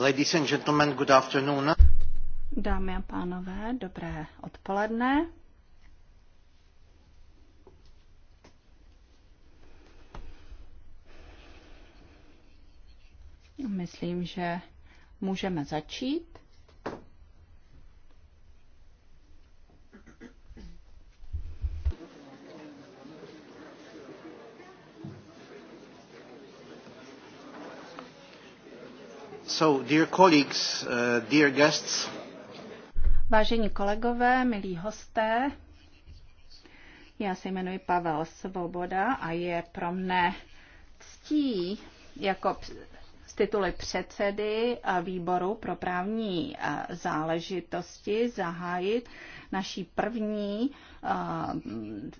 Ladies and gentlemen, good afternoon. Dámy a pánové, dobré odpoledne. Myslím, že můžeme začít. Uh, Vážení kolegové, milí hosté, já se jmenuji Pavel Svoboda a je pro mne ctí jako z tituly předsedy výboru pro právní záležitosti zahájit naší první, eh,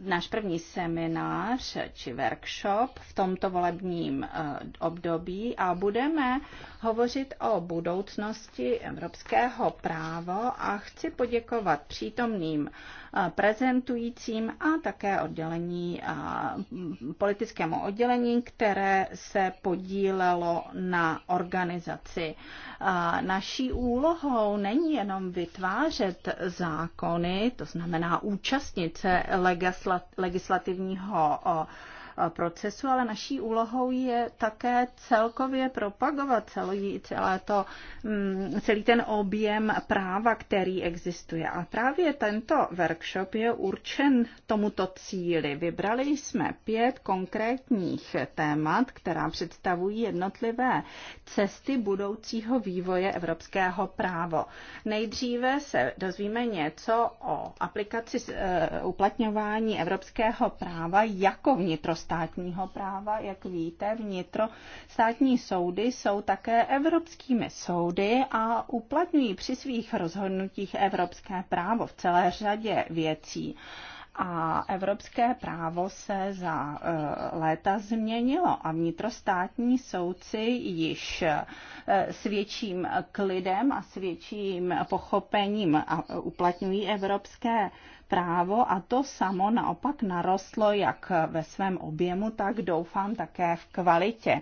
náš první seminář či workshop v tomto volebním eh, období a budeme hovořit o budoucnosti evropského práva a chci poděkovat přítomným eh, prezentujícím a také oddělení, politickému oddělení, které se podílelo na organizaci naší úlohou není jenom vytvářet zákony, to znamená účastnit se legislativního Eh, procesu, ale naší úlohou je také celkově propagovat celý, celé to, mm, celý ten objem práva, který existuje. A právě tento workshop je určen tomuto cíli. Vybrali jsme pět konkrétních témat, která představují jednotlivé cesty budoucího vývoje evropského právo. Nejdříve se dozvíme něco o aplikaci eh, uplatňování evropského práva jako vnitrost státního práva. Jak víte, vnitro státní soudy jsou také evropskými soudy a uplatňují při svých rozhodnutích evropské právo v celé řadě věcí a evropské právo se za eh, léta změnilo a vnitrostátní soudci již eh, s větším klidem a s větším pochopením uplatňují evropské právo a to samo naopak narostlo jak ve svém objemu, tak doufám také v kvalitě.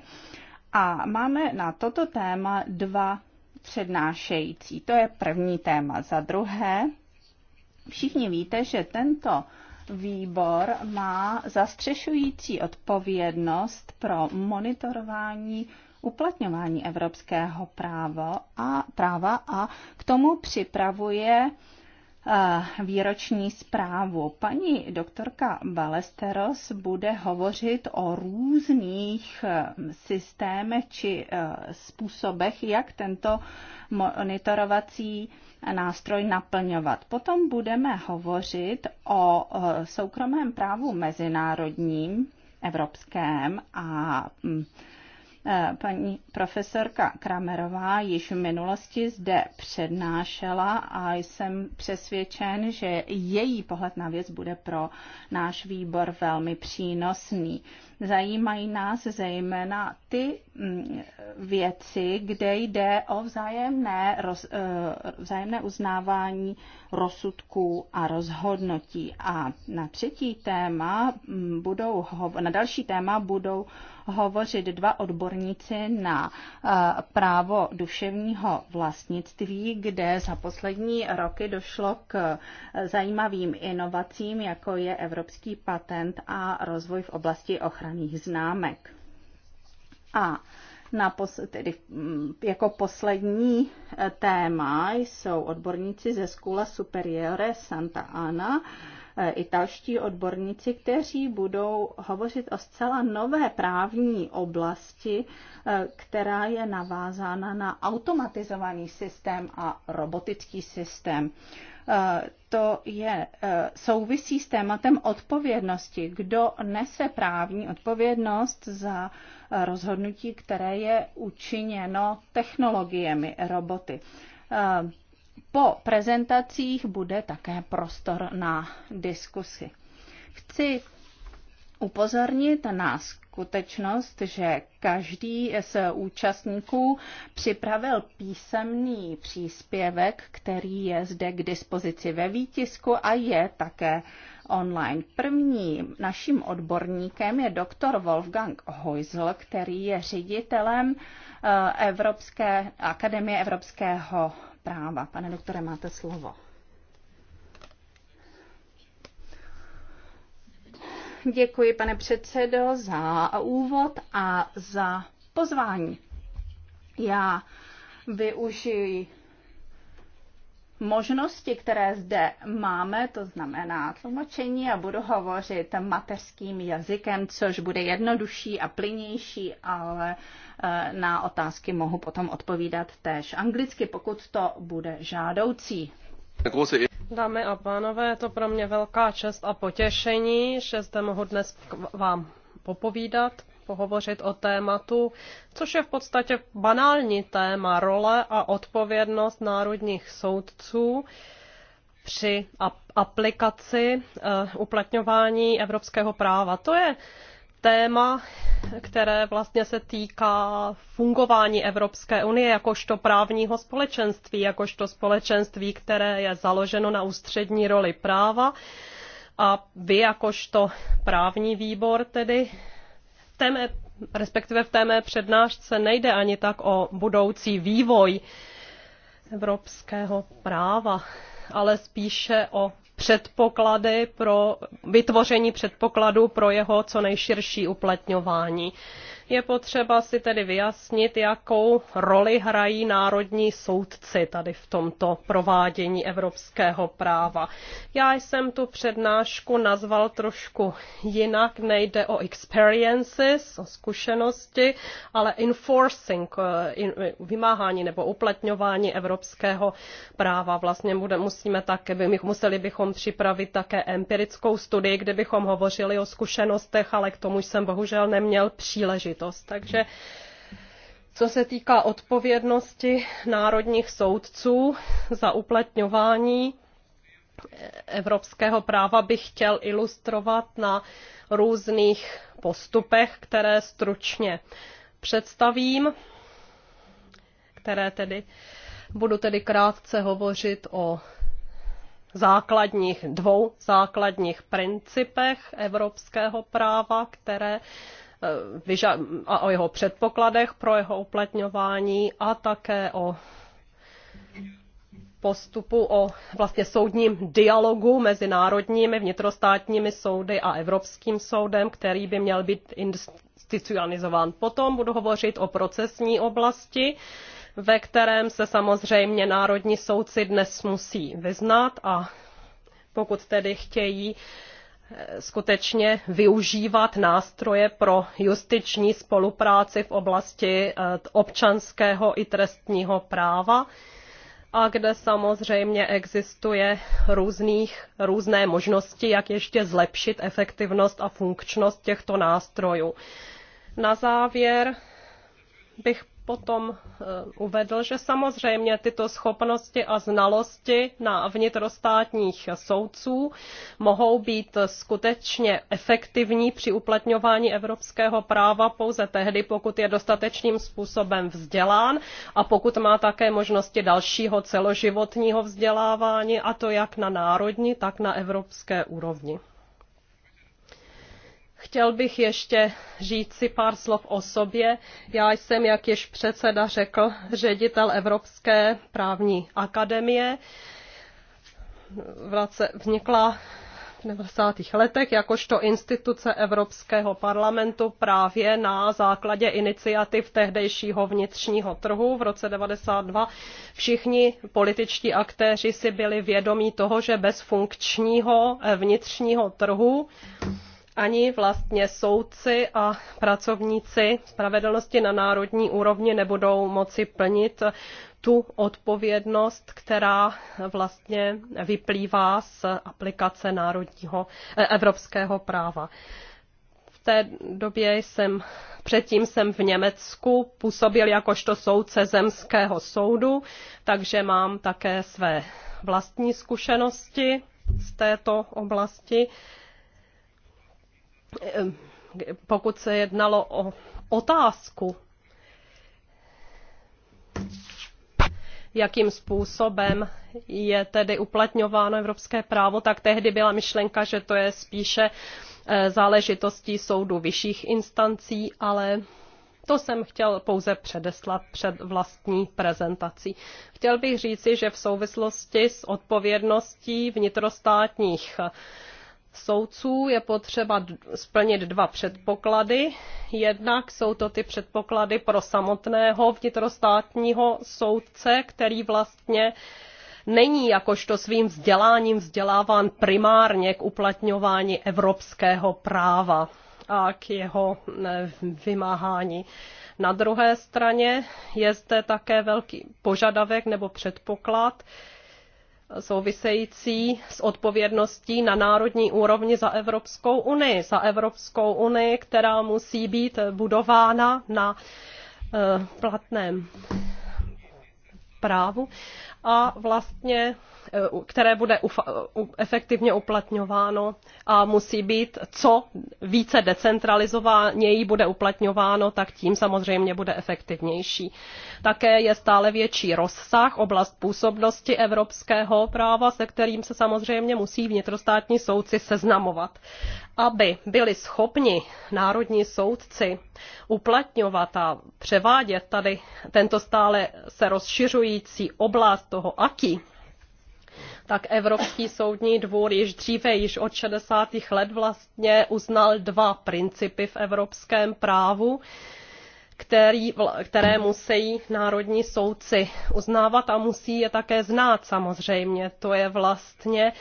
A máme na toto téma dva přednášející. To je první téma. Za druhé, všichni víte, že tento výbor má zastřešující odpovědnost pro monitorování uplatňování evropského práva a, práva a k tomu připravuje výroční zprávu. Paní doktorka Balesteros bude hovořit o různých e, systémech či e, způsobech, jak tento monitorovací nástroj naplňovat. Potom budeme hovořit o e, soukromém právu mezinárodním, evropském a Eh, paní profesorka Kramerová již v minulosti zde přednášela a jsem přesvědčen, že její pohled na věc bude pro náš výbor velmi přínosný. Zajímají nás zejména ty mm, věci, kde jde o vzájemné, roz, eh, vzájemné uznávání rozsudků a rozhodnutí. A na třetí téma mm, budou, na další téma budou hovořit dva odborníci na eh, právo duševního vlastnictví, kde za poslední roky došlo k zajímavým inovacím, jako je evropský patent a rozvoj v oblasti ochrany ochranných známek. A na pos, tedy mm, jako poslední eh, téma jsou odborníci ze Skula Superiore Santa Ana, E, italští odborníci, kteří budou hovořit o zcela nové právní oblasti, e, která je navázána na automatizovaný systém a robotický systém e, to je, souvisí s tématem odpovědnosti. Kdo nese právní odpovědnost za rozhodnutí, které je učiněno technologiemi roboty? po prezentacích bude také prostor na diskusy. Chci upozornit na skutečnost, že každý z účastníků připravil písemný příspěvek, který je zde k dispozici ve výtisku a je také online. První naším odborníkem je doktor Wolfgang Heusel, který je ředitelem eh, Evropské akademie Evropského práva. Pane doktore, máte slovo. Děkuji, pane předsedo, za úvod a za pozvání. Já využiji možnosti, které zde máme, to znamená tlumočení a budu hovořit mateřským jazykem, což bude jednodušší a plynější, ale eh, na otázky mohu potom odpovídat též anglicky, pokud to bude žádoucí. Dámy a pánové, je to pro mě velká čest a potěšení, že zde mohu dnes vám popovídat pohovořit o tématu, což je v podstatě banální téma role a odpovědnost národních soudců při aplikaci eh, uplatňování evropského práva. To je téma, které vlastně se týká fungování Evropské unie jakožto právního společenství, jakožto společenství, které je založeno na ústřední roli práva. A vy jakožto právní výbor tedy té mé, respektive v té mé přednášce nejde ani tak o budoucí vývoj evropského práva, ale spíše o předpoklady pro vytvoření předpokladů pro jeho co nejširší uplatňování. Je potřeba si tedy vyjasnit, jakou roli hrají národní soudci tady v tomto provádění evropského práva. Já jsem tu přednášku nazval trošku jinak, nejde o experiences, o zkušenosti, ale enforcing, eh, vymáhání nebo uplatňování evropského práva. Vlastně bude, musíme také, by, museli bychom připravit také empirickou studii, kde bychom hovořili o zkušenostech, ale k tomu jsem bohužel neměl příležitost záležitost. Takže co se týká odpovědnosti národních soudců za uplatňování eh, evropského práva, bych chtěl ilustrovat na různých postupech, které stručně představím, které tedy budu tedy krátce hovořit o základních, dvou základních principech evropského práva, které Eh, a o jeho předpokladech pro jeho uplatňování a také o postupu o vlastně soudním dialogu mezi národními vnitrostátními soudy a Evropským soudem, který by měl být institucionalizován. Potom budu hovořit o procesní oblasti, ve kterém se samozřejmě národní soudci dnes musí vyznat a pokud tedy chtějí uh, skutečně využívat nástroje pro justiční spolupráci v oblasti eh, občanského i trestního práva a kde samozřejmě existuje různých, různé možnosti, jak ještě zlepšit efektivnost a funkčnost těchto nástrojů. Na závěr bych potom eh, uvedl, že samozřejmě tyto schopnosti a znalosti na vnitrostátních soudců mohou být skutečně efektivní při uplatňování evropského práva pouze tehdy, pokud je dostatečným způsobem vzdělán a pokud má také možnosti dalšího celoživotního vzdělávání, a to jak na národní, tak na evropské úrovni. Chtěl bych ještě říct si pár slov o sobě. Já jsem, jak již předseda řekl, ředitel Evropské právní akademie. Vznikla v 90. letech jakožto instituce Evropského parlamentu právě na základě iniciativ tehdejšího vnitřního trhu v roce 92. Všichni političtí aktéři si byli vědomí toho, že bez funkčního eh, vnitřního trhu ani vlastně soudci a pracovníci spravedlnosti na národní úrovni nebudou moci plnit tu odpovědnost, která vlastně vyplývá z aplikace národního eh, evropského práva. V té době jsem, předtím jsem v Německu působil jakožto soudce zemského soudu, takže mám také své vlastní zkušenosti z této oblasti. Ehm, pokud se jednalo o otázku, jakým způsobem je tedy uplatňováno evropské právo, tak tehdy byla myšlenka, že to je spíše eh, záležitostí soudu vyšších instancí, ale to jsem chtěl pouze předeslat před vlastní prezentací. Chtěl bych říci, že v souvislosti s odpovědností vnitrostátních soudců je potřeba splnit dva předpoklady. Jednak jsou to ty předpoklady pro samotného vnitrostátního soudce, který vlastně není jakožto svým vzděláním vzděláván primárně k uplatňování evropského práva a k jeho vymáhání. Na druhé straně je zde také velký požadavek nebo předpoklad, související s odpovědností na národní úrovni za Evropskou unii. Za Evropskou unii, která musí být budována na eh, platném právu a vlastně, eh, které bude efektivně uplatňováno a musí být co více decentralizovaněji bude uplatňováno, tak tím samozřejmě bude efektivnější. Také je stále větší rozsah oblast působnosti evropského práva, se kterým se samozřejmě musí vnitrostátní soudci seznamovat. Aby byli schopni národní soudci uplatňovat a převádět tady tento stále se rozšiřují rozhodující oblast toho AKI, tak Evropský soudní dvůr již dříve, již od 60. let vlastně uznal dva principy v evropském právu, který, které musí národní soudci uznávat a musí je také znát samozřejmě. To je vlastně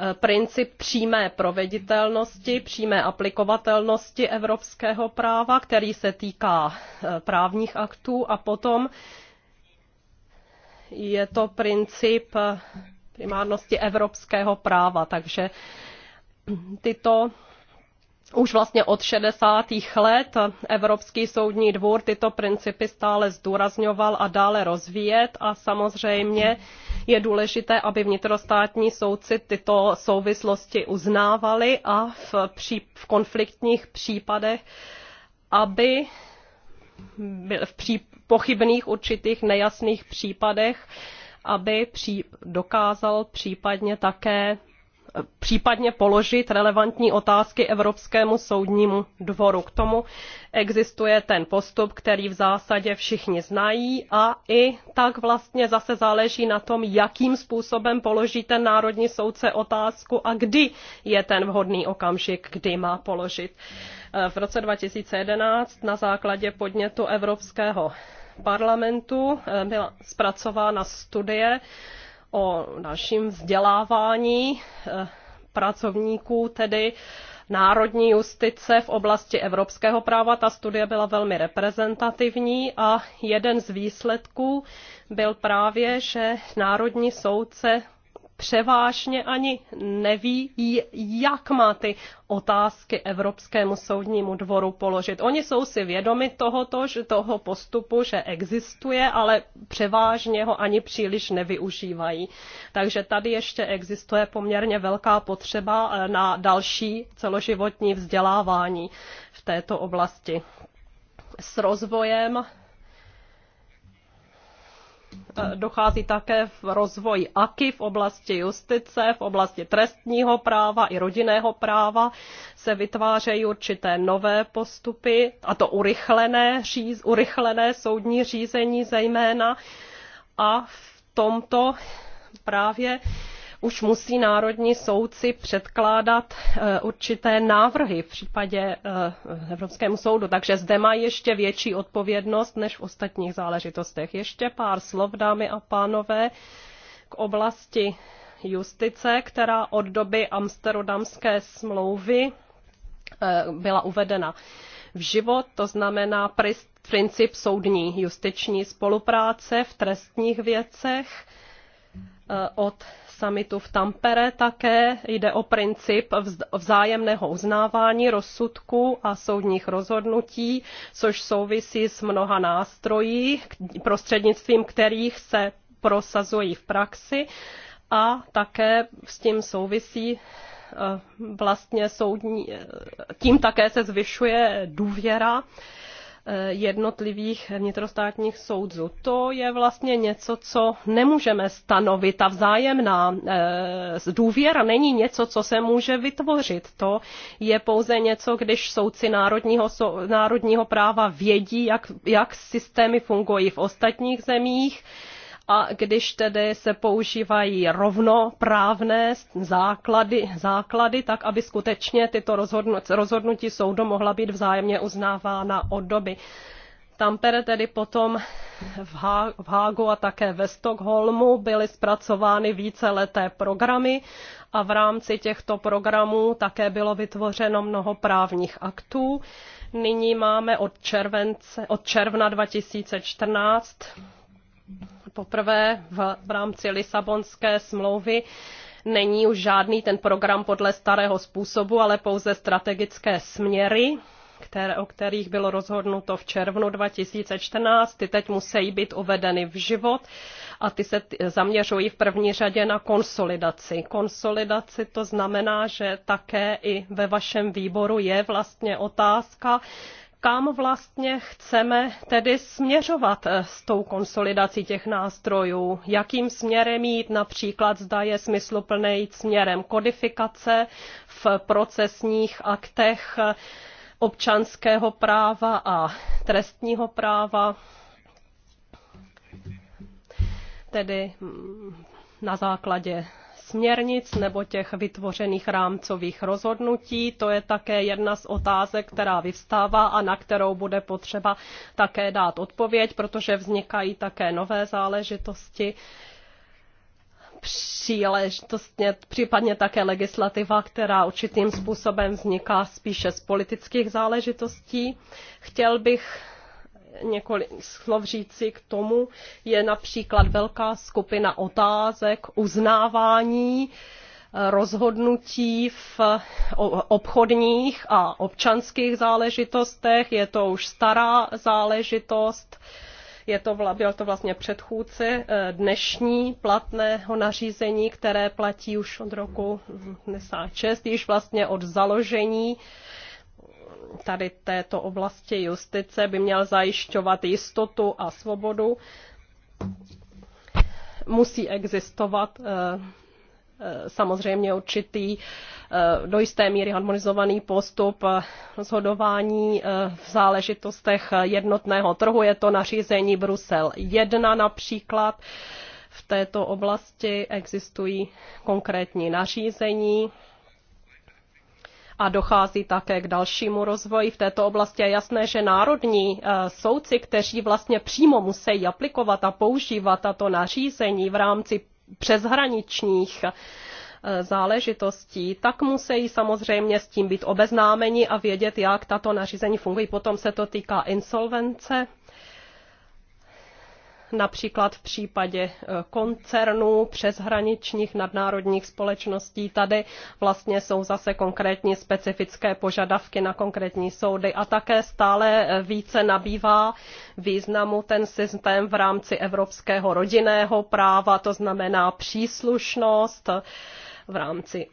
e, princip přímé proveditelnosti, přímé aplikovatelnosti evropského práva, který se týká e, právních aktů a potom je to princip eh, primárnosti evropského práva, takže tyto už vlastně od 60. let Evropský soudní dvůr tyto principy stále zdůrazňoval a dále rozvíjet a samozřejmě je důležité, aby vnitrostátní soudci tyto souvislosti uznávali a v, pří, v konfliktních případech, aby byl v pří, pochybných určitých nejasných případech, aby pří, dokázal případně také případně položit relevantní otázky Evropskému soudnímu dvoru. K tomu existuje ten postup, který v zásadě všichni znají a i tak vlastně zase záleží na tom, jakým způsobem položí ten národní soudce otázku a kdy je ten vhodný okamžik, kdy má položit. V roce 2011 na základě podnětu Evropského parlamentu eh, byla zpracována studie, o našem vzdělávání eh, pracovníků, tedy národní justice v oblasti evropského práva. Ta studie byla velmi reprezentativní a jeden z výsledků byl právě, že národní soudce převážně ani neví, jak má ty otázky Evropskému soudnímu dvoru položit. Oni jsou si vědomi tohoto, že toho postupu, že existuje, ale převážně ho ani příliš nevyužívají. Takže tady ještě existuje poměrně velká potřeba eh, na další celoživotní vzdělávání v této oblasti. S rozvojem Eh, dochází také v rozvoji AKI v oblasti justice, v oblasti trestního práva i rodinného práva se vytvářejí určité nové postupy, a to urychlené, říz, urychlené soudní řízení zejména. A v tomto právě uh, už musí národní soudci předkládat eh, určité návrhy v případě eh, Evropskému soudu, takže zde má ještě větší odpovědnost než v ostatních záležitostech. Ještě pár slov, dámy a pánové, k oblasti justice, která od doby Amsterdamské smlouvy eh, byla uvedena v život, to znamená princip soudní justiční spolupráce v trestních věcech od summitu v Tampere také jde o princip vzájemného uznávání rozsudků a soudních rozhodnutí, což souvisí s mnoha nástroji, prostřednictvím kterých se prosazují v praxi a také s tím souvisí eh, vlastně soudní, eh, tím také se zvyšuje důvěra Eh, jednotlivých vnitrostátních soudů. To je vlastně něco, co nemůžeme stanovit. Ta vzájemná eh, důvěra není něco, co se může vytvořit. To je pouze něco, když soudci národního, národního práva vědí, jak, jak systémy fungují v ostatních zemích, a když tedy se používají rovnoprávné základy, základy tak aby skutečně tyto rozhodnutí soudu mohla být vzájemně uznávána od doby. Tampere tedy potom v Hágu a také ve Stockholmu byly zpracovány víceleté programy a v rámci těchto programů také bylo vytvořeno mnoho právních aktů. Nyní máme od, července, od června 2014 poprvé v, v rámci Lisabonské smlouvy není už žádný ten program podle starého způsobu, ale pouze strategické směry, které, o kterých bylo rozhodnuto v červnu 2014. Ty teď musí být uvedeny v život a ty se zaměřují v první řadě na konsolidaci. Konsolidaci to znamená, že také i ve vašem výboru je vlastně otázka, kam vlastně chceme tedy směřovat eh, s tou konsolidací těch nástrojů, jakým směrem jít například, zda je smysluplné jít směrem kodifikace v procesních aktech eh, občanského práva a trestního práva, tedy mm, na základě směrnic nebo těch vytvořených rámcových rozhodnutí. To je také jedna z otázek, která vyvstává a na kterou bude potřeba také dát odpověď, protože vznikají také nové záležitosti příležitostně, případně také legislativa, která určitým způsobem vzniká spíše z politických záležitostí. Chtěl bych několik slov říci k tomu. Je například velká skupina otázek uznávání eh, rozhodnutí v obchodních a občanských záležitostech. Je to už stará záležitost. Je to, byl to vlastně předchůdce eh, dnešní platného nařízení, které platí už od roku 1996, hm, již vlastně od založení tady této oblasti justice by měl zajišťovat jistotu a svobodu. Musí existovat eh, eh, samozřejmě určitý eh, do jisté míry harmonizovaný postup rozhodování v záležitostech jednotného trhu. Je to nařízení Brusel 1 například. V této oblasti existují konkrétní nařízení, a dochází také k dalšímu rozvoji v této oblasti. Je jasné, že národní eh, soudci, kteří vlastně přímo musí aplikovat a používat tato nařízení v rámci přeshraničních eh, záležitostí, tak musí samozřejmě s tím být obeznámeni a vědět, jak tato nařízení fungují. Potom se to týká insolvence například v případě e, koncernů, přeshraničních nadnárodních společností. Tady vlastně jsou zase konkrétní specifické požadavky na konkrétní soudy a také stále e, více nabývá významu ten systém v rámci evropského rodinného práva, to znamená příslušnost e, v rámci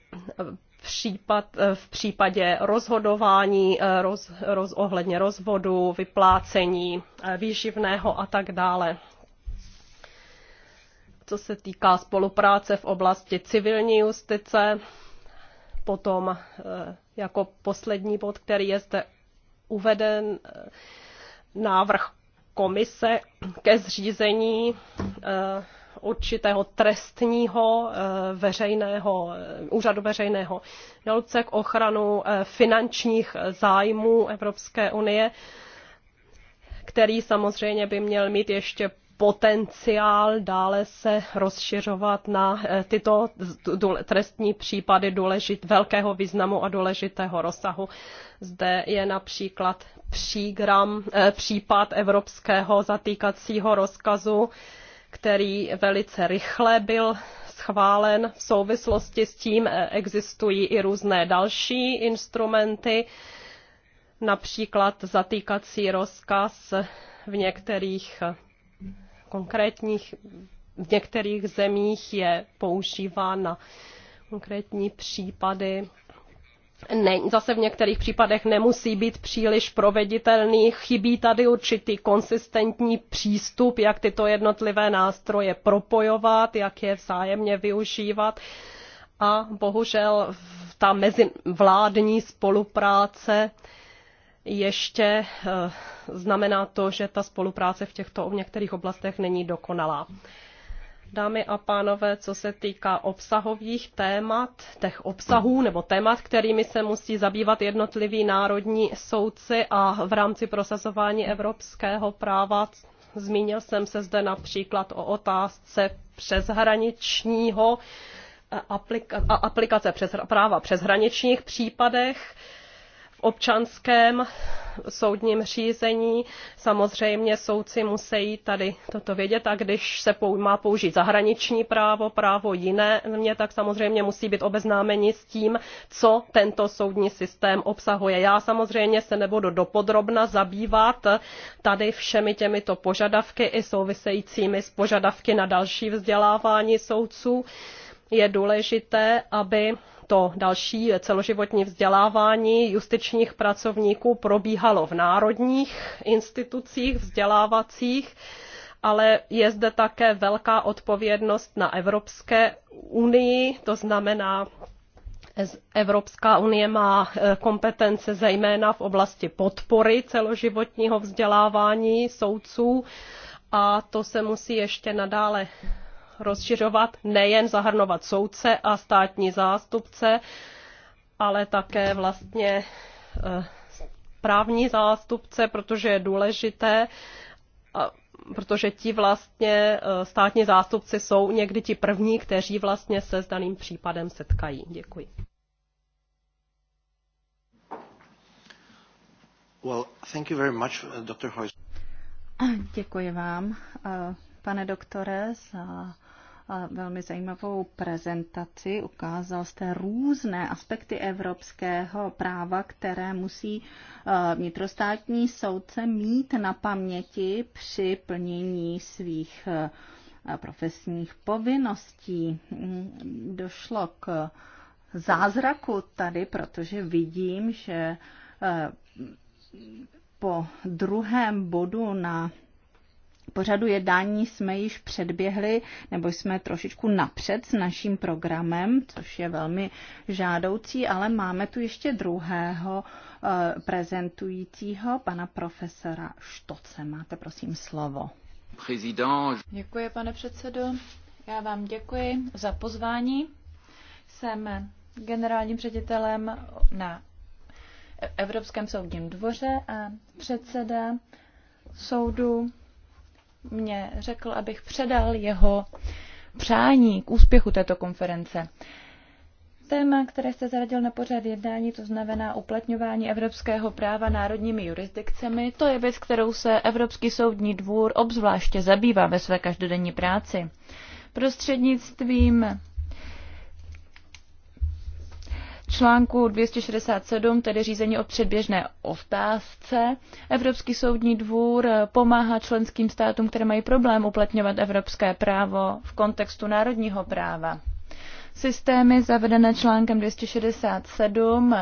případ, v případě rozhodování roz, roz, ohledně rozvodu, vyplácení výživného a tak dále co se týká spolupráce v oblasti civilní justice. Potom eh, jako poslední bod, který je zde uveden, eh, návrh komise ke zřízení eh, určitého trestního veřejného, úřadu veřejného žalce k ochranu finančních zájmů Evropské unie, který samozřejmě by měl mít ještě potenciál dále se rozšiřovat na eh, tyto trestní případy důležit, velkého významu a důležitého rozsahu. Zde je například přígram, eh, případ evropského zatýkacího rozkazu, který velice rychle byl schválen. V souvislosti s tím eh, existují i různé další instrumenty, například zatýkací rozkaz v některých konkrétních, v některých zemích je používán na konkrétní případy. Ne, zase v některých případech nemusí být příliš proveditelný. Chybí tady určitý konsistentní přístup, jak tyto jednotlivé nástroje propojovat, jak je vzájemně využívat. A bohužel ta mezivládní spolupráce ještě eh, znamená to, že ta spolupráce v těchto v některých oblastech není dokonalá. Dámy a pánové, co se týká obsahových témat, těch obsahů nebo témat, kterými se musí zabývat jednotliví národní soudci a v rámci prosazování evropského práva, zmínil jsem se zde například o otázce přeshraničního eh, aplikace, aplikace přes, práva přeshraničních případech, občanském soudním řízení. Samozřejmě soudci musí tady toto vědět a když se pou, má použít zahraniční právo, právo jiné mě, tak samozřejmě musí být obeznámeni s tím, co tento soudní systém obsahuje. Já samozřejmě se nebudu dopodrobna zabývat tady všemi těmito požadavky i souvisejícími s požadavky na další vzdělávání soudců je důležité, aby to další celoživotní vzdělávání justičních pracovníků probíhalo v národních institucích vzdělávacích, ale je zde také velká odpovědnost na Evropské unii, to znamená, Evropská unie má e, kompetence zejména v oblasti podpory celoživotního vzdělávání soudců a to se musí ještě nadále rozšiřovat, nejen zahrnovat soudce a státní zástupce, ale také vlastně eh, právní zástupce, protože je důležité, protože ti vlastně eh, státní zástupci jsou někdy ti první, kteří vlastně se s daným případem setkají. Děkuji. Well, thank you very much, eh, Dr. Děkuji vám, pane doktore, za velmi zajímavou prezentaci. Ukázal jste různé aspekty evropského práva, které musí eh, vnitrostátní soudce mít na paměti při plnění svých eh, profesních povinností. Mm, došlo k zázraku tady, protože vidím, že eh, po druhém bodu na pořadu jednání jsme již předběhli, nebo jsme trošičku napřed s naším programem, což je velmi žádoucí, ale máme tu ještě druhého eh, prezentujícího, pana profesora Štoce. Máte prosím slovo. Děkuji, pane předsedo. Já vám děkuji za pozvání. Jsem generálním ředitelem na Evropském soudním dvoře a předseda soudu mě řekl, abych předal jeho přání k úspěchu této konference. Téma, které jste zaradil na pořad jednání, to znamená uplatňování evropského práva národními jurisdikcemi, to je věc, kterou se Evropský soudní dvůr obzvláště zabývá ve své každodenní práci. Prostřednictvím článku 267, tedy řízení o předběžné otázce, Evropský soudní dvůr pomáhá členským státům, které mají problém uplatňovat evropské právo v kontextu národního práva. Systémy zavedené článkem 267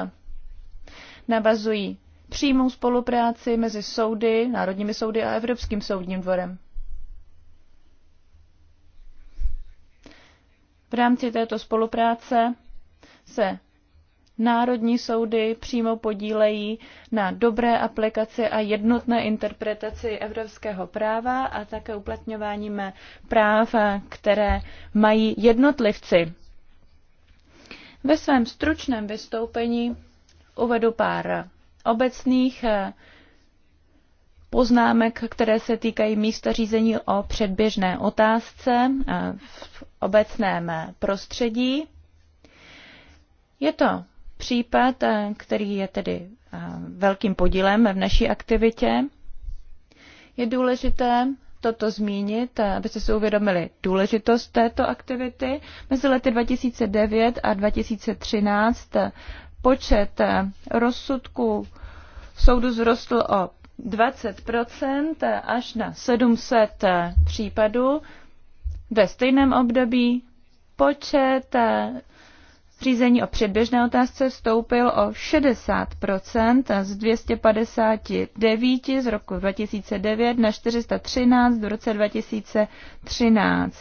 navazují přímou spolupráci mezi soudy, národními soudy a Evropským soudním dvorem. V rámci této spolupráce se národní soudy přímo podílejí na dobré aplikaci a jednotné interpretaci evropského práva a také uplatňování práv, které mají jednotlivci. Ve svém stručném vystoupení uvedu pár obecných eh, poznámek, které se týkají místa řízení o předběžné otázce eh, v obecném prostředí. Je to případ, eh, který je tedy eh, velkým podílem v naší aktivitě. Je důležité toto zmínit, eh, abyste si uvědomili důležitost této aktivity. Mezi lety 2009 a 2013 počet rozsudků soudu zrostl o 20 až na 700 případů. Ve stejném období počet řízení o předběžné otázce vstoupil o 60 z 259 z roku 2009 na 413 v roce 2013.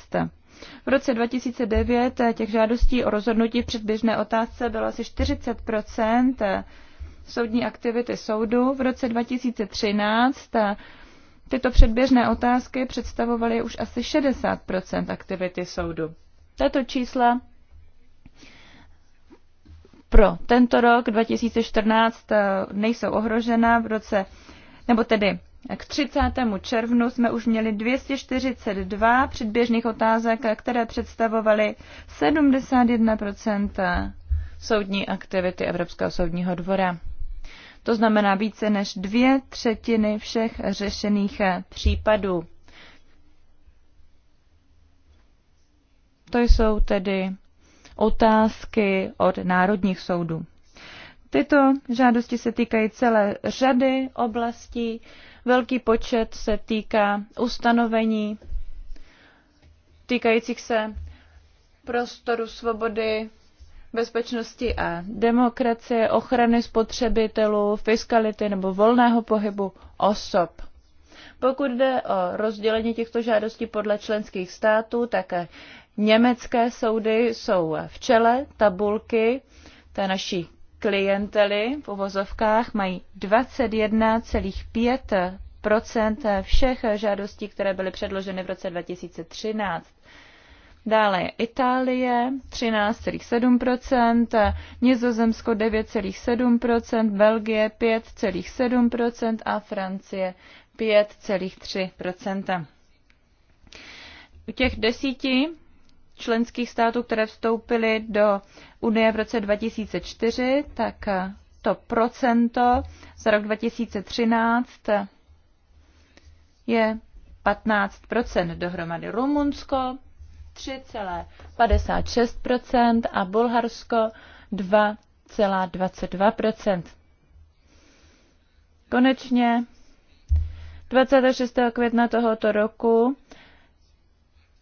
V roce 2009 těch žádostí o rozhodnutí v předběžné otázce bylo asi 40 soudní aktivity soudu. V roce 2013 tyto předběžné otázky představovaly už asi 60 aktivity soudu. Tato čísla pro tento rok 2014 eh, nejsou ohrožena v roce, nebo tedy k 30. červnu jsme už měli 242 předběžných otázek, které představovaly 71 soudní aktivity Evropského soudního dvora. To znamená více než dvě třetiny všech řešených eh, případů. To jsou tedy otázky od národních soudů. Tyto žádosti se týkají celé řady oblastí. Velký počet se týká ustanovení týkajících se prostoru svobody, bezpečnosti a demokracie, ochrany spotřebitelů, fiskality nebo volného pohybu osob. Pokud jde o rozdělení těchto žádostí podle členských států, také Německé soudy jsou v čele tabulky té naší klientely v uvozovkách, mají 21,5 všech žádostí, které byly předloženy v roce 2013. Dále Itálie 13,7%, Nizozemsko 9,7%, Belgie 5,7% a Francie 5,3%. U těch desíti členských států, které vstoupily do Unie v roce 2004, tak to procento za rok 2013 je 15 dohromady Rumunsko 3,56 a Bulharsko 2,22 Konečně 26. května tohoto roku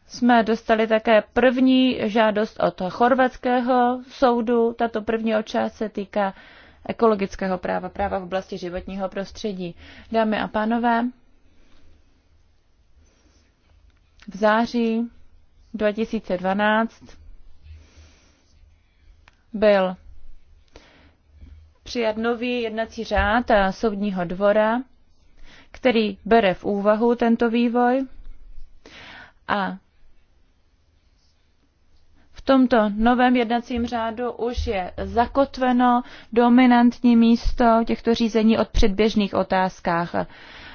jsme dostali také první žádost od chorvatského soudu. Tato první část se týká ekologického práva, práva v oblasti životního prostředí. Dámy a pánové, v září 2012 byl přijat nový jednací řád a soudního dvora, který bere v úvahu tento vývoj a tomto novém jednacím řádu už je zakotveno dominantní místo těchto řízení od předběžných otázkách.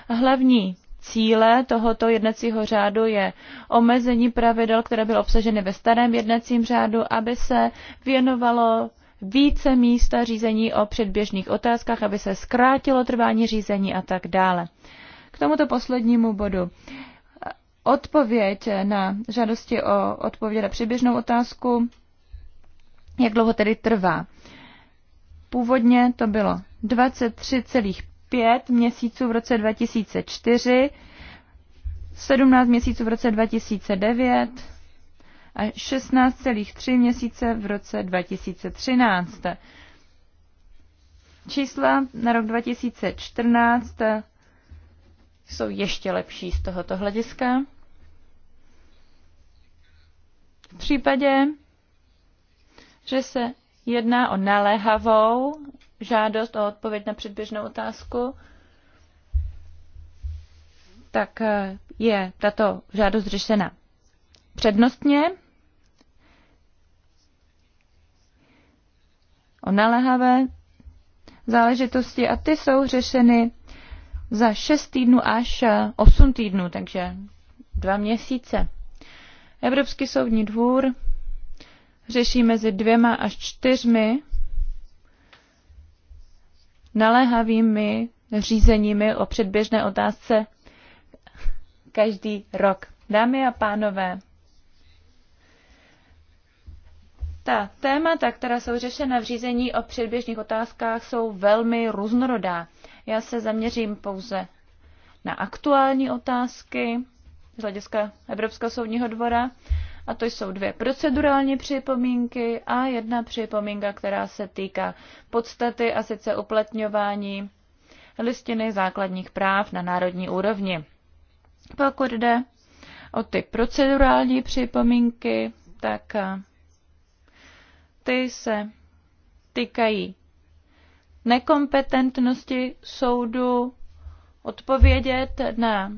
Hlavní cíle tohoto jednacího řádu je omezení pravidel, které byly obsaženy ve starém jednacím řádu, aby se věnovalo více místa řízení o předběžných otázkách, aby se zkrátilo trvání řízení a tak dále. K tomuto poslednímu bodu odpověď na žádosti o odpověď na přiběžnou otázku, jak dlouho tedy trvá. Původně to bylo 23,5 měsíců v roce 2004, 17 měsíců v roce 2009 a 16,3 měsíce v roce 2013. Čísla na rok 2014 jsou ještě lepší z tohoto hlediska. V případě, že se jedná o naléhavou žádost o odpověď na předběžnou otázku, tak eh, je tato žádost řešena přednostně. O naléhavé záležitosti a ty jsou řešeny za šest týdnů až eh, osm týdnů, takže dva měsíce. Evropský soudní dvůr řeší mezi dvěma až čtyřmi naléhavými řízeními o předběžné otázce každý rok. Dámy a pánové, ta témata, která jsou řešena v řízení o předběžných otázkách, jsou velmi různorodá já se zaměřím pouze na aktuální otázky z hlediska Evropského soudního dvora. A to jsou dvě procedurální připomínky a jedna připomínka, která se týká podstaty a sice uplatňování listiny základních práv na národní úrovni. Pokud jde o ty procedurální připomínky, tak ty se týkají nekompetentnosti soudu odpovědět na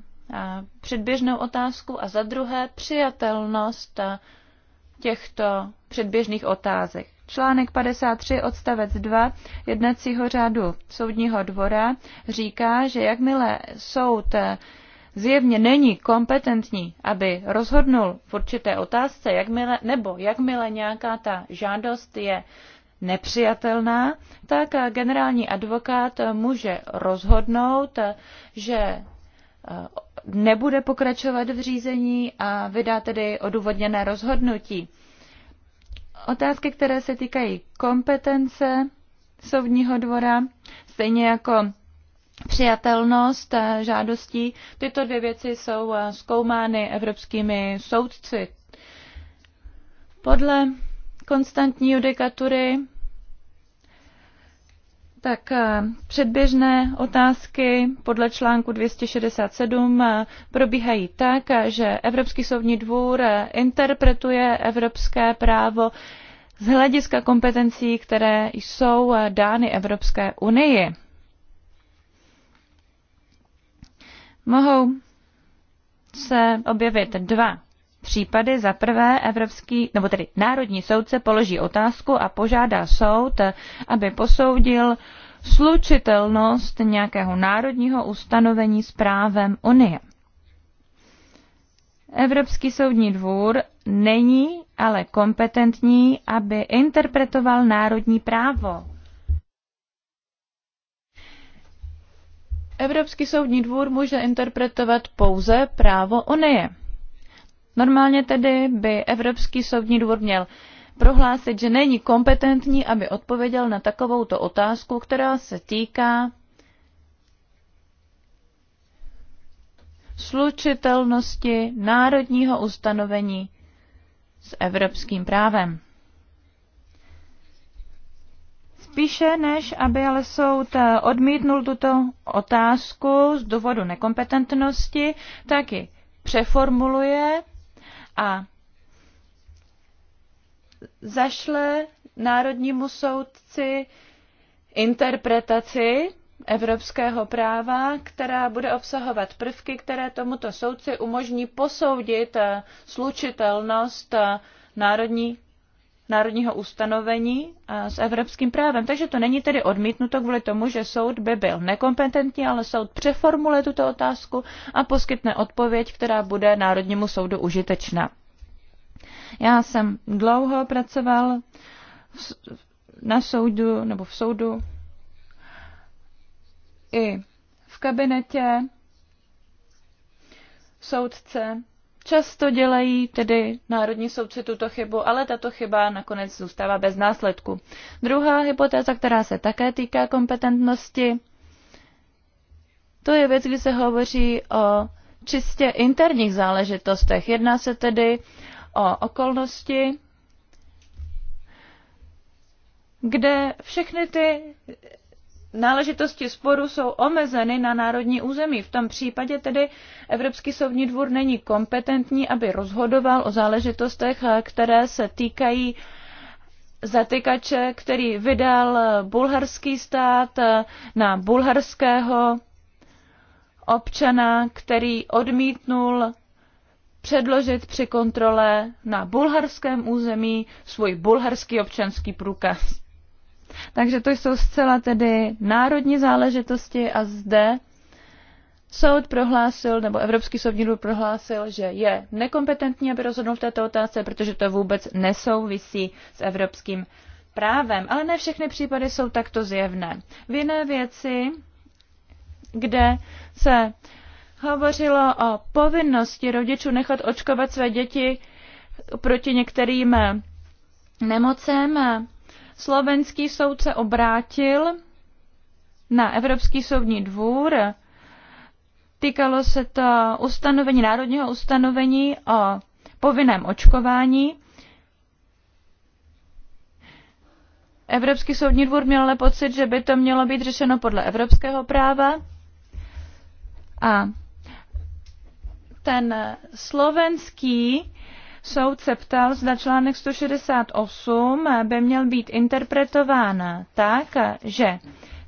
předběžnou otázku a za druhé přijatelnost těchto předběžných otázek. Článek 53 odstavec 2 jednacího řádu soudního dvora říká, že jakmile soud zjevně není kompetentní, aby rozhodnul v určité otázce, jakmile, nebo jakmile nějaká ta žádost je uh, nepřijatelná, tak generální advokát může rozhodnout, že eh, nebude pokračovat v řízení a vydá tedy odůvodněné rozhodnutí. Otázky, které se týkají kompetence soudního dvora, stejně jako přijatelnost eh, žádostí, tyto dvě věci jsou eh, zkoumány evropskými soudci. Podle konstantní judikatury, tak eh, předběžné otázky podle článku 267 eh, probíhají tak, že Evropský soudní dvůr eh, interpretuje evropské právo z hlediska kompetencí, které jsou dány Evropské unii. Mohou se objevit dva případy za prvé evropský, nebo tedy národní soudce položí otázku a požádá soud, aby posoudil slučitelnost nějakého národního ustanovení s právem Unie. Evropský soudní dvůr není ale kompetentní, aby interpretoval národní právo. Evropský soudní dvůr může interpretovat pouze právo Unie. Normálně tedy by Evropský soudní dvůr měl prohlásit, že není kompetentní, aby odpověděl na takovouto otázku, která se týká slučitelnosti národního ustanovení s evropským právem. Spíše než aby ale soud eh, odmítnul tuto otázku z důvodu nekompetentnosti, taky přeformuluje a zašle Národnímu soudci interpretaci evropského práva, která bude obsahovat prvky, které tomuto soudci umožní posoudit eh, slučitelnost eh, národní národního ustanovení eh, s evropským právem. Takže to není tedy odmítnuto kvůli tomu, že soud by byl nekompetentní, ale soud přeformuluje tuto otázku a poskytne odpověď, která bude Národnímu soudu užitečná. Já jsem dlouho pracoval na soudu nebo v soudu i v kabinetě soudce Často dělají tedy národní soudci tuto chybu, ale tato chyba nakonec zůstává bez následku. Druhá hypotéza, která se také týká kompetentnosti, to je věc, kdy se hovoří o čistě interních záležitostech. Jedná se tedy o okolnosti, kde všechny ty náležitosti sporu jsou omezeny na národní území. V tom případě tedy Evropský soudní dvůr není kompetentní, aby rozhodoval o záležitostech, které se týkají zatykače, který vydal bulharský stát na bulharského občana, který odmítnul předložit při kontrole na bulharském území svůj bulharský občanský průkaz. Takže to jsou zcela tedy národní záležitosti a zde soud prohlásil, nebo Evropský soudní dvůr prohlásil, že je nekompetentní, aby rozhodnul v této otázce, protože to vůbec nesouvisí s evropským právem. Ale ne všechny případy jsou takto zjevné. V jiné věci, kde se hovořilo o povinnosti rodičů nechat očkovat své děti proti některým nemocem, slovenský soud se obrátil na Evropský soudní dvůr. Týkalo se to ustanovení, národního ustanovení o povinném očkování. Evropský soudní dvůr měl ale pocit, že by to mělo být řešeno podle evropského práva. A ten slovenský Soud se ptal, zda článek 168 by měl být interpretován tak, že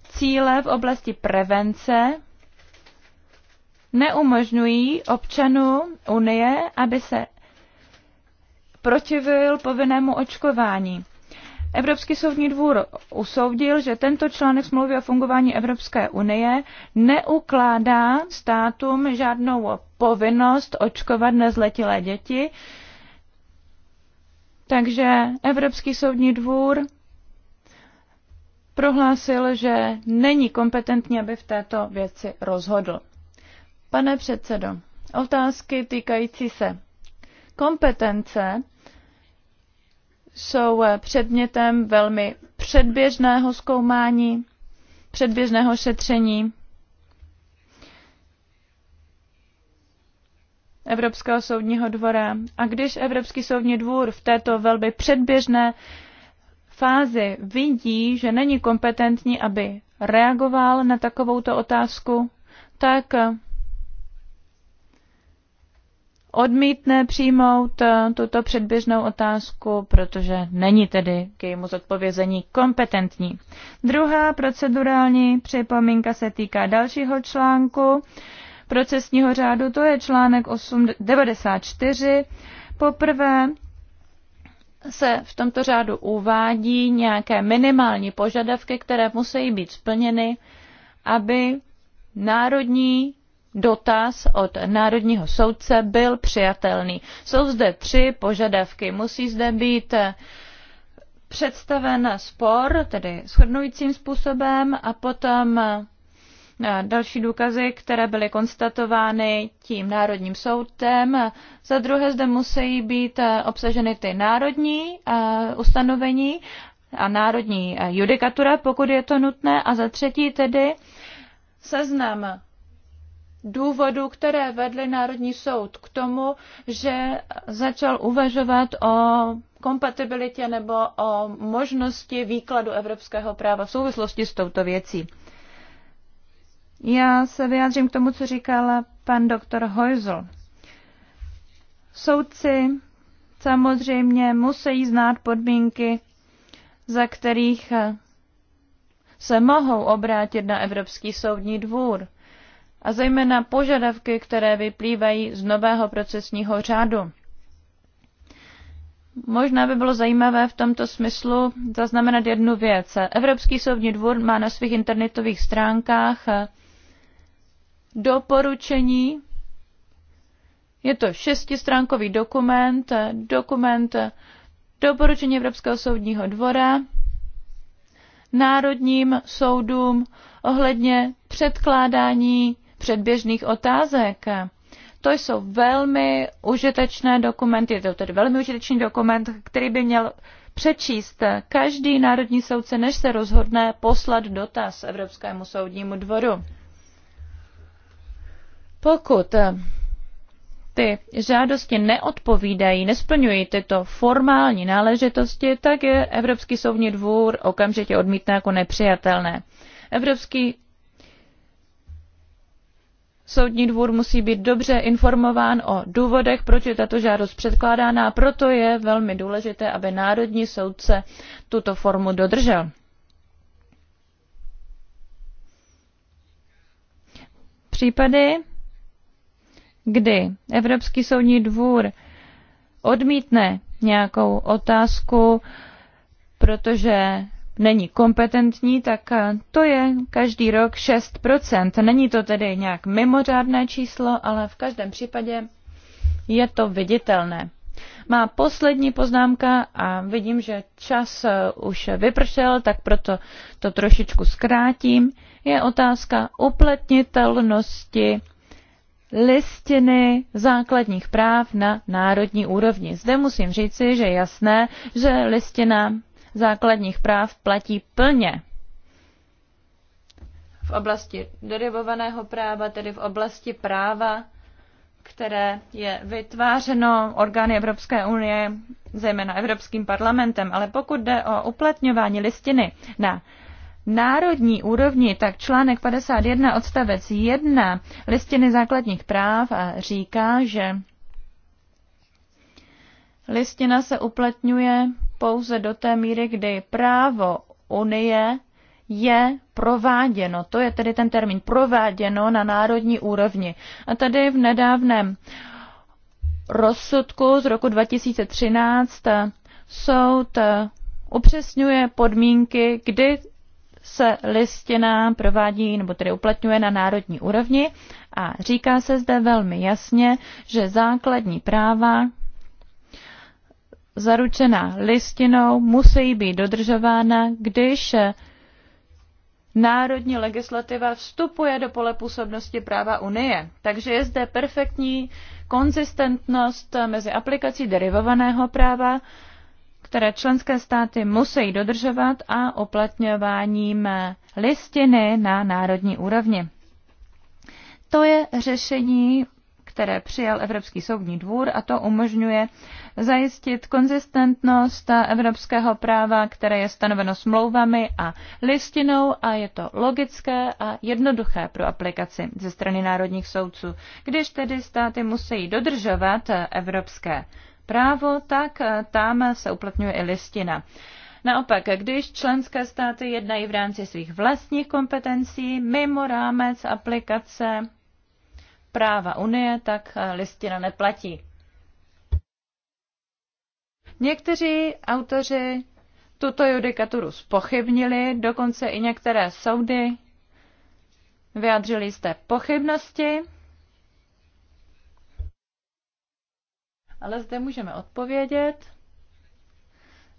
cíle v oblasti prevence neumožňují občanů Unie, aby se protivil povinnému očkování. Evropský soudní dvůr usoudil, že tento článek smlouvy o fungování Evropské unie neukládá státům žádnou povinnost očkovat nezletilé děti, takže Evropský soudní dvůr prohlásil, že není kompetentní, aby v této věci rozhodl. Pane předsedo, otázky týkající se kompetence jsou předmětem velmi předběžného zkoumání, předběžného šetření Evropského soudního dvora. A když Evropský soudní dvůr v této velmi předběžné fázi vidí, že není kompetentní, aby reagoval na takovouto otázku, tak odmítne přijmout eh, tuto předběžnou otázku, protože není tedy k jejímu zodpovězení kompetentní. Druhá procedurální připomínka se týká dalšího článku procesního řádu, to je článek 8, 94. Poprvé se v tomto řádu uvádí nějaké minimální požadavky, které musí být splněny, aby národní dotaz od národního soudce byl přijatelný. Jsou zde tři požadavky. Musí zde být eh, představen spor, tedy shodnujícím způsobem, a potom eh, další důkazy, které byly konstatovány tím Národním soudem. Za druhé zde musí být eh, obsaženy ty národní eh, ustanovení a národní eh, judikatura, pokud je to nutné. A za třetí tedy seznam důvodů, které vedly Národní soud k tomu, že začal uvažovat o kompatibilitě nebo o možnosti výkladu evropského práva v souvislosti s touto věcí. Já se vyjádřím k tomu, co říkal pan doktor Heusel. Soudci samozřejmě musí znát podmínky, za kterých se mohou obrátit na Evropský soudní dvůr a zejména požadavky, které vyplývají z nového procesního řádu. Možná by bylo zajímavé v tomto smyslu zaznamenat jednu věc. Evropský soudní dvůr má na svých internetových stránkách doporučení. Je to šestistránkový dokument, dokument doporučení Evropského soudního dvora národním soudům ohledně předkládání předběžných otázek. To jsou velmi užitečné dokumenty, je to tedy velmi užitečný dokument, který by měl přečíst každý národní soudce, než se rozhodne poslat dotaz Evropskému soudnímu dvoru. Pokud eh, ty žádosti neodpovídají, nesplňují tyto formální náležitosti, tak je Evropský soudní dvůr okamžitě odmítne jako nepřijatelné. Evropský soudní dvůr musí být dobře informován o důvodech proč je tato žádost předkládána a proto je velmi důležité aby národní soudce tuto formu dodržel. případy kdy Evropský soudní dvůr odmítne nějakou otázku, protože není kompetentní, tak to je každý rok 6%. Není to tedy nějak mimořádné číslo, ale v každém případě je to viditelné. Má poslední poznámka a vidím, že čas už vypršel, tak proto to trošičku zkrátím. Je otázka uplatnitelnosti listiny základních práv na národní úrovni. Zde musím říci, že je jasné, že listina základních práv platí plně. V oblasti derivovaného práva, tedy v oblasti práva, které je vytvářeno orgány Evropské unie, zejména Evropským parlamentem, ale pokud jde o uplatňování listiny na národní úrovni, tak článek 51 odstavec 1 listiny základních práv říká, že listina se uplatňuje pouze do té míry, kdy právo Unie je prováděno. To je tedy ten termín prováděno na národní úrovni. A tady v nedávném rozsudku z roku 2013 soud upřesňuje podmínky, kdy se listina provádí nebo tedy uplatňuje na národní úrovni a říká se zde velmi jasně, že základní práva zaručená listinou musí být dodržována, když národní legislativa vstupuje do pole působnosti práva Unie. Takže je zde perfektní konzistentnost mezi aplikací derivovaného práva které členské státy musí dodržovat a uplatňováním listiny na národní úrovni. To je řešení, které přijal Evropský soudní dvůr a to umožňuje zajistit konzistentnost evropského práva, které je stanoveno smlouvami a listinou a je to logické a jednoduché pro aplikaci ze strany národních soudců, když tedy státy musí dodržovat evropské právo, tak eh, tam se uplatňuje i listina. Naopak, když členské státy jednají v rámci svých vlastních kompetencí mimo rámec aplikace práva Unie, tak eh, listina neplatí. Někteří autoři tuto judikaturu spochybnili, dokonce i některé soudy vyjádřili jisté pochybnosti ale zde můžeme odpovědět,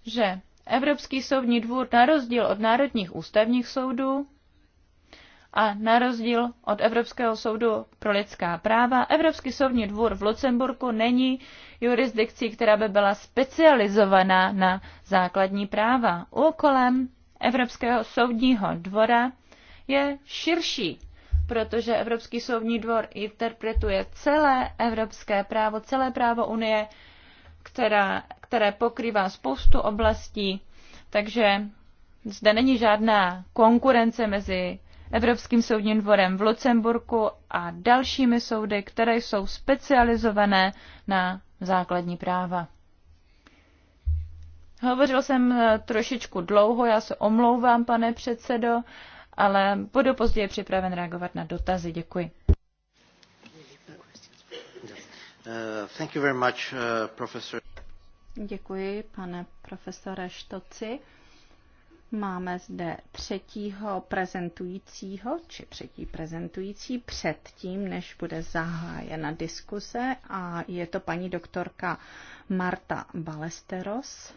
že Evropský soudní dvůr na rozdíl od národních ústavních soudů a na rozdíl od Evropského soudu pro lidská práva, Evropský soudní dvůr v Lucemburku není jurisdikcí, která by byla specializovaná na základní práva. Úkolem Evropského soudního dvora je širší protože Evropský soudní dvor interpretuje celé evropské právo, celé právo Unie, která, které pokrývá spoustu oblastí, takže zde není žádná konkurence mezi Evropským soudním dvorem v Lucemburku a dalšími soudy, které jsou specializované na základní práva. Hovořil jsem eh, trošičku dlouho, já se omlouvám, pane předsedo, ale budu později připraven reagovat na dotazy. Děkuji. Uh, uh, Děkuji, pane profesore Štoci. Máme zde třetího prezentujícího, či třetí prezentující předtím, než bude zahájena diskuse a je to paní doktorka Marta Balesteros.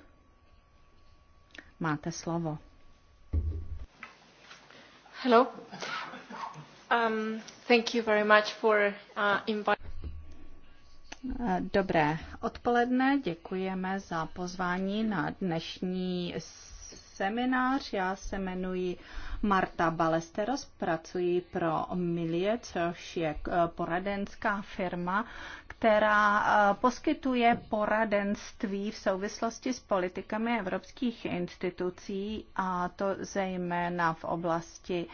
Máte slovo. Hello. Um, thank you very much for uh, inviting. Eh, dobré odpoledne, děkujeme za pozvání na dnešní seminář. Já se jmenuji uh, Marta Balesteros, pracuji pro Milie, což je eh, poradenská firma, která eh, poskytuje poradenství v souvislosti s politikami evropských institucí a to zejména v oblasti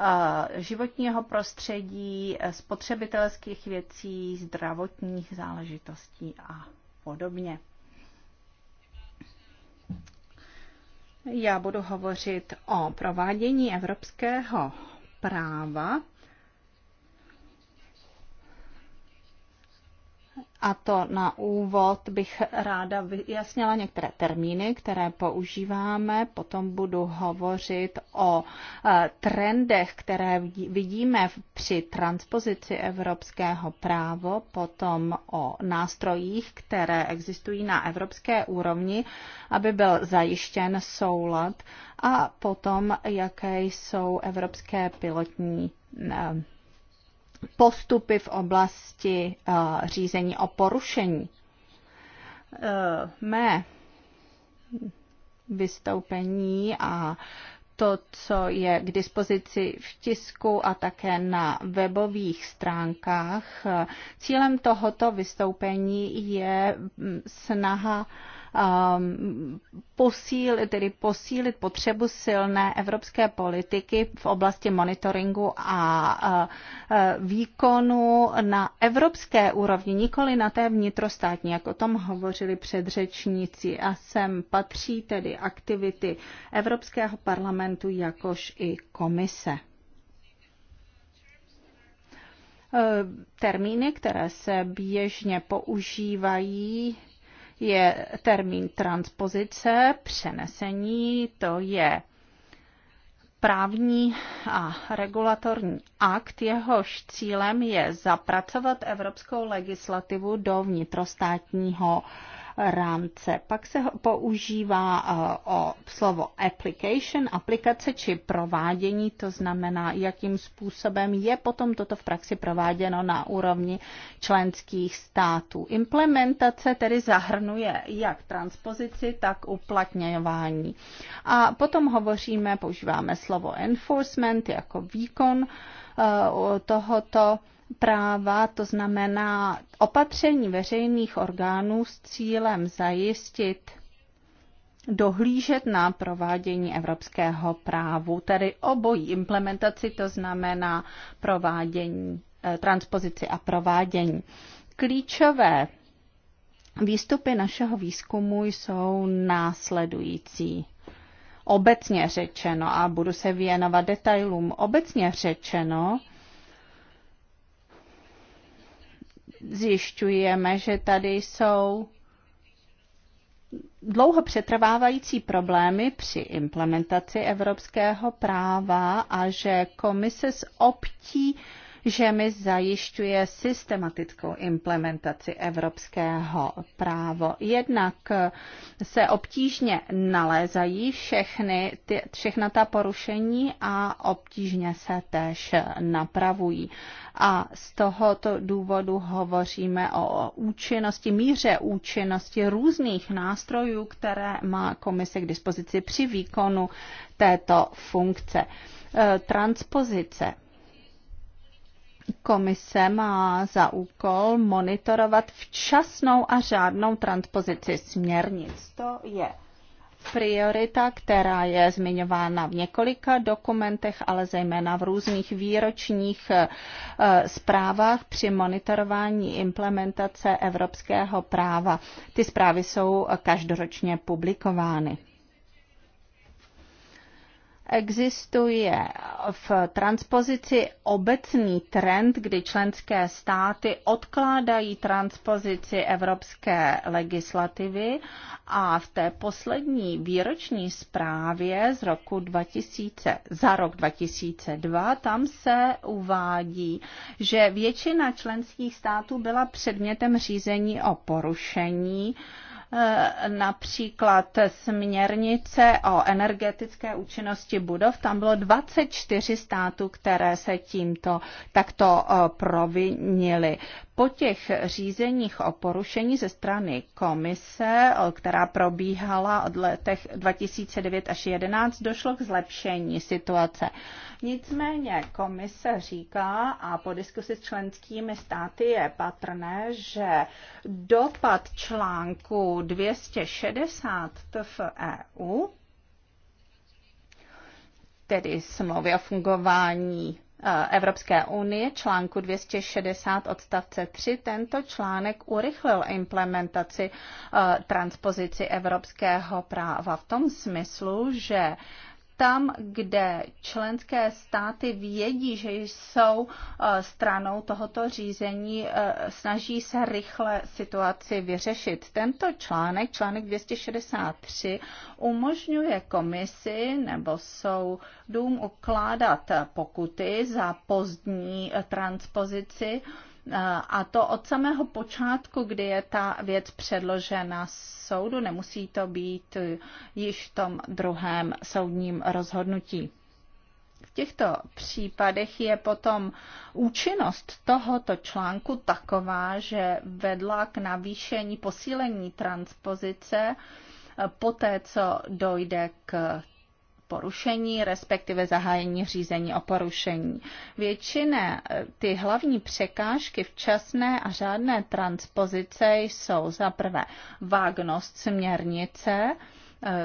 eh, životního prostředí, spotřebitelských věcí, zdravotních záležitostí a podobně. Já budu hovořit o provádění evropského práva a to na úvod bych ráda vyjasnila některé termíny, které používáme. Potom budu hovořit o e, trendech, které vidíme při transpozici evropského právo, potom o nástrojích, které existují na evropské úrovni, aby byl zajištěn soulad a potom, jaké jsou evropské pilotní e, postupy v oblasti eh, řízení o porušení. Eh, mé vystoupení a to, co je k dispozici v tisku a také na webových stránkách. Eh, cílem tohoto vystoupení je mm, snaha Um, posílit, tedy posílit potřebu silné evropské politiky v oblasti monitoringu a výkonu na evropské úrovni, nikoli na té vnitrostátní, jak o tom hovořili předřečníci. A sem patří tedy aktivity Evropského parlamentu jakož i komise e, termíny, které se běžně používají je termín transpozice, přenesení, to je právní a regulatorní akt, jehož cílem je zapracovat evropskou legislativu do vnitrostátního uh, rámce. Pak se používá eh, o slovo application, aplikace či provádění, to znamená, jakým způsobem je potom toto v praxi prováděno na úrovni členských států. Implementace tedy zahrnuje jak transpozici, tak uplatňování. A potom hovoříme, používáme slovo enforcement jako výkon eh, tohoto práva, to znamená opatření veřejných orgánů s cílem zajistit dohlížet na provádění evropského právu, tedy obojí implementaci, to znamená provádění, eh, transpozici a provádění. Klíčové výstupy našeho výzkumu jsou následující. Obecně řečeno, a budu se věnovat detailům, obecně řečeno, zjišťujeme, že tady jsou dlouho přetrvávající problémy při implementaci evropského práva a že komise s obtí uh, že mi zajišťuje systematickou implementaci evropského právo. Jednak se obtížně nalézají všechny ty, všechna ta porušení a obtížně se též napravují. A z tohoto důvodu hovoříme o účinnosti, míře účinnosti různých nástrojů, které má komise k dispozici při výkonu této funkce. E, transpozice Komise má za úkol monitorovat včasnou a řádnou transpozici směrnic. To je priorita, která je zmiňována v několika dokumentech, ale zejména v různých výročních eh, zprávách při monitorování implementace evropského práva. Ty zprávy jsou každoročně publikovány existuje v transpozici obecný trend, kdy členské státy odkládají transpozici evropské legislativy a v té poslední výroční zprávě z roku 2000, za rok 2002 tam se uvádí, že většina členských států byla předmětem řízení o porušení Eh, například směrnice o energetické účinnosti budov. Tam bylo 24 států, které se tímto takto eh, provinily. Po těch řízeních o porušení ze strany komise, eh, která probíhala od letech 2009 až 2011, došlo k zlepšení situace. Nicméně komise říká a po diskusi s členskými státy je patrné, že dopad článku článku 260 TFEU, tedy smlouvy o fungování e, Evropské unie článku 260 odstavce 3 tento článek urychlil implementaci e, transpozici evropského práva v tom smyslu, že tam, kde členské státy vědí, že jsou eh, stranou tohoto řízení, eh, snaží se rychle situaci vyřešit. Tento článek, článek 263, umožňuje komisi nebo soudům ukládat pokuty za pozdní transpozici a to od samého počátku, kdy je ta věc předložena soudu, nemusí to být již v tom druhém soudním rozhodnutí. V těchto případech je potom účinnost tohoto článku taková, že vedla k navýšení posílení transpozice poté, co dojde k porušení, respektive zahájení řízení o porušení. Většina eh, ty hlavní překážky včasné a řádné transpozice jsou za prvé vágnost směrnice,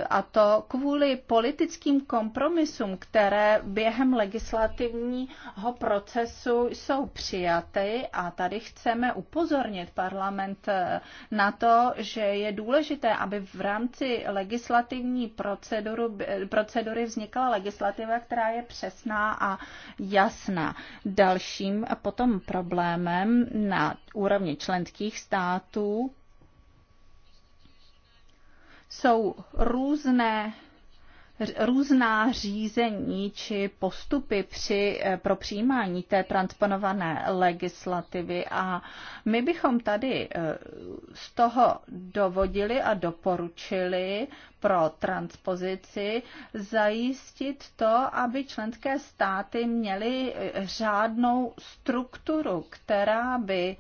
a to kvůli politickým kompromisům, které během legislativního procesu jsou přijaty a tady chceme upozornit parlament eh, na to, že je důležité, aby v rámci legislativní proceduru, eh, procedury vznikla legislativa, která je přesná a jasná. Dalším potom problémem na úrovni členských států jsou různé různá řízení či postupy při, eh, pro přijímání té transponované legislativy a my bychom tady eh, z toho dovodili a doporučili pro transpozici zajistit to, aby členské státy měly eh, řádnou strukturu, která by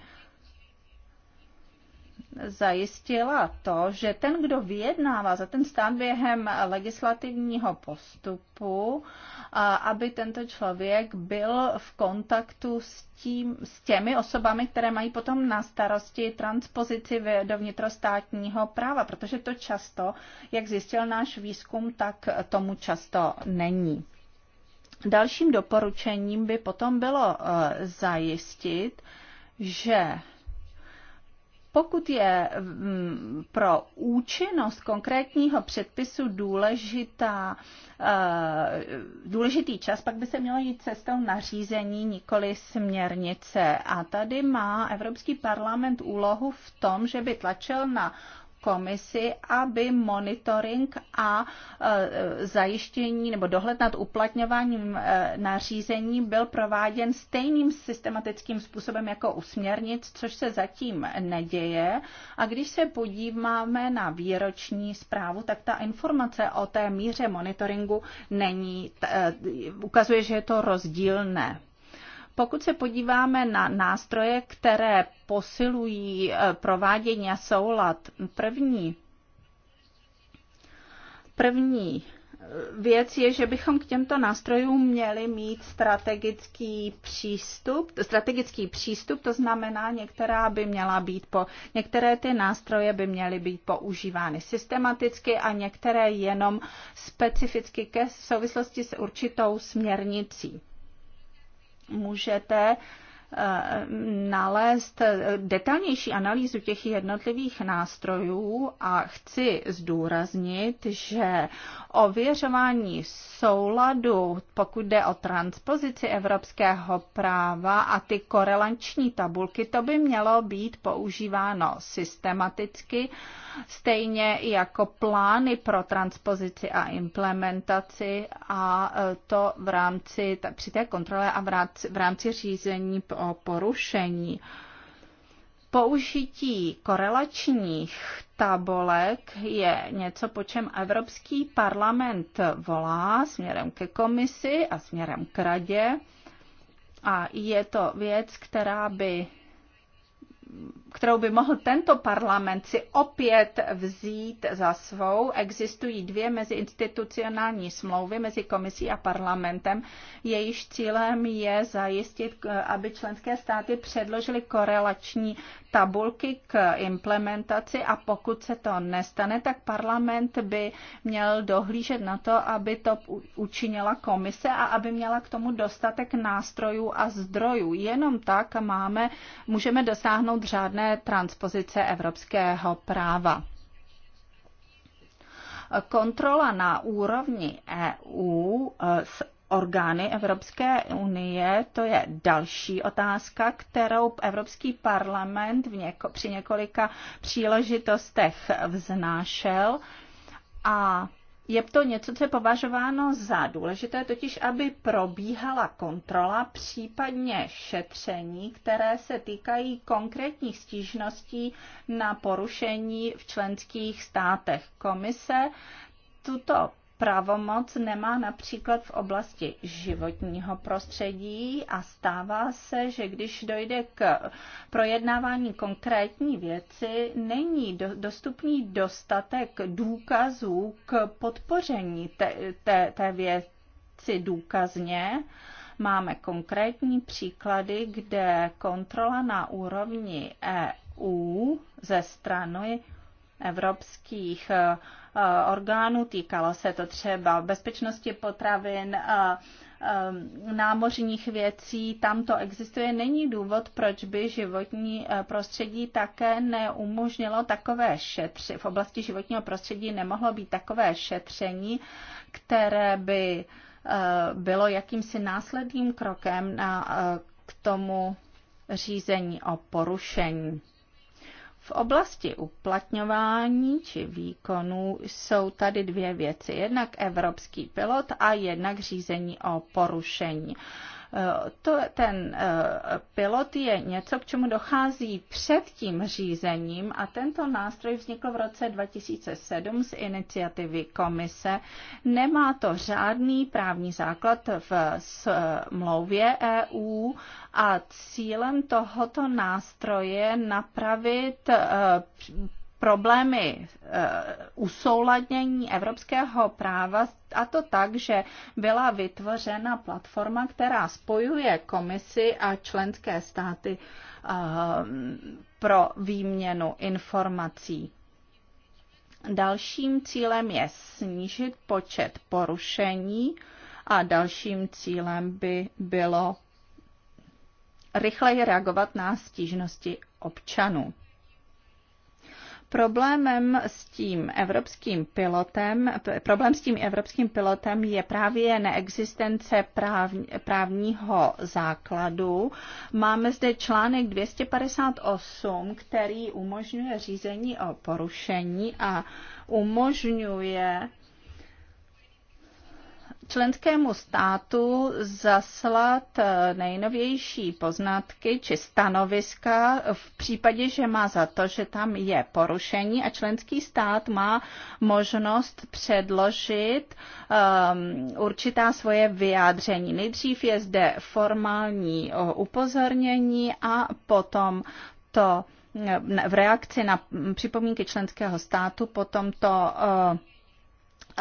zajistila to, že ten, kdo vyjednává za ten stát během legislativního postupu, aby tento člověk byl v kontaktu s, tím, s těmi osobami, které mají potom na starosti transpozici do vnitrostátního práva, protože to často, jak zjistil náš výzkum, tak tomu často není. Dalším doporučením by potom bylo eh, zajistit, že pokud je mm, pro účinnost konkrétního předpisu důležitá, eh, důležitý čas, pak by se mělo jít cestou nařízení, nikoli směrnice. A tady má Evropský parlament úlohu v tom, že by tlačil na komisi, aby monitoring a e, zajištění nebo dohled nad uplatňováním e, nařízení byl prováděn stejným systematickým způsobem jako u směrnic, což se zatím neděje. A když se podíváme na výroční zprávu, tak ta informace o té míře monitoringu není, e, ukazuje, že je to rozdílné. Pokud se podíváme na nástroje, které posilují eh, provádění a soulad, první, první eh, věc je, že bychom k těmto nástrojům měli mít strategický přístup. Strategický přístup, to znamená, některá by měla být po, některé ty nástroje by měly být používány systematicky a některé jenom specificky ke souvislosti s určitou směrnicí můžete Eh, nalézt detailnější analýzu těch jednotlivých nástrojů a chci zdůraznit, že ověřování souladu, pokud jde o transpozici evropského práva a ty korelanční tabulky, to by mělo být používáno systematicky, stejně jako plány pro transpozici a implementaci a to v rámci, při té kontrole a v rámci, v rámci řízení o porušení. Použití korelačních tabulek je něco, po čem Evropský parlament volá směrem ke komisi a směrem k radě. A je to věc, která by kterou by mohl tento parlament si opět vzít za svou. Existují dvě meziinstitucionální smlouvy mezi komisí a parlamentem. Jejíž cílem je zajistit, aby členské státy předložily korelační tabulky k implementaci a pokud se to nestane, tak parlament by měl dohlížet na to, aby to učinila komise a aby měla k tomu dostatek nástrojů a zdrojů. Jenom tak máme, můžeme dosáhnout řádné transpozice evropského práva kontrola na úrovni EU e, orgány Evropské unie, to je další otázka, kterou Evropský parlament v něko, při několika příležitostech vznášel. A je to něco, co je považováno za důležité, totiž aby probíhala kontrola, případně šetření, které se týkají konkrétních stížností na porušení v členských státech. Komise tuto pravomoc nemá například v oblasti životního prostředí a stává se, že když dojde k projednávání konkrétní věci, není do, dostupný dostatek důkazů k podpoření té, té, té věci důkazně. Máme konkrétní příklady, kde kontrola na úrovni EU ze strany evropských uh, Eh, orgánů, týkalo se to třeba bezpečnosti potravin, eh, eh, námořních věcí, tam to existuje. Není důvod, proč by životní prostředí také neumožnilo takové šetření, v oblasti životního prostředí nemohlo být takové šetření, které by bylo jakýmsi následným krokem na, k tomu řízení o porušení. V oblasti uplatňování či výkonu jsou tady dvě věci. Jednak evropský pilot a jednak řízení o porušení. To, ten eh, pilot je něco, k čemu dochází před tím řízením a tento nástroj vznikl v roce 2007 z iniciativy komise. Nemá to žádný právní základ v smlouvě EU a cílem tohoto nástroje napravit eh, problémy eh, usouladnění evropského práva a to tak, že byla vytvořena platforma, která spojuje komisi a členské státy eh, pro výměnu informací. Dalším cílem je snížit počet porušení a dalším cílem by bylo rychleji reagovat na stížnosti občanů. Problémem s tím evropským pilotem, problém s tím evropským pilotem je právě neexistence práv, právního základu. Máme zde článek 258, který umožňuje řízení o porušení a umožňuje členskému státu zaslat eh, nejnovější poznatky či stanoviska v případě, že má za to, že tam je porušení a členský stát má možnost předložit um, určitá svoje vyjádření. Nejdřív je zde formální eh, upozornění a potom to eh, v reakci na připomínky členského státu potom to uh,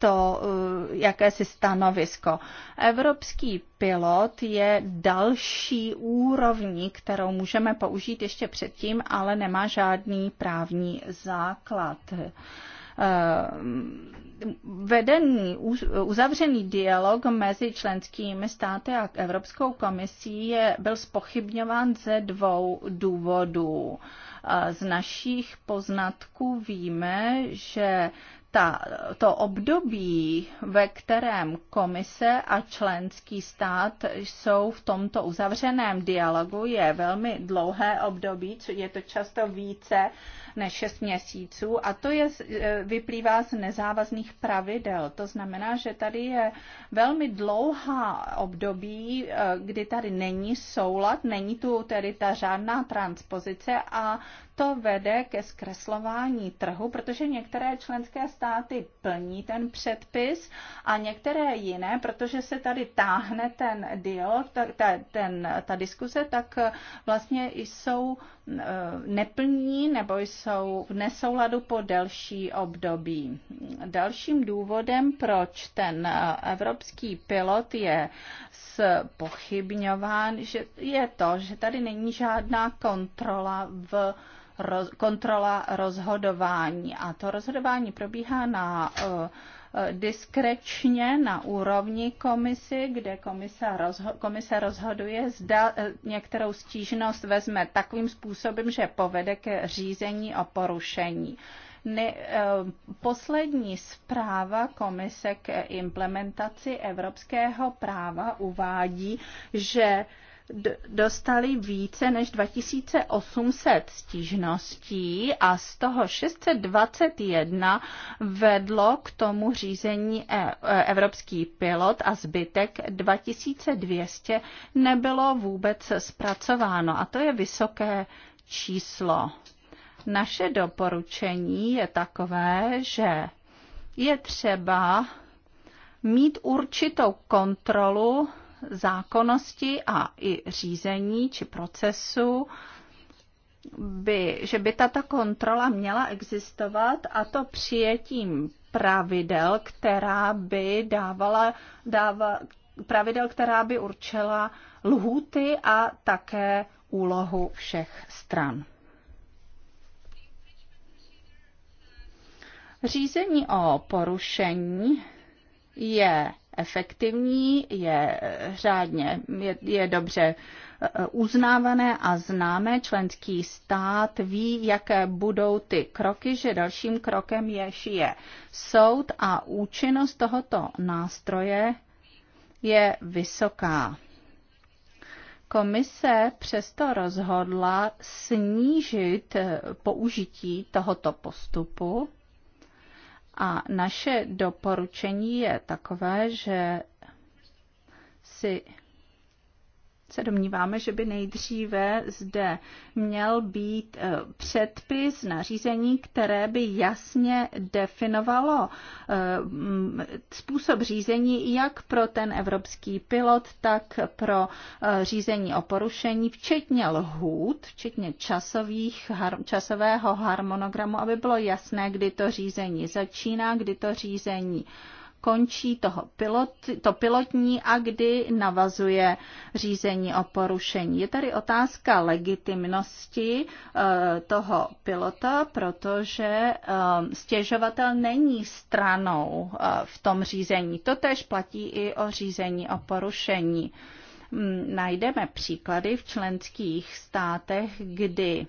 to eh, jakési stanovisko. Evropský pilot je další úrovní, kterou můžeme použít ještě předtím, ale nemá žádný právní základ eh, vedený, uzavřený dialog mezi členskými státy a Evropskou komisí je, byl spochybňován ze dvou důvodů. Eh, z našich poznatků víme, že ta, to období, ve kterém komise a členský stát jsou v tomto uzavřeném dialogu, je velmi dlouhé období, je to často více než 6 měsíců a to je, eh, vyplývá z nezávazných pravidel. To znamená, že tady je velmi dlouhá období, eh, kdy tady není soulad, není tu tedy ta žádná transpozice a to vede ke zkreslování trhu, protože některé členské státy plní ten předpis a některé jiné, protože se tady táhne ten deal, ta, ta, ten, ta diskuse, tak eh, vlastně jsou neplní nebo jsou jsou v nesouladu po delší období. Dalším důvodem, proč ten eh, evropský pilot je spochybňován, že je to, že tady není žádná kontrola v kontrola rozhodování. A to rozhodování probíhá na uh, Eh, diskrečně na úrovni komisy, kde komise, rozho- komise rozhoduje, zda eh, některou stížnost vezme takovým způsobem, že povede k řízení o porušení. Ne, eh, poslední zpráva komise k implementaci evropského práva uvádí, že dostali více než 2800 stížností a z toho 621 vedlo k tomu řízení e- e- evropský pilot a zbytek 2200 nebylo vůbec zpracováno a to je vysoké číslo. Naše doporučení je takové, že je třeba mít určitou kontrolu zákonnosti a i řízení či procesu, by, že by tato kontrola měla existovat a to přijetím pravidel, která by dávala, dáva, pravidel, která by určila lhůty a také úlohu všech stran. Řízení o porušení je efektivní, je eh, řádně, je, je dobře eh, uznávané a známé. Členský stát ví, jaké budou ty kroky, že dalším krokem jež je soud a účinnost tohoto nástroje je vysoká. Komise přesto rozhodla snížit eh, použití tohoto postupu a naše doporučení je takové, že si se domníváme, že by nejdříve zde měl být eh, předpis nařízení, které by jasně definovalo eh, způsob řízení jak pro ten evropský pilot, tak pro eh, řízení o porušení, včetně lhůt, včetně časových, časového harmonogramu, aby bylo jasné, kdy to řízení začíná, kdy to řízení končí toho pilot, to pilotní a kdy navazuje řízení o porušení. Je tady otázka legitimnosti eh, toho pilota, protože eh, stěžovatel není stranou eh, v tom řízení. To tež platí i o řízení o porušení. Hmm, najdeme příklady v členských státech, kdy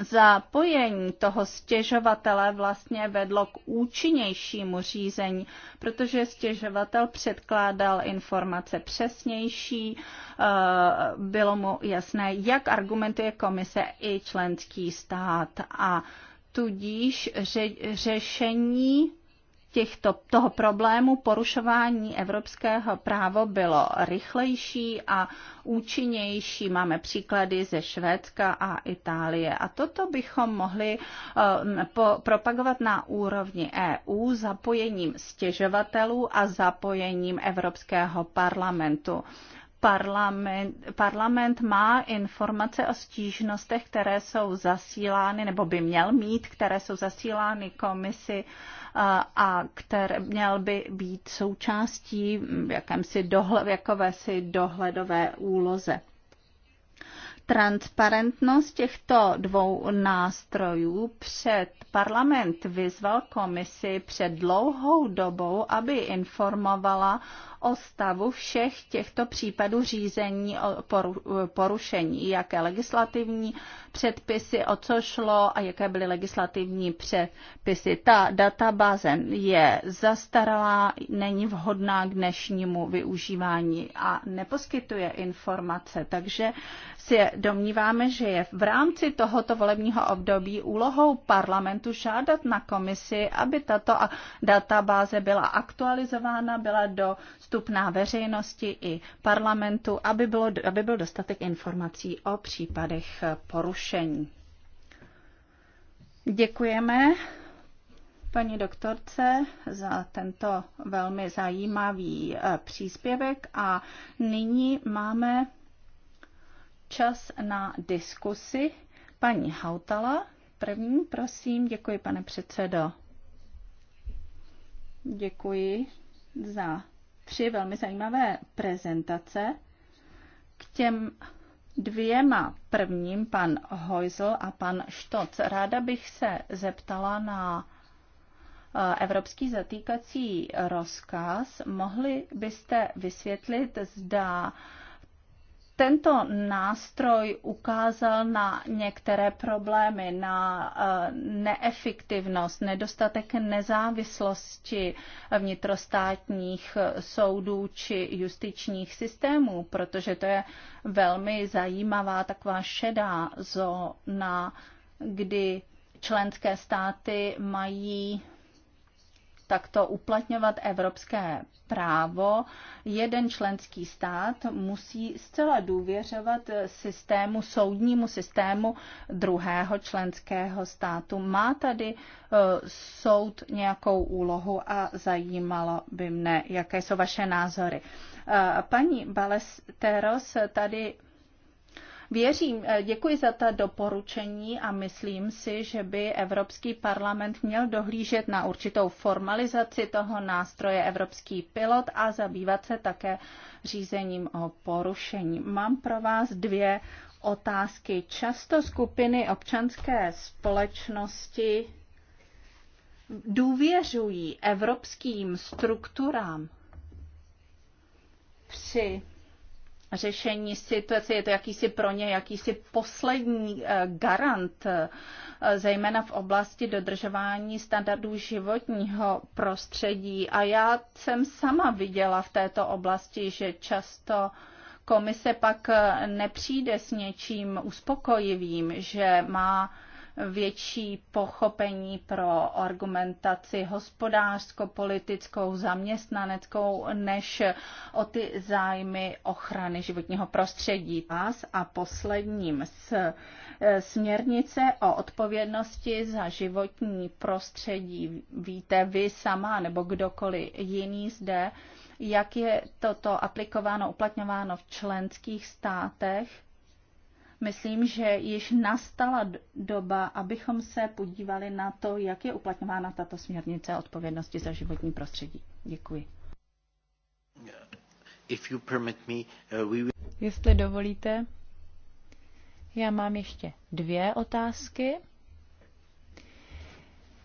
Zapojení toho stěžovatele vlastně vedlo k účinnějšímu řízení, protože stěžovatel předkládal informace přesnější, eh, bylo mu jasné, jak argumentuje komise i členský stát a tudíž ře- řešení těchto, toho problému porušování evropského právo bylo rychlejší a účinnější. Máme příklady ze Švédska a Itálie. A toto bychom mohli um, po, propagovat na úrovni EU zapojením stěžovatelů a zapojením Evropského parlamentu parlament, parlament má informace o stížnostech, které jsou zasílány, nebo by měl mít, které jsou zasílány komisi a který měl by být součástí v jakémsi dohle, v si dohledové úloze transparentnost těchto dvou nástrojů před parlament vyzval komisi před dlouhou dobou, aby informovala o stavu všech těchto případů řízení o porušení, jaké legislativní předpisy, o co šlo a jaké byly legislativní předpisy. Ta databáze je zastaralá, není vhodná k dnešnímu využívání a neposkytuje informace, takže si domníváme, že je v rámci tohoto volebního období úlohou parlamentu žádat na komisi, aby tato databáze byla aktualizována, byla do dostupná veřejnosti i parlamentu, aby, bylo, aby byl dostatek informací o případech porušení. Děkujeme paní doktorce za tento velmi zajímavý eh, příspěvek a nyní máme čas na diskusi. Paní Hautala, první, prosím, děkuji, pane předsedo. Děkuji za tři velmi zajímavé prezentace. K těm dvěma prvním, pan Heusel a pan Štoc, ráda bych se zeptala na eh, evropský zatýkací rozkaz. Mohli byste vysvětlit, zda tento nástroj ukázal na některé problémy, na eh, neefektivnost, nedostatek nezávislosti vnitrostátních soudů či justičních systémů, protože to je velmi zajímavá taková šedá zóna, kdy členské státy mají takto uplatňovat evropské právo, jeden členský stát musí zcela důvěřovat systému, soudnímu systému druhého členského státu. Má tady eh, soud nějakou úlohu a zajímalo by mne, jaké jsou vaše názory. Eh, paní Balesteros tady Věřím, eh, děkuji za ta doporučení a myslím si, že by Evropský parlament měl dohlížet na určitou formalizaci toho nástroje Evropský pilot a zabývat se také řízením o porušení. Mám pro vás dvě otázky. Často skupiny občanské společnosti důvěřují evropským strukturám při řešení situace, je to jakýsi pro ně jakýsi poslední eh, garant, eh, zejména v oblasti dodržování standardů životního prostředí. A já jsem sama viděla v této oblasti, že často komise pak eh, nepřijde s něčím uspokojivým, že má větší pochopení pro argumentaci hospodářsko-politickou, zaměstnaneckou, než o ty zájmy ochrany životního prostředí. A posledním s e, směrnice o odpovědnosti za životní prostředí. Víte vy sama nebo kdokoliv jiný zde, jak je toto aplikováno, uplatňováno v členských státech myslím, že již nastala doba, abychom se podívali na to, jak je uplatňována tato směrnice odpovědnosti za životní prostředí. Děkuji. If you permit me, uh, we will... Jestli dovolíte, já mám ještě dvě otázky.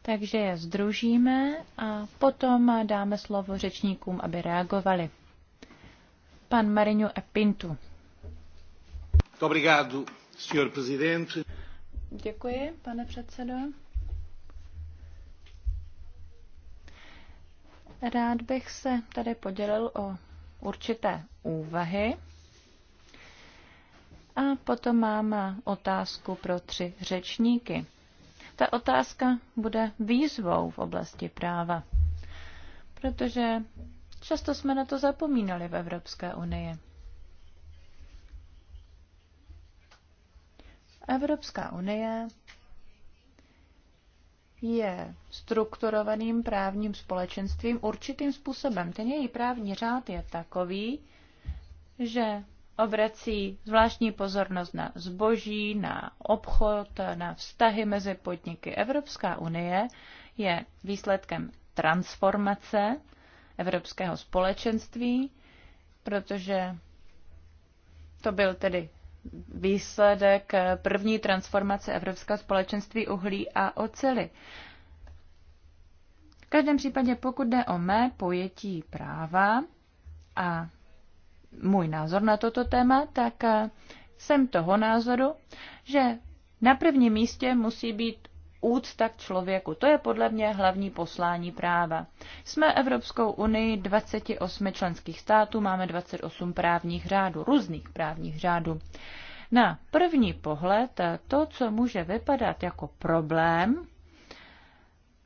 Takže je združíme a potom dáme slovo řečníkům, aby reagovali. Pan Marinu Epintu. Děkuji, pane předsedo. Rád bych se tady podělil o určité úvahy a potom mám otázku pro tři řečníky. Ta otázka bude výzvou v oblasti práva, protože často jsme na to zapomínali v Evropské unii. Evropská unie je strukturovaným právním společenstvím určitým způsobem. Ten její právní řád je takový, že obrací zvláštní pozornost na zboží, na obchod, na vztahy mezi podniky. Evropská unie je výsledkem transformace evropského společenství, protože to byl tedy výsledek první transformace Evropského společenství uhlí a ocely. V každém případě, pokud jde o mé pojetí práva a můj názor na toto téma, tak jsem toho názoru, že na prvním místě musí být úcta k člověku. To je podle mě hlavní poslání práva. Jsme Evropskou unii 28 členských států, máme 28 právních řádů, různých právních řádů. Na první pohled to, co může vypadat jako problém,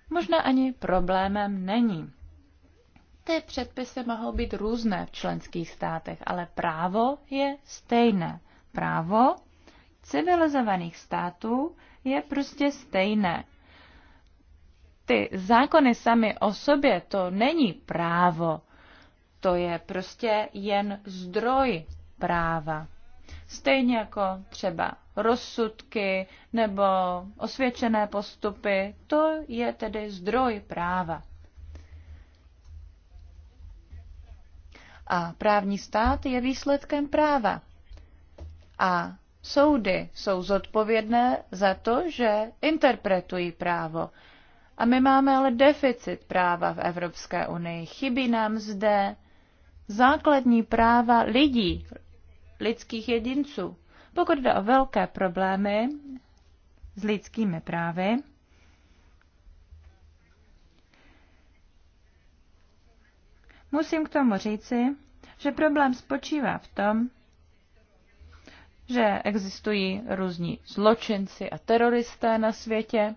možná ani problémem není. Ty předpisy mohou být různé v členských státech, ale právo je stejné. Právo civilizovaných států je prostě stejné. Ty zákony sami o sobě to není právo, to je prostě jen zdroj práva. Stejně jako třeba rozsudky nebo osvědčené postupy, to je tedy zdroj práva. A právní stát je výsledkem práva. A Soudy jsou zodpovědné za to, že interpretují právo. A my máme ale deficit práva v Evropské unii. Chybí nám zde základní práva lidí, lidských jedinců. Pokud jde o velké problémy s lidskými právy, musím k tomu říci, že problém spočívá v tom, že existují různí zločinci a teroristé na světě.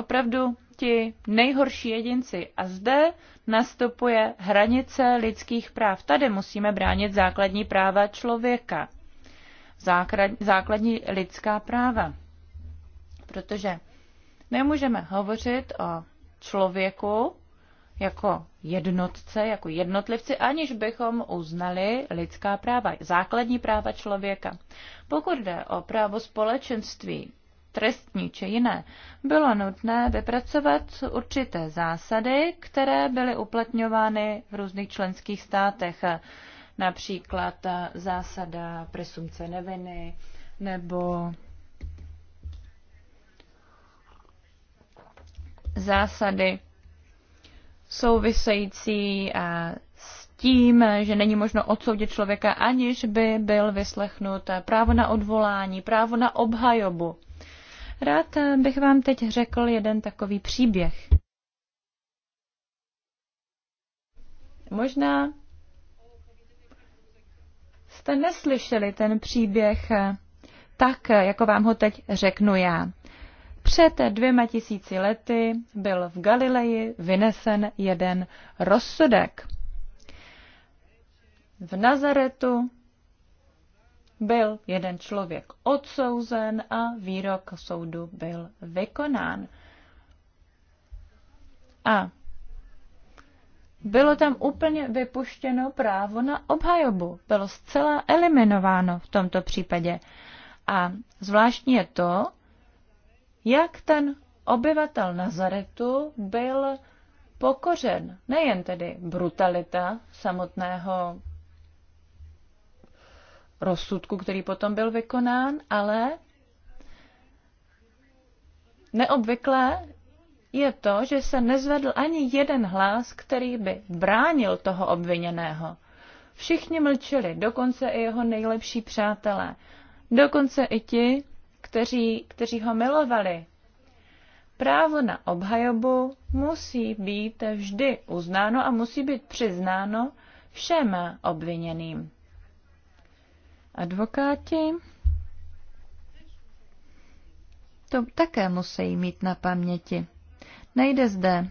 Opravdu ti nejhorší jedinci. A zde nastupuje hranice lidských práv. Tady musíme bránit základní práva člověka, základní lidská práva. Protože nemůžeme hovořit o člověku, jako jednotce, jako jednotlivci, aniž bychom uznali lidská práva, základní práva člověka. Pokud jde o právo společenství, trestní či jiné, bylo nutné vypracovat určité zásady, které byly uplatňovány v různých členských státech, například zásada presumce neviny nebo zásady související eh, s tím, že není možno odsoudit člověka, aniž by byl vyslechnut eh, právo na odvolání, právo na obhajobu. Rád eh, bych vám teď řekl jeden takový příběh. Možná jste neslyšeli ten příběh tak, jako vám ho teď řeknu já. Před dvěma tisíci lety byl v Galileji vynesen jeden rozsudek. V Nazaretu byl jeden člověk odsouzen a výrok soudu byl vykonán. A bylo tam úplně vypuštěno právo na obhajobu. Bylo zcela eliminováno v tomto případě. A zvláštní je to, jak ten obyvatel Nazaretu byl pokořen. Nejen tedy brutalita samotného rozsudku, který potom byl vykonán, ale neobvyklé je to, že se nezvedl ani jeden hlas, který by bránil toho obviněného. Všichni mlčeli, dokonce i jeho nejlepší přátelé, dokonce i ti, kteří, kteří ho milovali. Právo na obhajobu musí být vždy uznáno a musí být přiznáno všem obviněným. Advokáti to také musí mít na paměti. Nejde zde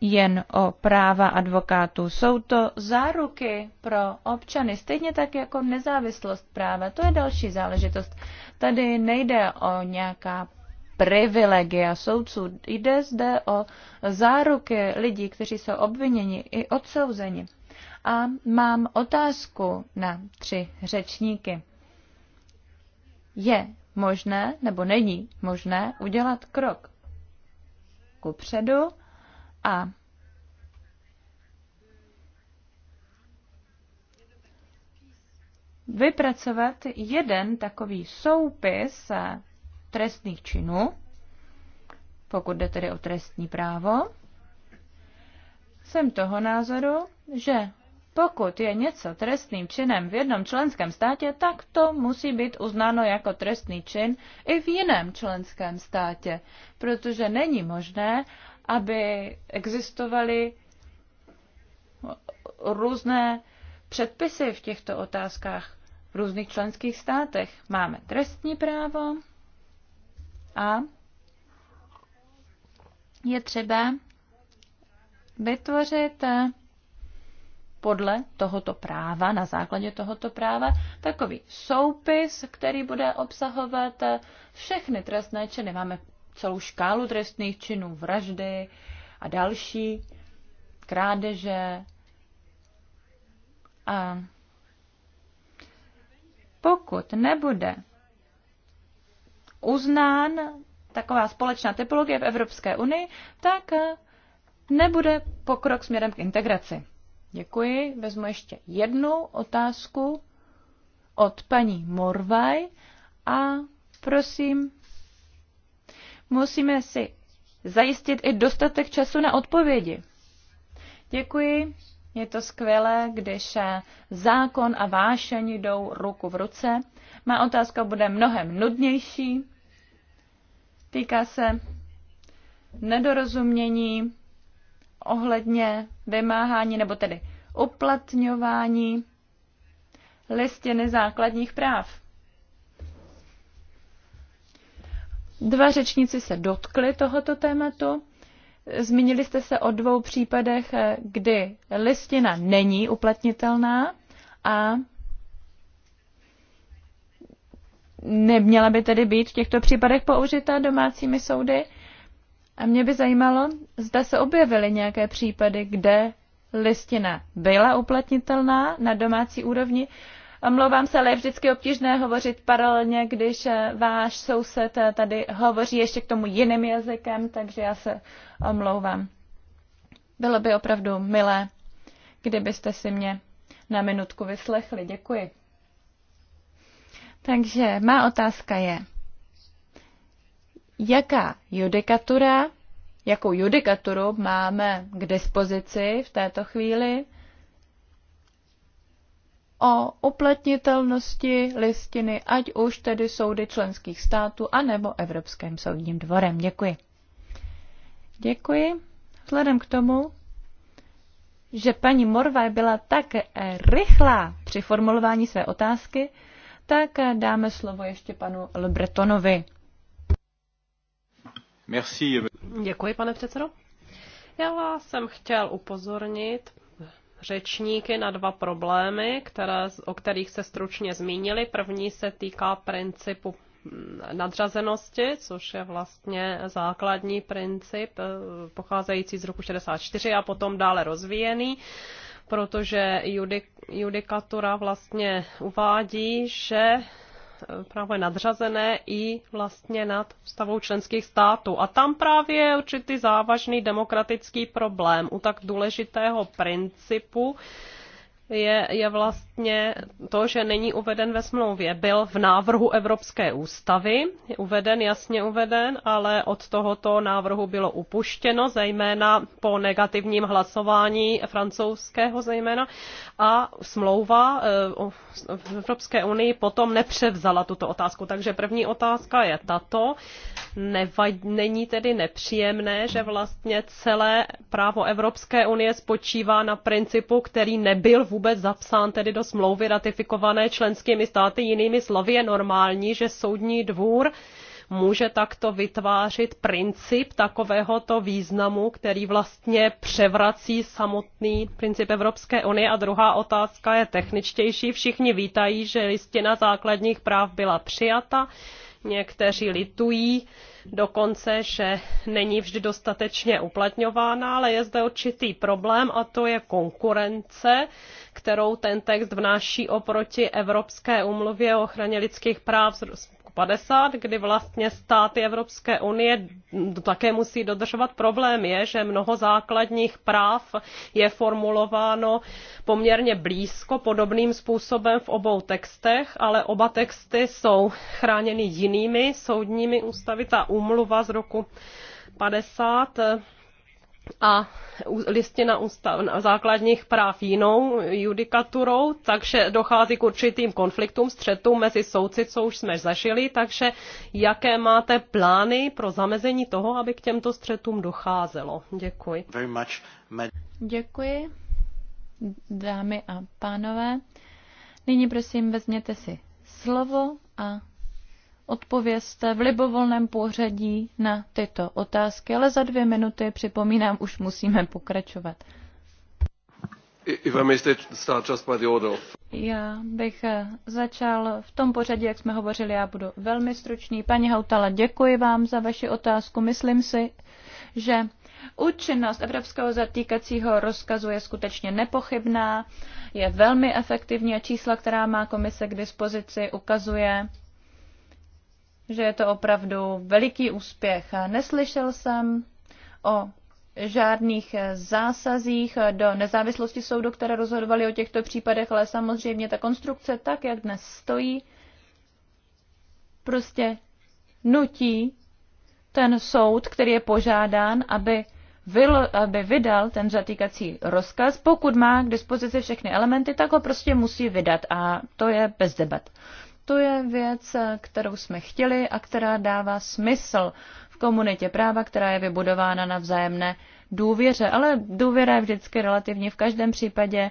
jen o práva advokátů. Jsou to záruky pro občany, stejně tak jako nezávislost práva. To je další záležitost. Tady nejde o nějaká privilegia soudců. Jde zde o záruky lidí, kteří jsou obviněni i odsouzeni. A mám otázku na tři řečníky. Je možné nebo není možné udělat krok kupředu a vypracovat jeden takový soupis eh, trestných činů, pokud jde tedy o trestní právo, jsem toho názoru, že pokud je něco trestným činem v jednom členském státě, tak to musí být uznáno jako trestný čin i v jiném členském státě, protože není možné, aby existovaly různé předpisy v těchto otázkách v různých členských státech. Máme trestní právo a je třeba vytvořit podle tohoto práva, na základě tohoto práva, takový soupis, který bude obsahovat všechny trestné činy. Máme celou škálu trestných činů, vraždy a další, krádeže. A pokud nebude uznán taková společná typologie v Evropské unii, tak nebude pokrok směrem k integraci. Děkuji. Vezmu ještě jednu otázku od paní Morvaj a prosím, musíme si zajistit i dostatek času na odpovědi. Děkuji. Je to skvělé, když eh, zákon a vášeň jdou ruku v ruce. Má otázka bude mnohem nudnější. Týká se nedorozumění ohledně vymáhání nebo tedy uplatňování listiny základních práv. Dva řečníci se dotkli tohoto tématu. Zmínili jste se o dvou případech, eh, kdy listina není uplatnitelná a neměla by tedy být v těchto případech použita domácími soudy. A mě by zajímalo, zda se objevily nějaké případy, kde listina byla uplatnitelná na domácí úrovni Omlouvám se, ale je vždycky obtížné hovořit paralelně, když eh, váš soused eh, tady hovoří ještě k tomu jiným jazykem, takže já se omlouvám. Bylo by opravdu milé, kdybyste si mě na minutku vyslechli. Děkuji. Takže má otázka je, jaká judikatura, jakou judikaturu máme k dispozici v této chvíli, o uplatnitelnosti listiny, ať už tedy soudy členských států, anebo Evropským soudním dvorem. Děkuji. Děkuji. Vzhledem k tomu, že paní Morvaj byla tak rychlá při formulování své otázky, tak dáme slovo ještě panu Lebretonovi. Děkuji, pane předsedo. Já vás jsem chtěl upozornit řečníky na dva problémy, které, o kterých se stručně zmínili. První se týká principu mm, nadřazenosti, což je vlastně základní princip eh, pocházející z roku 64 a potom dále rozvíjený, protože judikatura vlastně uvádí, že právo je nadřazené i vlastně nad stavou členských států. A tam právě je určitý závažný demokratický problém u tak důležitého principu, je, je vlastně to, že není uveden ve smlouvě. Byl v návrhu Evropské ústavy, je uveden, jasně uveden, ale od tohoto návrhu bylo upuštěno, zejména po negativním hlasování francouzského zejména. A smlouva v eh, Evropské unii potom nepřevzala tuto otázku. Takže první otázka je tato. Nevad, není tedy nepříjemné, že vlastně celé právo Evropské unie spočívá na principu, který nebyl vůbec vůbec zapsán tedy do smlouvy ratifikované členskými státy. Jinými slovy je normální, že soudní dvůr může takto vytvářet princip takovéhoto významu, který vlastně převrací samotný princip Evropské unie. A druhá otázka je techničtější. Všichni vítají, že listina základních práv byla přijata Někteří litují dokonce, že není vždy dostatečně uplatňována, ale je zde určitý problém a to je konkurence, kterou ten text vnáší oproti Evropské umluvě o ochraně lidských práv 50, kdy vlastně státy Evropské unie také musí dodržovat. Problém je, že mnoho základních práv je formulováno poměrně blízko, podobným způsobem v obou textech, ale oba texty jsou chráněny jinými soudními ústavy. Ta úmluva z roku 50 a listina ústav, základních práv jinou judikaturou, takže dochází k určitým konfliktům, střetům mezi soudci, co už jsme zažili, takže jaké máte plány pro zamezení toho, aby k těmto střetům docházelo? Děkuji. Děkuji, dámy a pánové. Nyní prosím vezměte si slovo a odpovězte v libovolném pořadí na tyto otázky, ale za dvě minuty, připomínám, už musíme pokračovat. Já bych eh, začal v tom pořadí, jak jsme hovořili, já budu velmi stručný. Paní Hautala, děkuji vám za vaši otázku. Myslím si, že účinnost evropského zatýkacího rozkazu je skutečně nepochybná, je velmi efektivní a čísla, která má komise k dispozici, ukazuje, že je to opravdu veliký úspěch. Neslyšel jsem o žádných zásazích do nezávislosti soudu, které rozhodovaly o těchto případech, ale samozřejmě ta konstrukce tak, jak dnes stojí, prostě nutí ten soud, který je požádán, aby, vyl, aby vydal ten zatýkací rozkaz. Pokud má k dispozici všechny elementy, tak ho prostě musí vydat a to je bez debat. To je věc, kterou jsme chtěli a která dává smysl v komunitě práva, která je vybudována na vzájemné důvěře. Ale důvěra je vždycky relativní v každém případě.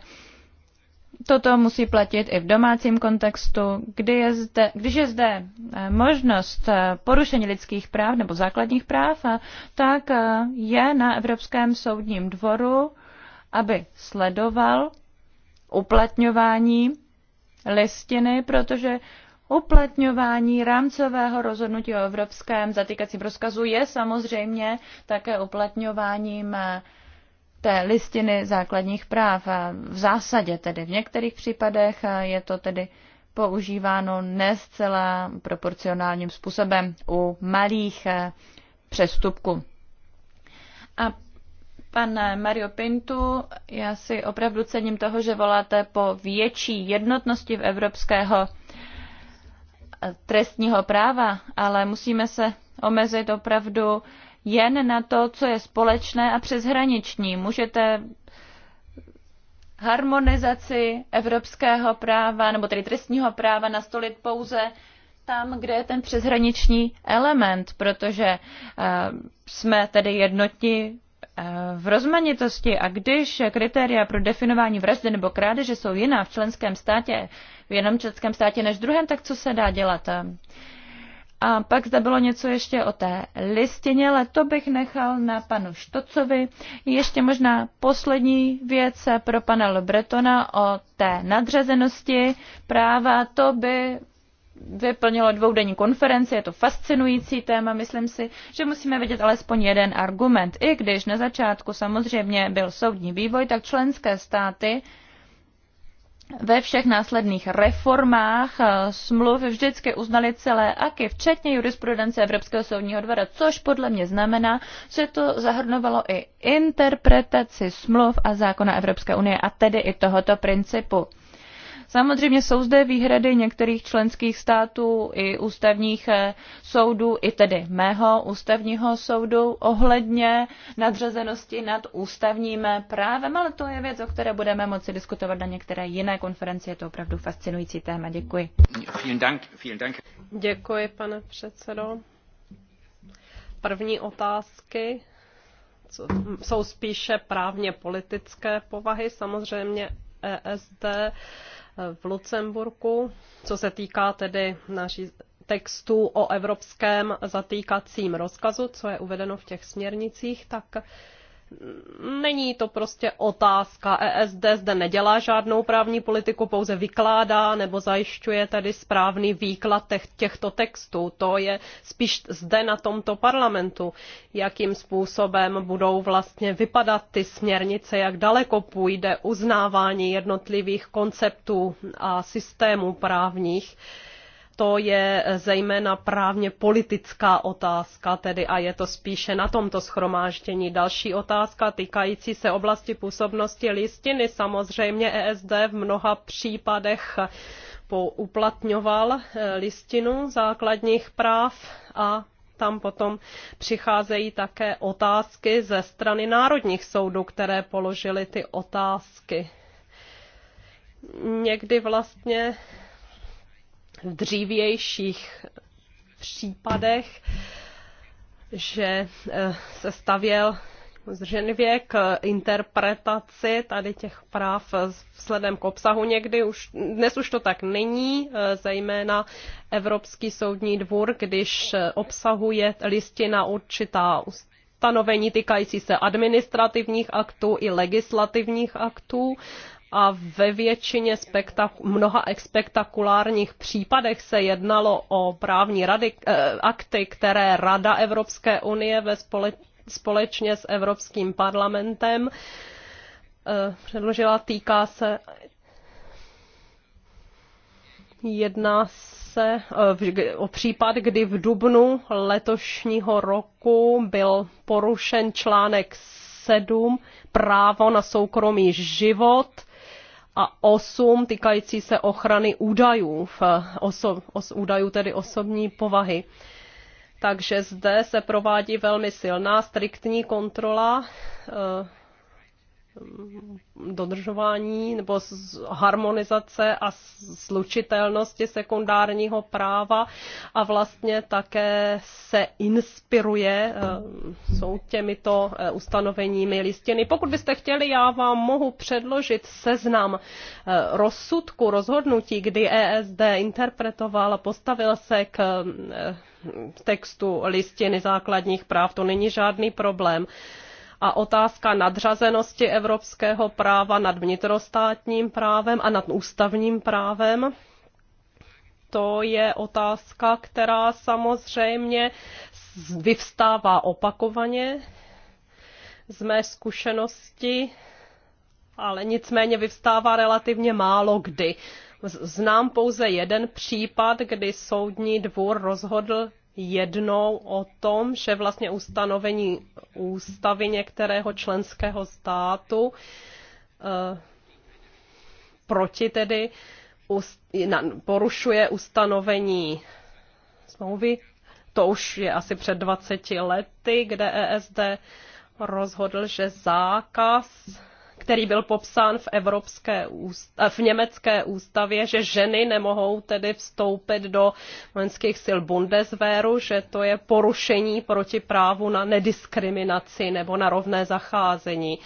Toto musí platit i v domácím kontextu, kdy je zde, když je zde eh, možnost eh, porušení lidských práv nebo základních práv, eh, tak je na Evropském soudním dvoru, aby sledoval uplatňování listiny, protože uplatňování rámcového rozhodnutí o evropském zatýkacím rozkazu je samozřejmě také uplatňováním eh, té listiny základních práv. V zásadě tedy v některých případech eh, je to tedy používáno ne zcela proporcionálním způsobem u malých eh, přestupků. A Pane Mario Pintu, já si opravdu cením toho, že voláte po větší jednotnosti v evropského trestního práva, ale musíme se omezit opravdu jen na to, co je společné a přeshraniční. Můžete harmonizaci evropského práva nebo tedy trestního práva nastolit pouze tam, kde je ten přeshraniční element, protože eh, jsme tedy jednotní v rozmanitosti a když kritéria pro definování vraždy nebo krádeže jsou jiná v členském státě, v jednom členském státě než v druhém, tak co se dá dělat? A pak zde bylo něco ještě o té listině, ale to bych nechal na panu Štocovi. Ještě možná poslední věc pro pana Lebretona o té nadřazenosti práva. To by vyplnilo dvoudenní konferenci, je to fascinující téma, myslím si, že musíme vidět alespoň jeden argument. I když na začátku samozřejmě byl soudní vývoj, tak členské státy ve všech následných reformách eh, smluv vždycky uznali celé aky, včetně jurisprudence Evropského soudního dvora, což podle mě znamená, že to zahrnovalo i interpretaci smluv a zákona Evropské unie a tedy i tohoto principu. Samozřejmě jsou zde výhrady některých členských států i ústavních eh, soudů, i tedy mého ústavního soudu ohledně nadřazenosti nad ústavním eh, právem, ale to je věc, o které budeme moci diskutovat na některé jiné konferenci. Je to opravdu fascinující téma. Děkuji. Děkuji, pane předsedo. První otázky jsou spíše právně politické povahy. Samozřejmě ESD v Lucemburku, co se týká tedy naší textu o evropském zatýkacím rozkazu, co je uvedeno v těch směrnicích, tak Není to prostě otázka. ESD zde nedělá žádnou právní politiku, pouze vykládá nebo zajišťuje tady správný výklad těch, těchto textů. To je spíš zde na tomto parlamentu, jakým způsobem budou vlastně vypadat ty směrnice, jak daleko půjde uznávání jednotlivých konceptů a systémů právních. Uh, to je eh, zejména právně politická otázka, tedy a je to spíše na tomto schromáždění. Další otázka týkající se oblasti působnosti listiny. Samozřejmě ESD v mnoha případech uplatňoval eh, listinu základních práv a tam potom přicházejí také otázky ze strany národních soudů, které položily ty otázky. Někdy vlastně v dřívějších případech, že eh, se stavěl zřenivě k interpretaci tady těch práv vzhledem k obsahu někdy. Už, dnes už to tak není, eh, zejména Evropský soudní dvůr, když obsahuje listina určitá ustanovení týkající se administrativních aktů i legislativních aktů a ve většině spektak- mnoha spektakulárních případech se jednalo o právní rady, eh, akty, které Rada Evropské unie ve spole- společně s Evropským parlamentem eh, předložila. Týká se jedná se eh, o případ, kdy v dubnu letošního roku byl porušen článek 7 právo na soukromý život a 8 týkající se ochrany údajů, v oso, os, údajů tedy osobní povahy. Takže zde se provádí velmi silná, striktní kontrola. E, dodržování nebo harmonizace a slučitelnosti sekundárního práva a vlastně také se inspiruje eh, jsou těmito eh, ustanoveními listiny. Pokud byste chtěli, já vám mohu předložit seznam eh, rozsudku, rozhodnutí, kdy ESD interpretoval a postavil se k textu listiny základních práv. To není žádný problém a otázka nadřazenosti evropského práva nad vnitrostátním právem a nad ústavním právem to je otázka, která samozřejmě vyvstává opakovaně z mé zkušenosti, ale nicméně vyvstává relativně málo kdy. Znám pouze jeden případ, kdy soudní dvůr rozhodl jednou o tom, že vlastně ustanovení ústavy některého členského státu eh, proti tedy porušuje ustanovení smlouvy. To už je asi před 20 lety, kde ESD rozhodl, že zákaz který byl popsán v, Evropské ústav, eh, v německé ústavě, že ženy nemohou tedy vstoupit do vojenských sil Bundeswehru, že to je porušení proti právu na nediskriminaci nebo na rovné zacházení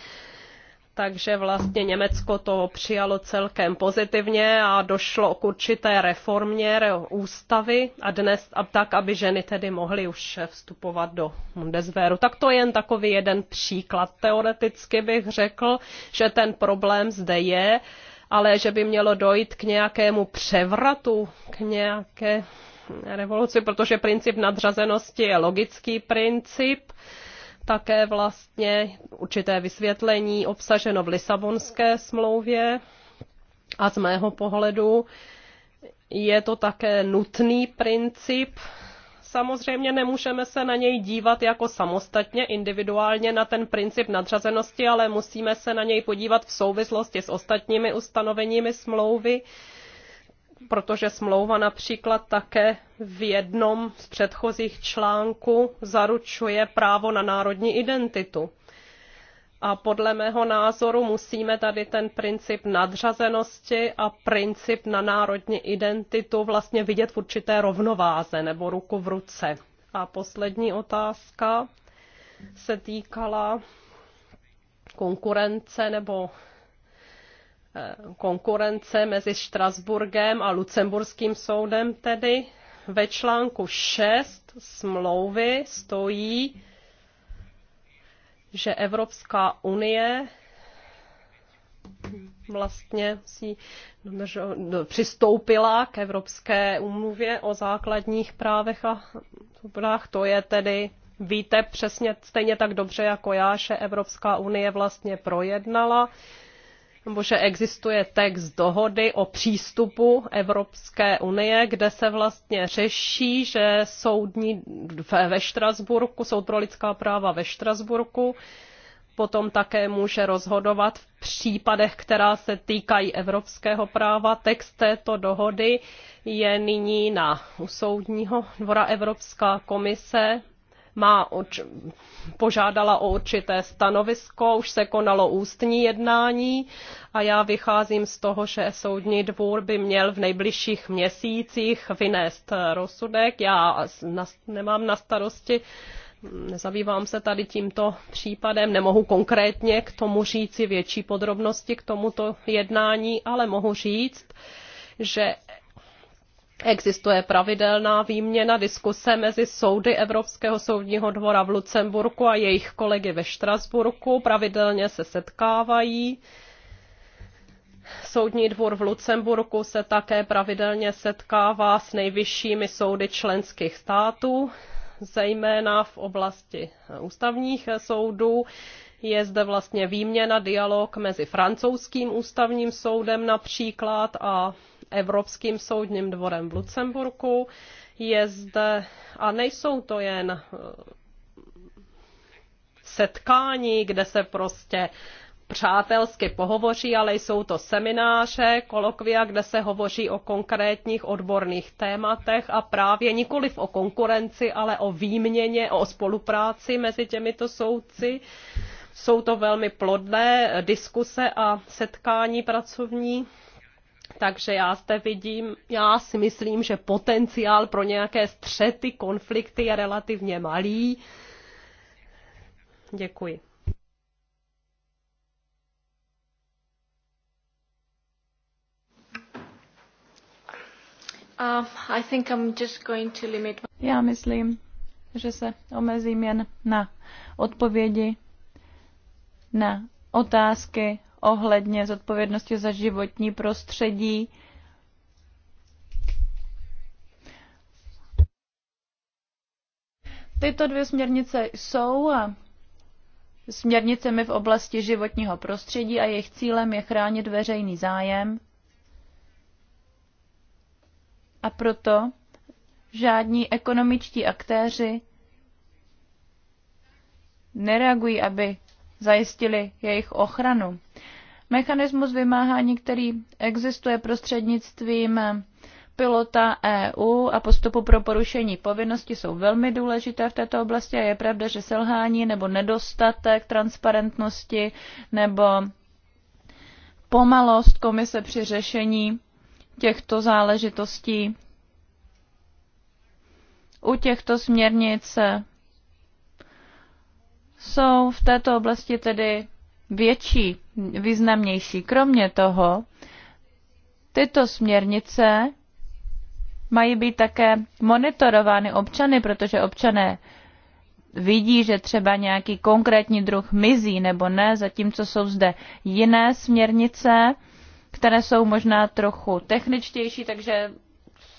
takže vlastně Německo to přijalo celkem pozitivně a došlo k určité reformě ústavy a dnes a tak, aby ženy tedy mohly už vstupovat do Bundeswehru. Tak to je jen takový jeden příklad. Teoreticky bych řekl, že ten problém zde je, ale že by mělo dojít k nějakému převratu, k nějaké revoluci, protože princip nadřazenosti je logický princip také vlastně určité vysvětlení obsaženo v Lisabonské smlouvě a z mého pohledu je to také nutný princip. Samozřejmě nemůžeme se na něj dívat jako samostatně, individuálně na ten princip nadřazenosti, ale musíme se na něj podívat v souvislosti s ostatními ustanoveními smlouvy protože smlouva například také v jednom z předchozích článků zaručuje právo na národní identitu. A podle mého názoru musíme tady ten princip nadřazenosti a princip na národní identitu vlastně vidět v určité rovnováze nebo ruku v ruce. A poslední otázka se týkala konkurence nebo Eh, konkurence mezi Štrasburgem a Lucemburským soudem tedy. Ve článku 6 smlouvy stojí, že Evropská unie vlastně si přistoupila k Evropské úmluvě o základních právech a svobodách. To je tedy, víte přesně stejně tak dobře jako já, že Evropská unie vlastně projednala nebo že existuje text dohody o přístupu Evropské unie, kde se vlastně řeší, že soudní ve Štrasburku, soud pro lidská práva ve Štrasburku, potom také může rozhodovat v případech, která se týkají evropského práva. Text této dohody je nyní na u soudního dvora Evropská komise má požádala o určité stanovisko, už se konalo ústní jednání a já vycházím z toho, že soudní dvůr by měl v nejbližších měsících vynést eh, rozsudek. Já nemám na starosti hm, nezabývám se tady tímto případem, nemohu konkrétně k tomu říci větší podrobnosti k tomuto jednání, ale mohu říct, že Existuje pravidelná výměna diskuse mezi soudy Evropského soudního dvora v Lucemburku a jejich kolegy ve Štrasburku. Pravidelně se setkávají. Soudní dvůr v Lucemburku se také pravidelně setkává s nejvyššími soudy členských států, zejména v oblasti ústavních soudů. Je zde vlastně výměna, dialog mezi francouzským ústavním soudem například a Evropským soudním dvorem v Lucemburku. Je zde, a nejsou to jen eh, setkání, kde se prostě přátelsky pohovoří, ale jsou to semináře, kolokvia, kde se hovoří o konkrétních odborných tématech a právě nikoli o konkurenci, ale o výměně, o spolupráci mezi těmito soudci. Jsou to velmi plodné diskuse a setkání pracovní takže já zde vidím, já si myslím, že potenciál pro nějaké střety, konflikty je relativně malý. Děkuji. Uh, I think I'm just going to limit... Já myslím, že se omezím jen na odpovědi na otázky ohledně zodpovědnosti za životní prostředí. Tyto dvě směrnice jsou směrnicemi v oblasti životního prostředí a jejich cílem je chránit veřejný zájem. A proto žádní ekonomičtí aktéři nereagují, aby zajistili jejich ochranu. Mechanismus vymáhání, který existuje prostřednictvím pilota EU a postupu pro porušení povinnosti jsou velmi důležité v této oblasti a je pravda, že selhání nebo nedostatek transparentnosti nebo pomalost komise při řešení těchto záležitostí u těchto směrnic jsou v této oblasti tedy větší, významnější. Kromě toho, tyto směrnice mají být také monitorovány občany, protože občané vidí, že třeba nějaký konkrétní druh mizí nebo ne, zatímco jsou zde jiné směrnice, které jsou možná trochu techničtější, takže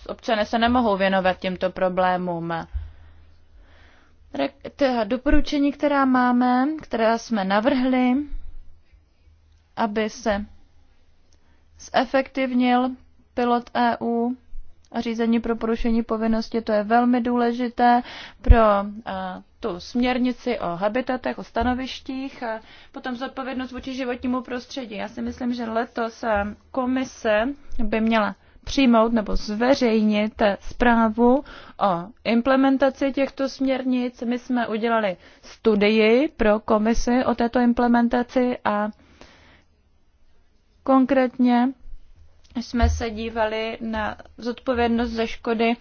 občané se nemohou věnovat těmto problémům. Doporučení, která máme, která jsme navrhli, aby se zefektivnil pilot EU a řízení pro porušení povinnosti. To je velmi důležité pro eh, tu směrnici o habitatech, o stanovištích a potom zodpovědnost vůči životnímu prostředí. Já si myslím, že letos eh, komise by měla přijmout nebo zveřejnit zprávu o implementaci těchto směrnic. My jsme udělali studii pro komisi o této implementaci a Konkrétně jsme se dívali na zodpovědnost za škody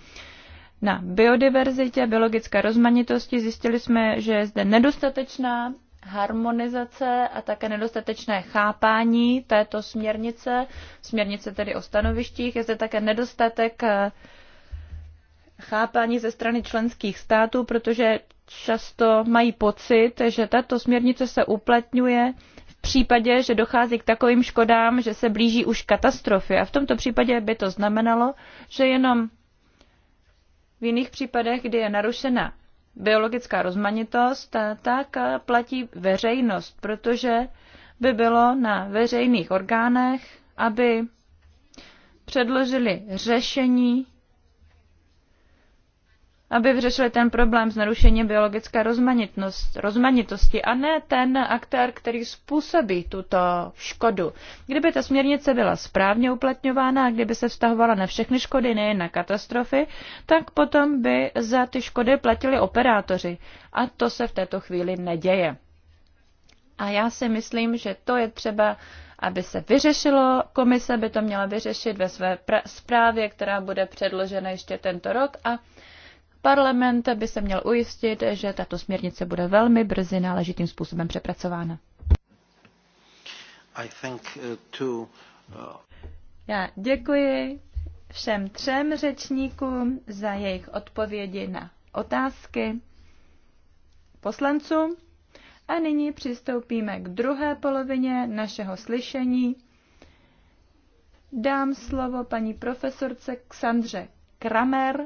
na biodiverzitě, biologické rozmanitosti. Zjistili jsme, že je zde nedostatečná harmonizace a také nedostatečné chápání této směrnice, směrnice tedy o stanovištích. Je zde také nedostatek eh, chápání ze strany členských států, protože často mají pocit, že tato směrnice se uplatňuje případě, že dochází k takovým škodám, že se blíží už katastrofy. A v tomto případě by to znamenalo, že jenom v jiných případech, kdy je narušena biologická rozmanitost, tak platí veřejnost, protože by bylo na veřejných orgánech, aby předložili řešení aby vyřešili ten problém s narušením biologické rozmanitosti a ne ten aktér, který způsobí tuto škodu. Kdyby ta směrnice byla správně uplatňována a kdyby se vztahovala na všechny škody, nejen na katastrofy, tak potom by za ty škody platili operátoři. A to se v této chvíli neděje. A já si myslím, že to je třeba aby se vyřešilo. Komise by to měla vyřešit ve své zprávě, která bude předložena ještě tento rok a Parlament by se měl ujistit, že tato směrnice bude velmi brzy náležitým způsobem přepracována. I think, uh... uh Já děkuji všem třem řečníkům za jejich odpovědi na otázky poslanců. A nyní přistoupíme k druhé polovině našeho slyšení. Dám slovo paní profesorce Ksandře Kramer,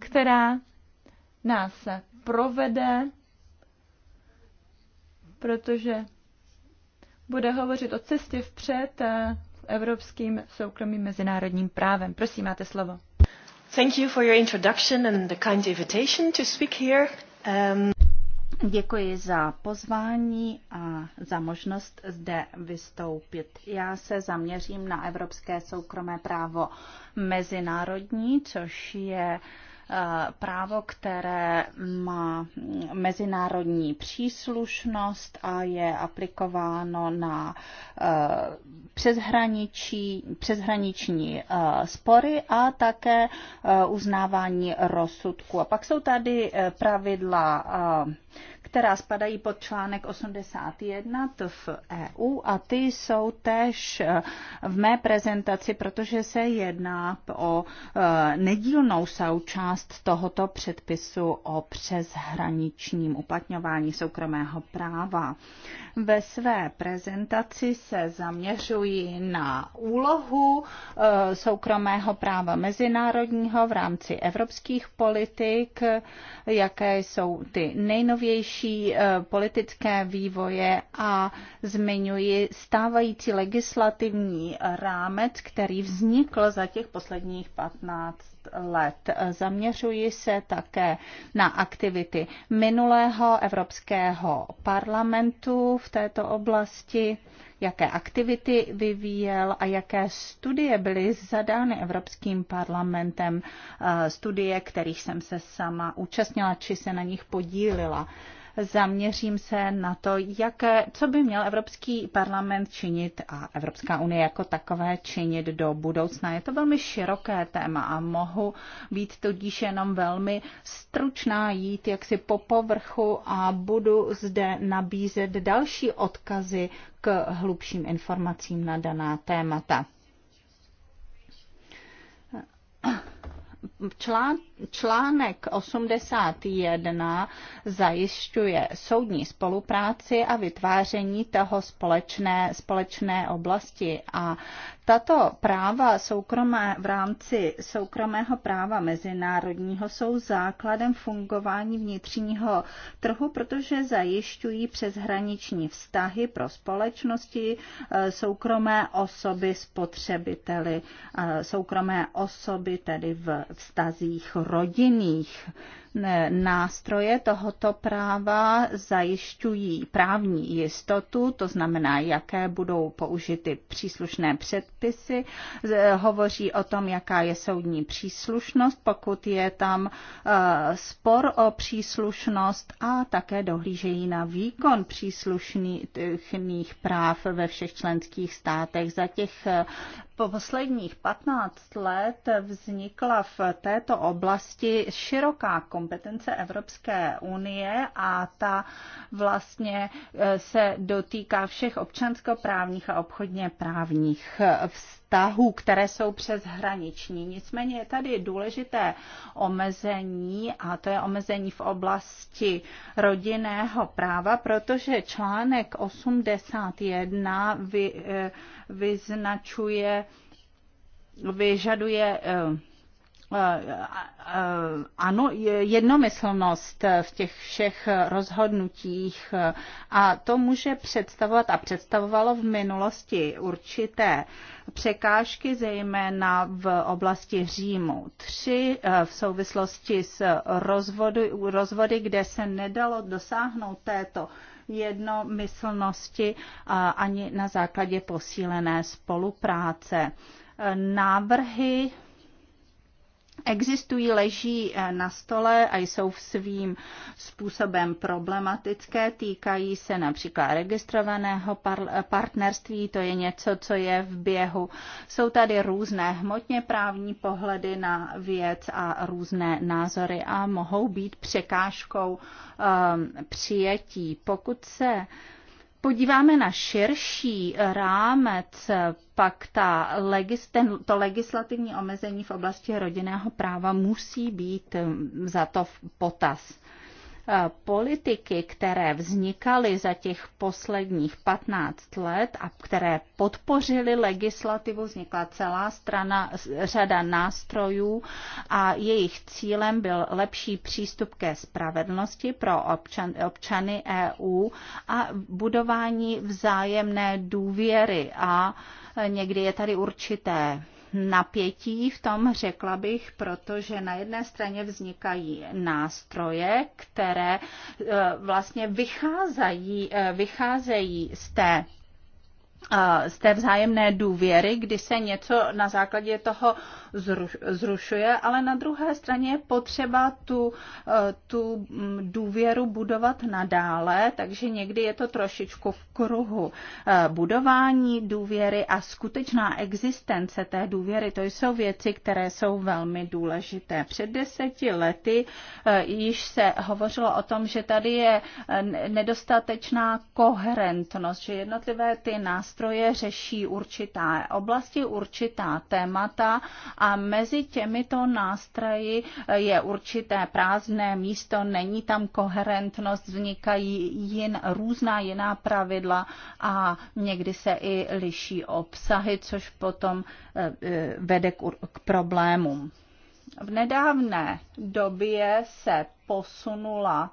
která nás provede, protože bude hovořit o cestě vpřed eh, v evropským soukromým mezinárodním právem. Prosím, máte slovo. Thank you for your introduction and the kind invitation to speak here. Um... Děkuji za pozvání a za možnost zde vystoupit. Já se zaměřím na evropské soukromé právo mezinárodní, což je uh, právo, které má mezinárodní příslušnost a je aplikováno na eh, přeshraniční eh, spory a také eh, uznávání rozsudku. A pak jsou tady pravidla která spadají pod článek 81 TF EU a ty jsou tež eh, v mé prezentaci, protože se jedná o eh, nedílnou součást tohoto předpisu o přeshraničním uplatňování soukromého práva. Ve své prezentaci se zaměřuji na úlohu eh, soukromého práva mezinárodního v rámci evropských politik, jaké jsou ty nejnovější nejnovější eh, politické vývoje a zmiňuji stávající legislativní rámec, který vznikl za těch posledních 15 let. Zaměřuji se také na aktivity minulého Evropského parlamentu v této oblasti jaké aktivity vyvíjel a jaké studie byly zadány Evropským parlamentem, eh, studie, kterých jsem se sama účastnila či se na nich podílila zaměřím se na to, jak, co by měl Evropský parlament činit a Evropská unie jako takové činit do budoucna. Je to velmi široké téma a mohu být tudíž jenom velmi stručná, jít jaksi po povrchu a budu zde nabízet další odkazy k hlubším informacím na daná témata člán, článek 81 zajišťuje soudní spolupráci a vytváření toho společné, společné oblasti a tato práva soukromé v rámci soukromého práva mezinárodního jsou základem fungování vnitřního trhu, protože zajišťují přeshraniční vztahy pro společnosti, e, soukromé osoby, spotřebiteli, e, soukromé osoby tedy v vztazích rodinných. Eh, nástroje tohoto práva zajišťují právní jistotu, to znamená, jaké budou použity příslušné předpisy, eh, hovoří o tom, jaká je soudní příslušnost, pokud je tam eh, spor o příslušnost a také dohlížejí na výkon příslušných práv ve všech členských státech. Za těch po posledních 15 let vznikla v této oblasti široká komunikace kompetence Evropské unie a ta vlastně eh, se dotýká všech občanskoprávních a obchodně právních eh, vztahů, které jsou přeshraniční. Nicméně je tady důležité omezení a to je omezení v oblasti rodinného práva, protože článek 81 vy, eh, vyznačuje, vyžaduje Eh, eh, ano, jednomyslnost eh, v těch všech rozhodnutích a to může představovat a představovalo v minulosti určité překážky, zejména v oblasti Římu. Tři v souvislosti s rozvody, rozvody kde se nedalo dosáhnout této jednomyslnosti ani na základě posílené spolupráce. Návrhy existují, leží eh, na stole a jsou v svým způsobem problematické. Týkají se například registrovaného par- partnerství, to je něco, co je v běhu. Jsou tady různé hmotně právní pohledy na věc a různé názory a mohou být překážkou um, přijetí. Pokud se uh, podíváme na širší rámec, pak ta legis, ten, to legislativní omezení v oblasti rodinného práva musí být mm, za to v potaz. Eh, politiky, které vznikaly za těch posledních 15 let a které podpořily legislativu, vznikla celá strana, řada nástrojů a jejich cílem byl lepší přístup ke spravedlnosti pro občan, občany EU a budování vzájemné důvěry a eh, někdy je tady určité napětí v tom, řekla bych, protože na jedné straně vznikají nástroje, které eh, vlastně vycházejí, eh, vycházejí z té z té vzájemné důvěry, kdy se něco na základě toho zrušuje, ale na druhé straně je potřeba tu, eh, tu mm, důvěru budovat nadále, takže někdy je to trošičku v kruhu. Eh, budování důvěry a skutečná existence té důvěry, to jsou věci, které jsou velmi důležité. Před deseti lety eh, již se hovořilo o tom, že tady je nedostatečná koherentnost, že jednotlivé ty nás nástroje řeší určitá oblasti, určitá témata a mezi těmito nástroji eh, je určité prázdné místo, není tam koherentnost, vznikají jin, různá jiná pravidla a někdy se i liší obsahy, což potom eh, eh, vede k, problémům. V nedávné době se posunula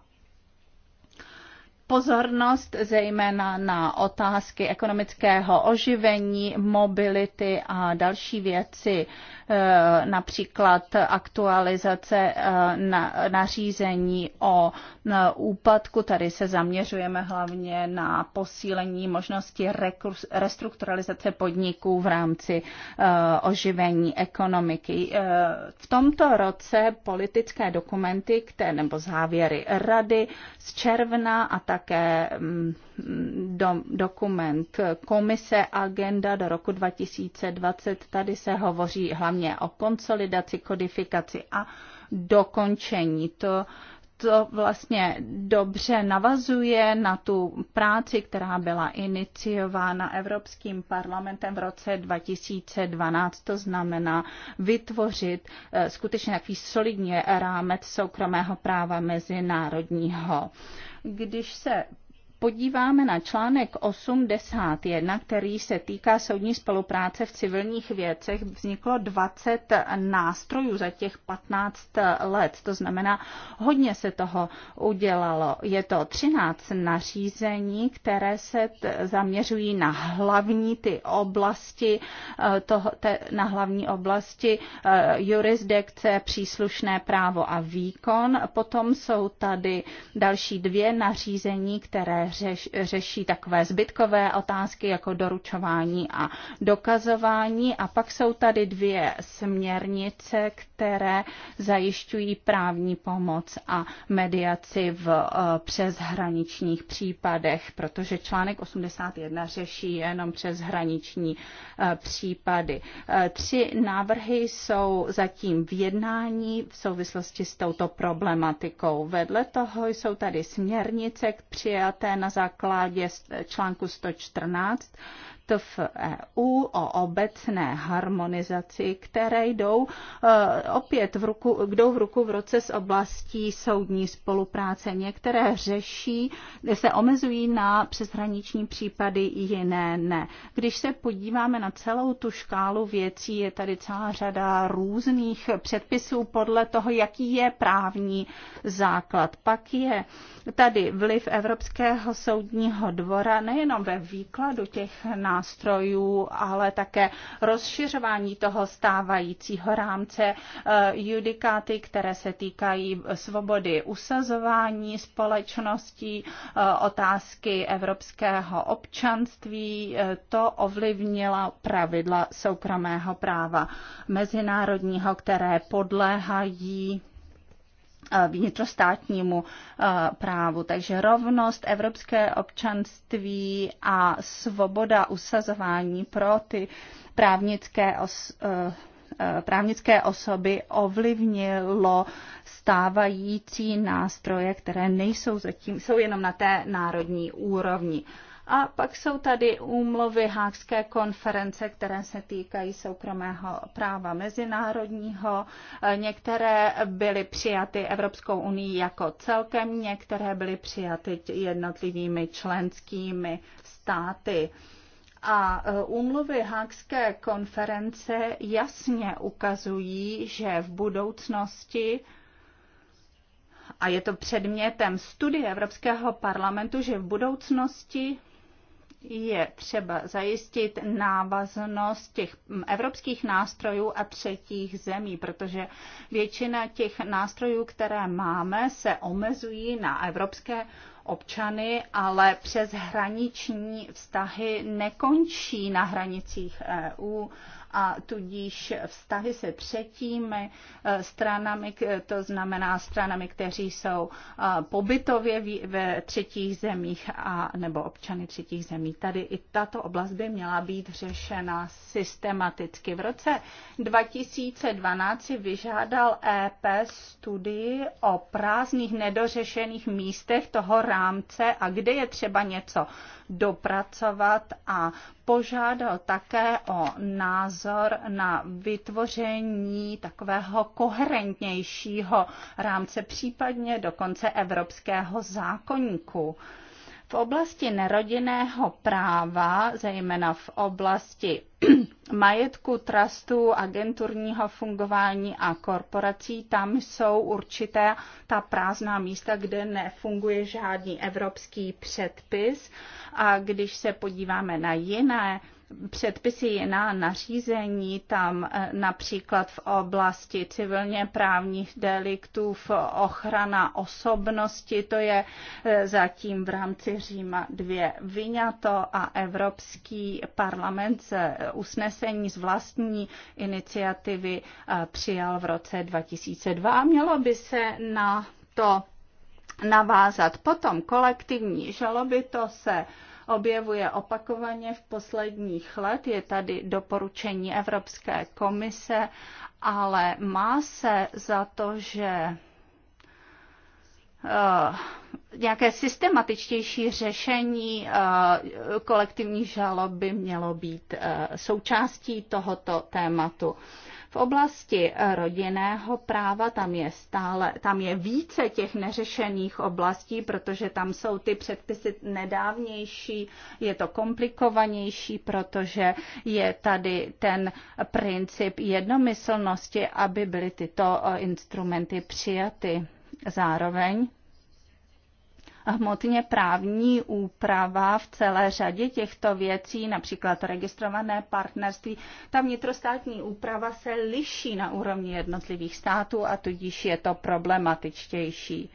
pozornost zejména na otázky ekonomického oživení, mobility a další věci. Eh, například aktualizace eh, nařízení o eh, úpadku. Tady se zaměřujeme hlavně na posílení možnosti restrukturalizace podniků v rámci oživení ekonomiky. V tomto roce politické dokumenty, které, nebo závěry rady z června a také mm, do, dokument Komise Agenda do roku 2020. Tady se hovoří hlavně o konsolidaci, kodifikaci a dokončení. To, to vlastně dobře navazuje na tu práci, která byla iniciována Evropským parlamentem v roce 2012, to znamená vytvořit eh, skutečně takový solidní rámec soukromého práva mezinárodního. Když se podíváme na článek 81, který se týká soudní spolupráce v civilních věcech, vzniklo 20 nástrojů za těch 15 let. To znamená, hodně se toho udělalo. Je to 13 nařízení, které se zaměřují na hlavní ty oblasti, eh, toho, te, na hlavní oblasti eh, jurisdikce, příslušné právo a výkon. Potom jsou tady další dvě nařízení, které řeš, řeší takové zbytkové otázky jako doručování a dokazování. A pak jsou tady dvě směrnice, které zajišťují právní pomoc a mediaci v eh, přeshraničních případech, protože článek 81 řeší jenom přeshraniční eh, případy. Eh, tři návrhy jsou zatím v jednání v souvislosti s touto problematikou. Vedle toho jsou tady směrnice přijaté na základě článku 114 v EU o obecné harmonizaci, které jdou eh, opět v ruku, jdou v ruku v roce s oblastí soudní spolupráce. Některé řeší, se omezují na přeshraniční případy, jiné ne. Když se podíváme na celou tu škálu věcí, je tady celá řada různých předpisů podle toho, jaký je právní základ. Pak je tady vliv Evropského soudního dvora nejenom ve výkladu těch na nástrojů, ale také rozšiřování toho stávajícího rámce eh, judikáty, které se týkají svobody usazování společností, eh, otázky evropského občanství, eh, to ovlivnila pravidla soukromého práva mezinárodního, které podléhají Eh, vnitrostátnímu eh, právu. Takže rovnost, evropské občanství a svoboda usazování pro ty právnické os, eh, právnické osoby ovlivnilo stávající nástroje, které nejsou zatím, jsou jenom na té národní úrovni. A pak jsou tady úmluvy Hákské konference, které se týkají soukromého práva mezinárodního. E, některé byly přijaty Evropskou unii jako celkem, některé byly přijaty jednotlivými členskými státy. A e, úmluvy Hákské konference jasně ukazují, že v budoucnosti a je to předmětem studie Evropského parlamentu, že v budoucnosti je třeba zajistit návaznost těch evropských nástrojů a třetích zemí, protože většina těch nástrojů, které máme, se omezují na evropské občany, ale přes hraniční vztahy nekončí na hranicích EU a tudíž vztahy se třetími eh, stranami, to znamená stranami, kteří jsou eh, pobytově ve třetích zemích a nebo občany třetích zemí. Tady i tato oblast by měla být řešena systematicky. V roce 2012 si vyžádal EP studii o prázdných nedořešených místech toho rámce a kde je třeba něco dopracovat a požádal také o názor na vytvoření takového koherentnějšího rámce, případně dokonce evropského zákonníku. V oblasti nerodinného práva, zejména v oblasti majetku, trustů, agenturního fungování a korporací, tam jsou určité ta prázdná místa, kde nefunguje žádný evropský předpis. A když se podíváme na jiné předpisy jiná nařízení, tam eh, například v oblasti civilně právních deliktů, v ochrana osobnosti, to je eh, zatím v rámci Říma dvě vyňato a Evropský parlament se eh, usnesení z vlastní iniciativy přijal v roce 2002. Mělo by se na to navázat. Potom kolektivní žaloby, to se uh, objevuje opakovaně v posledních let. Je tady doporučení Evropské komise, ale má se za to, že eh, nějaké systematičtější řešení eh, kolektivní žaloby mělo být eh, součástí tohoto tématu oblasti rodinného práva tam je stále, tam je více těch neřešených oblastí, protože tam jsou ty předpisy nedávnější, je to komplikovanější, protože je tady ten princip jednomyslnosti, aby byly tyto eh, instrumenty přijaty. Zároveň hmotně právní úprava v celé řadě těchto věcí, například registrované partnerství. Ta vnitrostátní úprava se liší na úrovni jednotlivých států a tudíž je to problematičtější.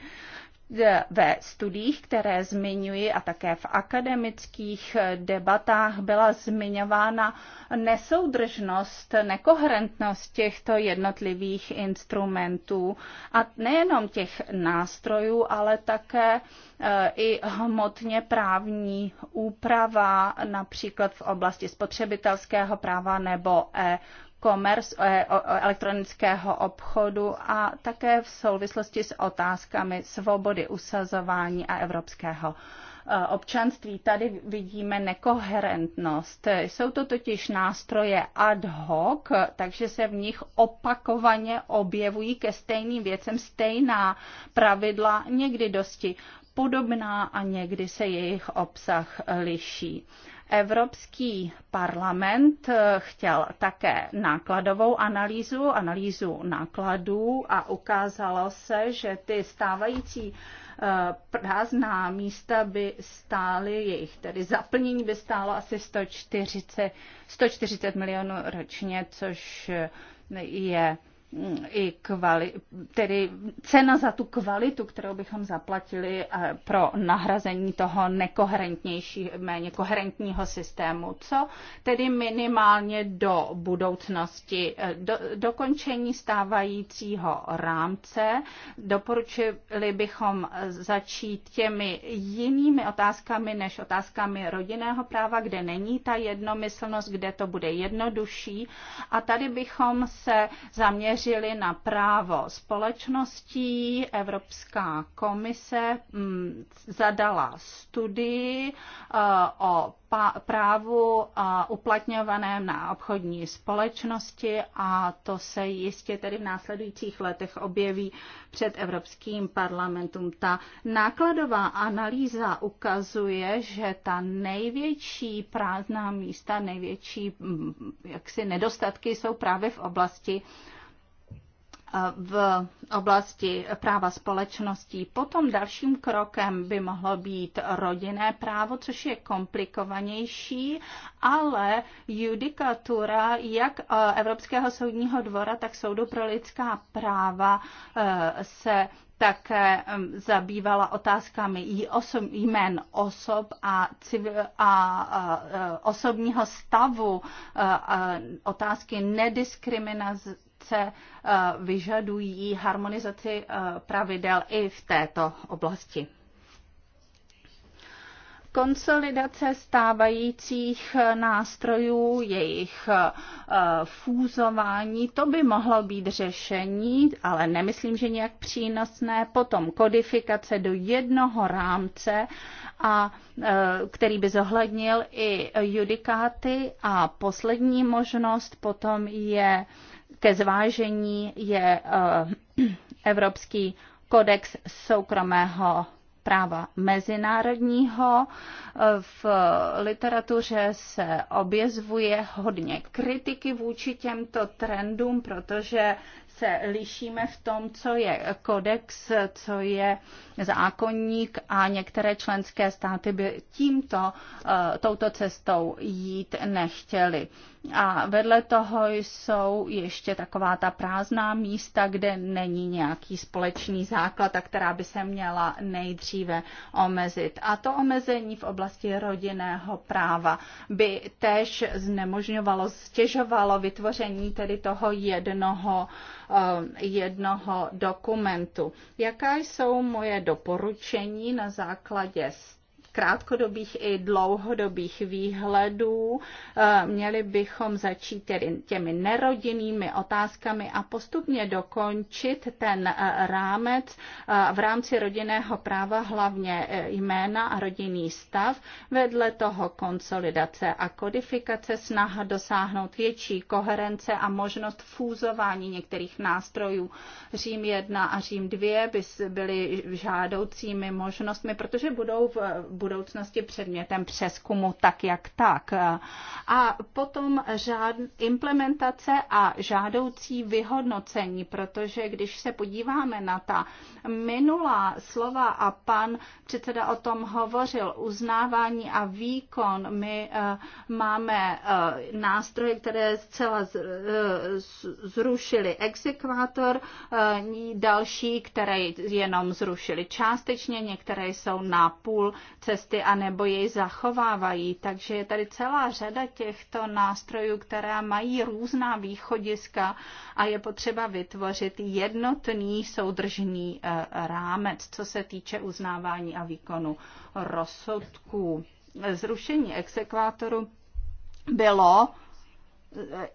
E, ve studiích, které zmiňuji a také v akademických e, debatách byla zmiňována nesoudržnost, nekoherentnost těchto jednotlivých instrumentů a nejenom těch nástrojů, ale také e, i hmotně právní úprava, například v oblasti spotřebitelského práva nebo e komerc, e, elektronického obchodu a také v souvislosti s otázkami svobody usazování a evropského e, občanství. Tady vidíme nekoherentnost. Jsou to totiž nástroje ad hoc, takže se v nich opakovaně objevují ke stejným věcem stejná pravidla, někdy dosti podobná a někdy se jejich obsah liší. Evropský parlament eh, chtěl také nákladovou analýzu, analýzu nákladů a ukázalo se, že ty stávající eh, prázdná místa by stály, jejich tedy zaplnění by stálo asi 140, 140 milionů ročně, což je i kvali, tedy cena za tu kvalitu, kterou bychom zaplatili eh, pro nahrazení toho nekoherentnější, méně koherentního systému, co tedy minimálně do budoucnosti, eh, do, dokončení stávajícího rámce. Doporučili bychom eh, začít těmi jinými otázkami než otázkami rodinného práva, kde není ta jednomyslnost, kde to bude jednodušší. A tady bychom se zaměřili zaměřili na právo společností. Evropská komise mm, zadala studii eh, o právu eh, uplatňovaném na obchodní společnosti a to se jistě tedy v následujících letech objeví před Evropským parlamentem. Ta nákladová analýza ukazuje, že ta největší prázdná místa, největší mm, jaksi nedostatky jsou právě v oblasti v oblasti práva společností. Potom dalším krokem by mohlo být rodinné právo, což je komplikovanější, ale judikatura jak eh, Evropského soudního dvora, tak Soudu pro lidská práva eh, se také mm, zabývala otázkami osob, jmén osob a, civil, a, a, eh, a osobního stavu, a, a, otázky nediskriminace obce eh, vyžadují harmonizaci eh, pravidel i v této oblasti konsolidace stávajících eh, nástrojů, jejich fúzování, to by mohlo být řešení, ale nemyslím, že nějak přínosné. Potom kodifikace do jednoho rámce, a, který by zohlednil i judikáty. A poslední možnost potom je ke zvážení je eh, Evropský kodex soukromého práva mezinárodního. V literatuře se objezvuje hodně kritiky vůči těmto trendům, protože se lišíme v tom, co je kodex, co je zákonník a některé členské státy by tímto, eh, touto cestou jít nechtěly. A vedle toho jsou ještě taková ta prázdná místa, kde není nějaký společný základ, a která by se měla nejdříve omezit. A to omezení v oblasti rodinného práva by tež znemožňovalo, stěžovalo vytvoření tedy toho jednoho, eh, jednoho dokumentu. Jaká jsou moje doporučení na základě krátkodobých i dlouhodobých výhledů. Eh, měli bychom začít těmi nerodinnými otázkami a postupně dokončit ten eh, rámec eh, v rámci rodinného práva, hlavně jména a rodinný stav, vedle toho konsolidace a kodifikace, snaha dosáhnout větší koherence a možnost fúzování některých nástrojů. Řím 1 a Řím 2 by byly žádoucími možnostmi, protože budou v budoucnosti předmětem přeskumu tak jak tak. A potom žád, implementace a žádoucí vyhodnocení, protože když se podíváme na ta minulá slova a pan předseda o tom hovořil, uznávání a výkon, my eh, máme eh, nástroje, které zcela eh, zrušili exekvátor, další, které jenom zrušili částečně, některé jsou na půl cesty cesty a nebo jej zachovávají. Takže je tady celá řada těchto nástrojů, která mají různá východiska a je potřeba vytvořit jednotný soudržný eh, rámec, co se týče uznávání a výkonu rozsudků. Zrušení exekvátoru bylo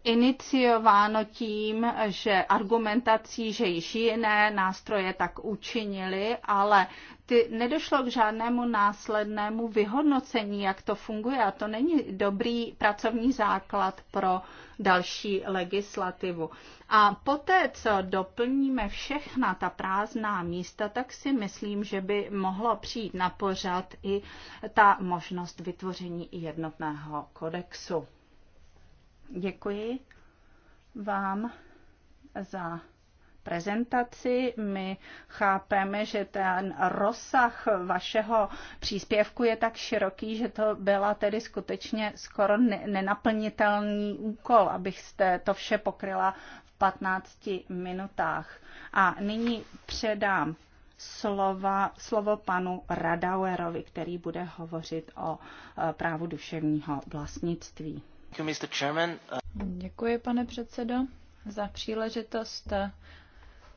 iniciováno tím, že argumentací, že již jiné nástroje tak učinili, ale ty nedošlo k žádnému následnému vyhodnocení, jak to funguje a to není dobrý pracovní základ pro další legislativu. A poté, co doplníme všechna ta prázdná místa, tak si myslím, že by mohlo přijít na pořad i ta možnost vytvoření jednotného kodexu. Děkuji vám za prezentaci. My chápeme, že ten rozsah vašeho příspěvku je tak široký, že to byla tedy skutečně skoro nenaplnitelný úkol, abyste to vše pokryla v 15 minutách. A nyní předám slova, slovo panu Radauerovi, který bude hovořit o eh, právu duševního vlastnictví. Děkuji, pane předsedo, za příležitost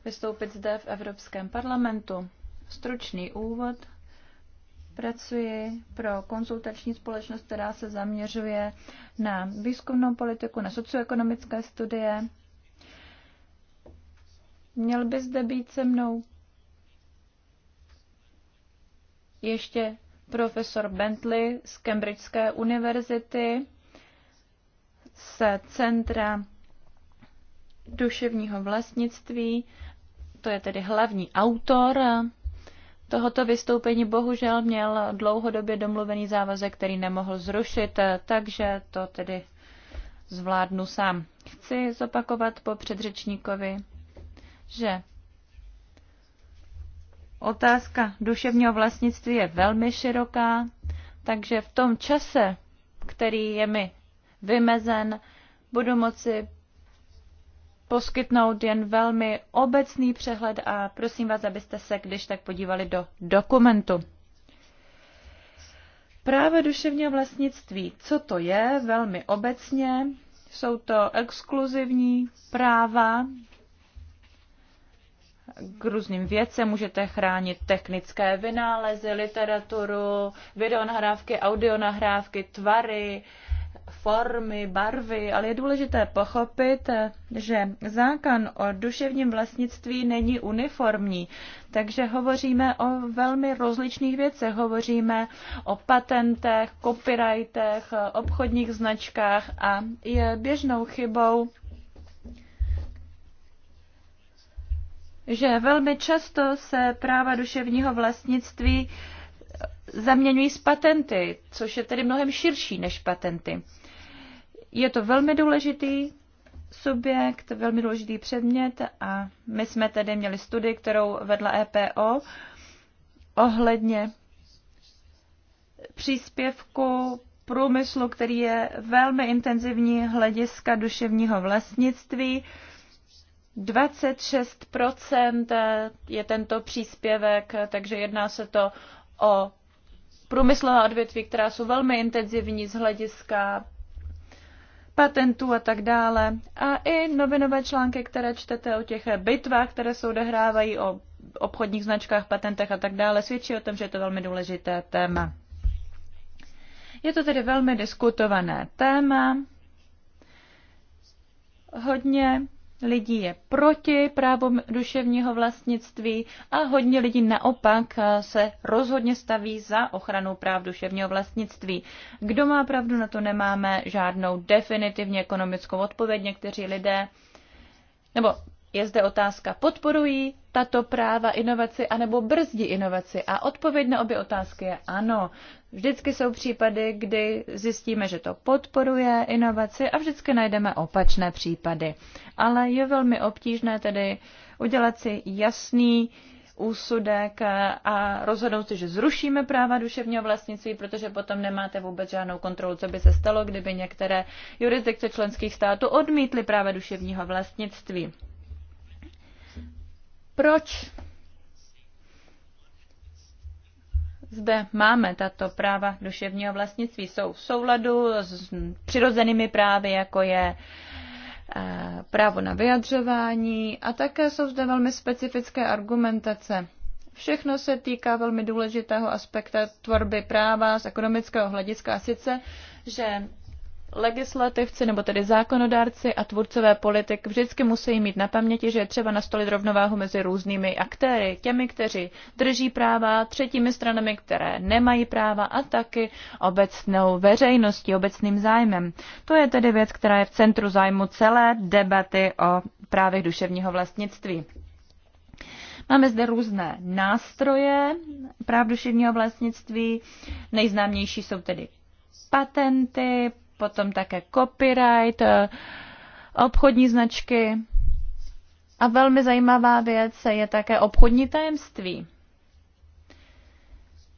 vystoupit zde v Evropském parlamentu. Stručný úvod. Pracuji pro konzultační společnost, která se zaměřuje na výzkumnou politiku, na socioekonomické studie. Měl by zde být se mnou ještě profesor Bentley z Cambridgeské univerzity, z Centra duševního vlastnictví, to je tedy hlavní autor tohoto vystoupení. Bohužel měl dlouhodobě domluvený závazek, který nemohl zrušit, takže to tedy zvládnu sám. Chci zopakovat po předřečníkovi, že otázka duševního vlastnictví je velmi široká, takže v tom čase, který je mi vymezen, budu moci poskytnout jen velmi obecný přehled a prosím vás, abyste se když tak podívali do dokumentu. Práva duševního vlastnictví. Co to je? Velmi obecně. Jsou to exkluzivní práva k různým věcem. Můžete chránit technické vynálezy, literaturu, videonahrávky, audionahrávky, tvary, formy, barvy, ale je důležité pochopit, že zákon o duševním vlastnictví není uniformní. Takže hovoříme o velmi rozličných věcech. Hovoříme o patentech, copyrightech, obchodních značkách a je běžnou chybou že velmi často se práva duševního vlastnictví zaměňují s patenty, což je tedy mnohem širší než patenty. Je to velmi důležitý subjekt, velmi důležitý předmět a my jsme tedy měli studii, kterou vedla EPO ohledně příspěvku průmyslu, který je velmi intenzivní hlediska duševního vlastnictví. 26 je tento příspěvek, takže jedná se to o průmyslová odvětví, která jsou velmi intenzivní z hlediska patentů a tak dále. A i novinové články, které čtete o těch bitvách, které se odehrávají o obchodních značkách, patentech a tak dále, svědčí o tom, že je to velmi důležité téma. Je to tedy velmi diskutované téma. Hodně lidí je proti právu duševního vlastnictví a hodně lidí naopak eh, se rozhodně staví za ochranu práv duševního vlastnictví. Kdo má pravdu, na to nemáme žádnou definitivně ekonomickou odpověď. Někteří lidé, nebo je zde otázka, podporují tato práva inovaci anebo brzdí inovaci? A odpověď na obě otázky je ano. Vždycky jsou případy, kdy zjistíme, že to podporuje inovaci a vždycky najdeme opačné případy. Ale je velmi obtížné tedy udělat si jasný úsudek a rozhodnout si, že zrušíme práva duševního vlastnictví, protože potom nemáte vůbec žádnou kontrolu, co by se stalo, kdyby některé jurisdikce členských států odmítly práva duševního vlastnictví. Proč zde máme tato práva duševního vlastnictví, jsou v souladu s přirozenými právy, jako je eh, právo na vyjadřování a také jsou zde velmi specifické argumentace. Všechno se týká velmi důležitého aspekta tvorby práva z ekonomického hlediska, a sice, že legislativci nebo tedy zákonodárci a tvůrcové politik vždycky musí mít na paměti, že je třeba nastolit rovnováhu mezi různými aktéry, těmi, kteří drží práva, třetími stranami, které nemají práva a taky obecnou veřejností, obecným zájmem. To je tedy věc, která je v centru zájmu celé debaty o právech duševního vlastnictví. Máme zde různé nástroje práv duševního vlastnictví. Nejznámější jsou tedy patenty, potom také copyright, eh, obchodní značky. A velmi zajímavá věc je také obchodní tajemství.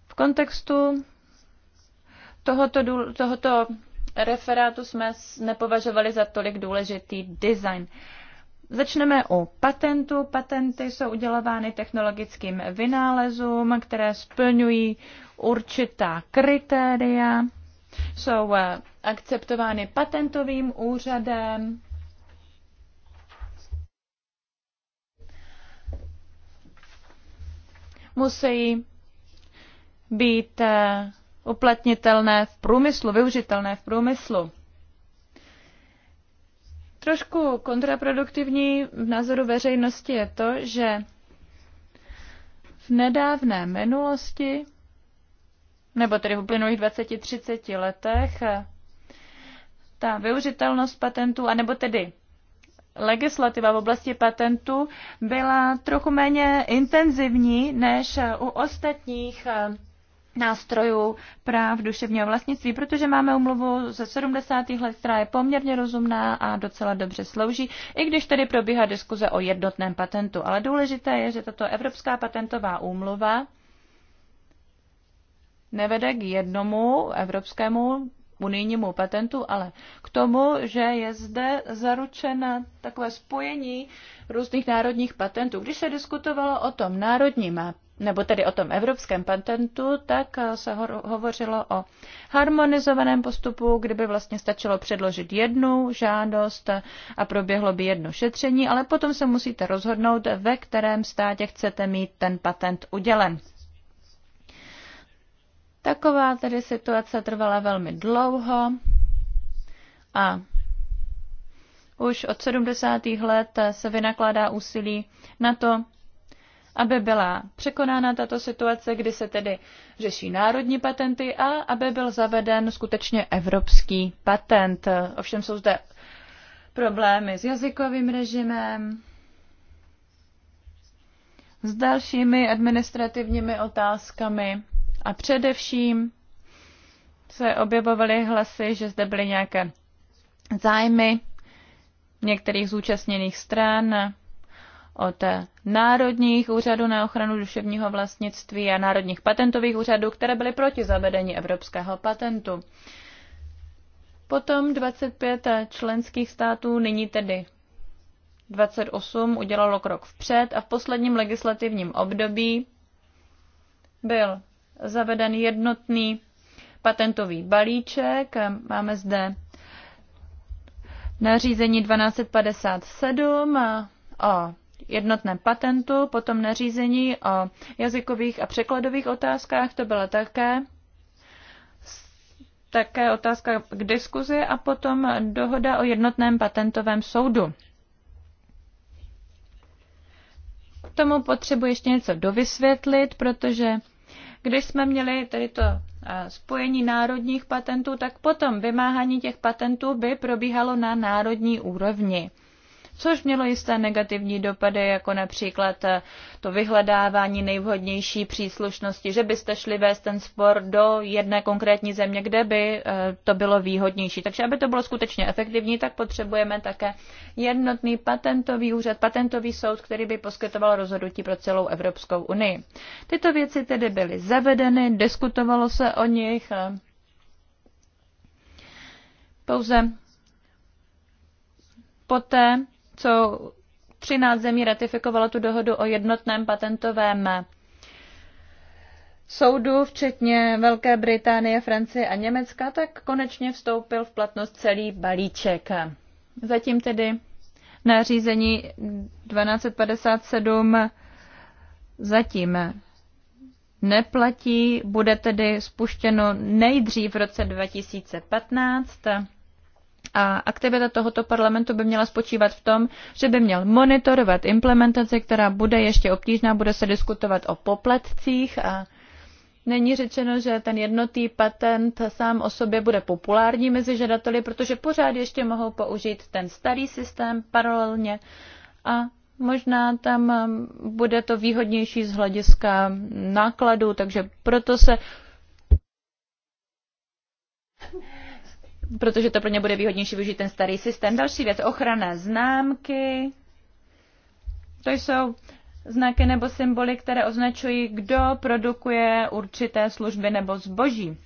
V kontextu tohoto, tohoto referátu jsme nepovažovali za tolik důležitý design. Začneme u patentu. Patenty jsou udělovány technologickým vynálezům, které splňují určitá kritéria jsou eh, akceptovány patentovým úřadem, musí být eh, uplatnitelné v průmyslu, využitelné v průmyslu. Trošku kontraproduktivní v názoru veřejnosti je to, že v nedávné minulosti nebo tedy v uplynulých 20-30 letech, eh, ta využitelnost patentů, anebo tedy legislativa v oblasti patentů byla trochu méně intenzivní než eh, u ostatních eh, nástrojů práv duševního vlastnictví, protože máme umluvu ze 70. let, která je poměrně rozumná a docela dobře slouží, i když tedy probíhá diskuze o jednotném patentu. Ale důležité je, že tato Evropská patentová úmluva nevede k jednomu evropskému unijnímu patentu, ale k tomu, že je zde zaručena takové spojení různých národních patentů. Když se diskutovalo o tom národním, nebo tedy o tom evropském patentu, tak se ho- hovořilo o harmonizovaném postupu, kdyby vlastně stačilo předložit jednu žádost a proběhlo by jedno šetření, ale potom se musíte rozhodnout, ve kterém státě chcete mít ten patent udělen. Taková tedy situace trvala velmi dlouho a už od 70. let se vynakládá úsilí na to, aby byla překonána tato situace, kdy se tedy řeší národní patenty a aby byl zaveden skutečně evropský patent. Ovšem jsou zde problémy s jazykovým režimem, s dalšími administrativními otázkami a především se objevovaly hlasy, že zde byly nějaké zájmy některých zúčastněných stran od národních úřadů na ochranu duševního vlastnictví a národních patentových úřadů, které byly proti zavedení evropského patentu. Potom 25 členských států, nyní tedy 28, udělalo krok vpřed a v posledním legislativním období byl zaveden jednotný patentový balíček. Máme zde nařízení 1257 o jednotném patentu, potom nařízení o jazykových a překladových otázkách, to byla také také otázka k diskuzi a potom dohoda o jednotném patentovém soudu. K tomu potřebuji ještě něco dovysvětlit, protože když jsme měli tedy to eh, spojení národních patentů, tak potom vymáhání těch patentů by probíhalo na národní úrovni což mělo jisté negativní dopady, jako například eh, to vyhledávání nejvhodnější příslušnosti, že byste šli vést ten spor do jedné konkrétní země, kde by eh, to bylo výhodnější. Takže aby to bylo skutečně efektivní, tak potřebujeme také jednotný patentový úřad, patentový soud, který by poskytoval rozhodnutí pro celou Evropskou unii. Tyto věci tedy byly zavedeny, diskutovalo se o nich. Eh, pouze poté, co 13 zemí ratifikovalo tu dohodu o jednotném patentovém soudu, včetně Velké Británie, Francie a Německa, tak konečně vstoupil v platnost celý balíček. Zatím tedy nařízení 1257 zatím neplatí, bude tedy spuštěno nejdřív v roce 2015 a aktivita tohoto parlamentu by měla spočívat v tom, že by měl monitorovat implementaci, která bude ještě obtížná, bude se diskutovat o poplatcích a Není řečeno, že ten jednotý patent sám o sobě bude populární mezi žadateli, protože pořád ještě mohou použít ten starý systém paralelně a možná tam um, bude to výhodnější z hlediska nákladů, takže proto se protože to pro ně bude výhodnější využít ten starý systém. Další věc, ochrana známky. To jsou znaky nebo symboly, které označují, kdo produkuje určité služby nebo zboží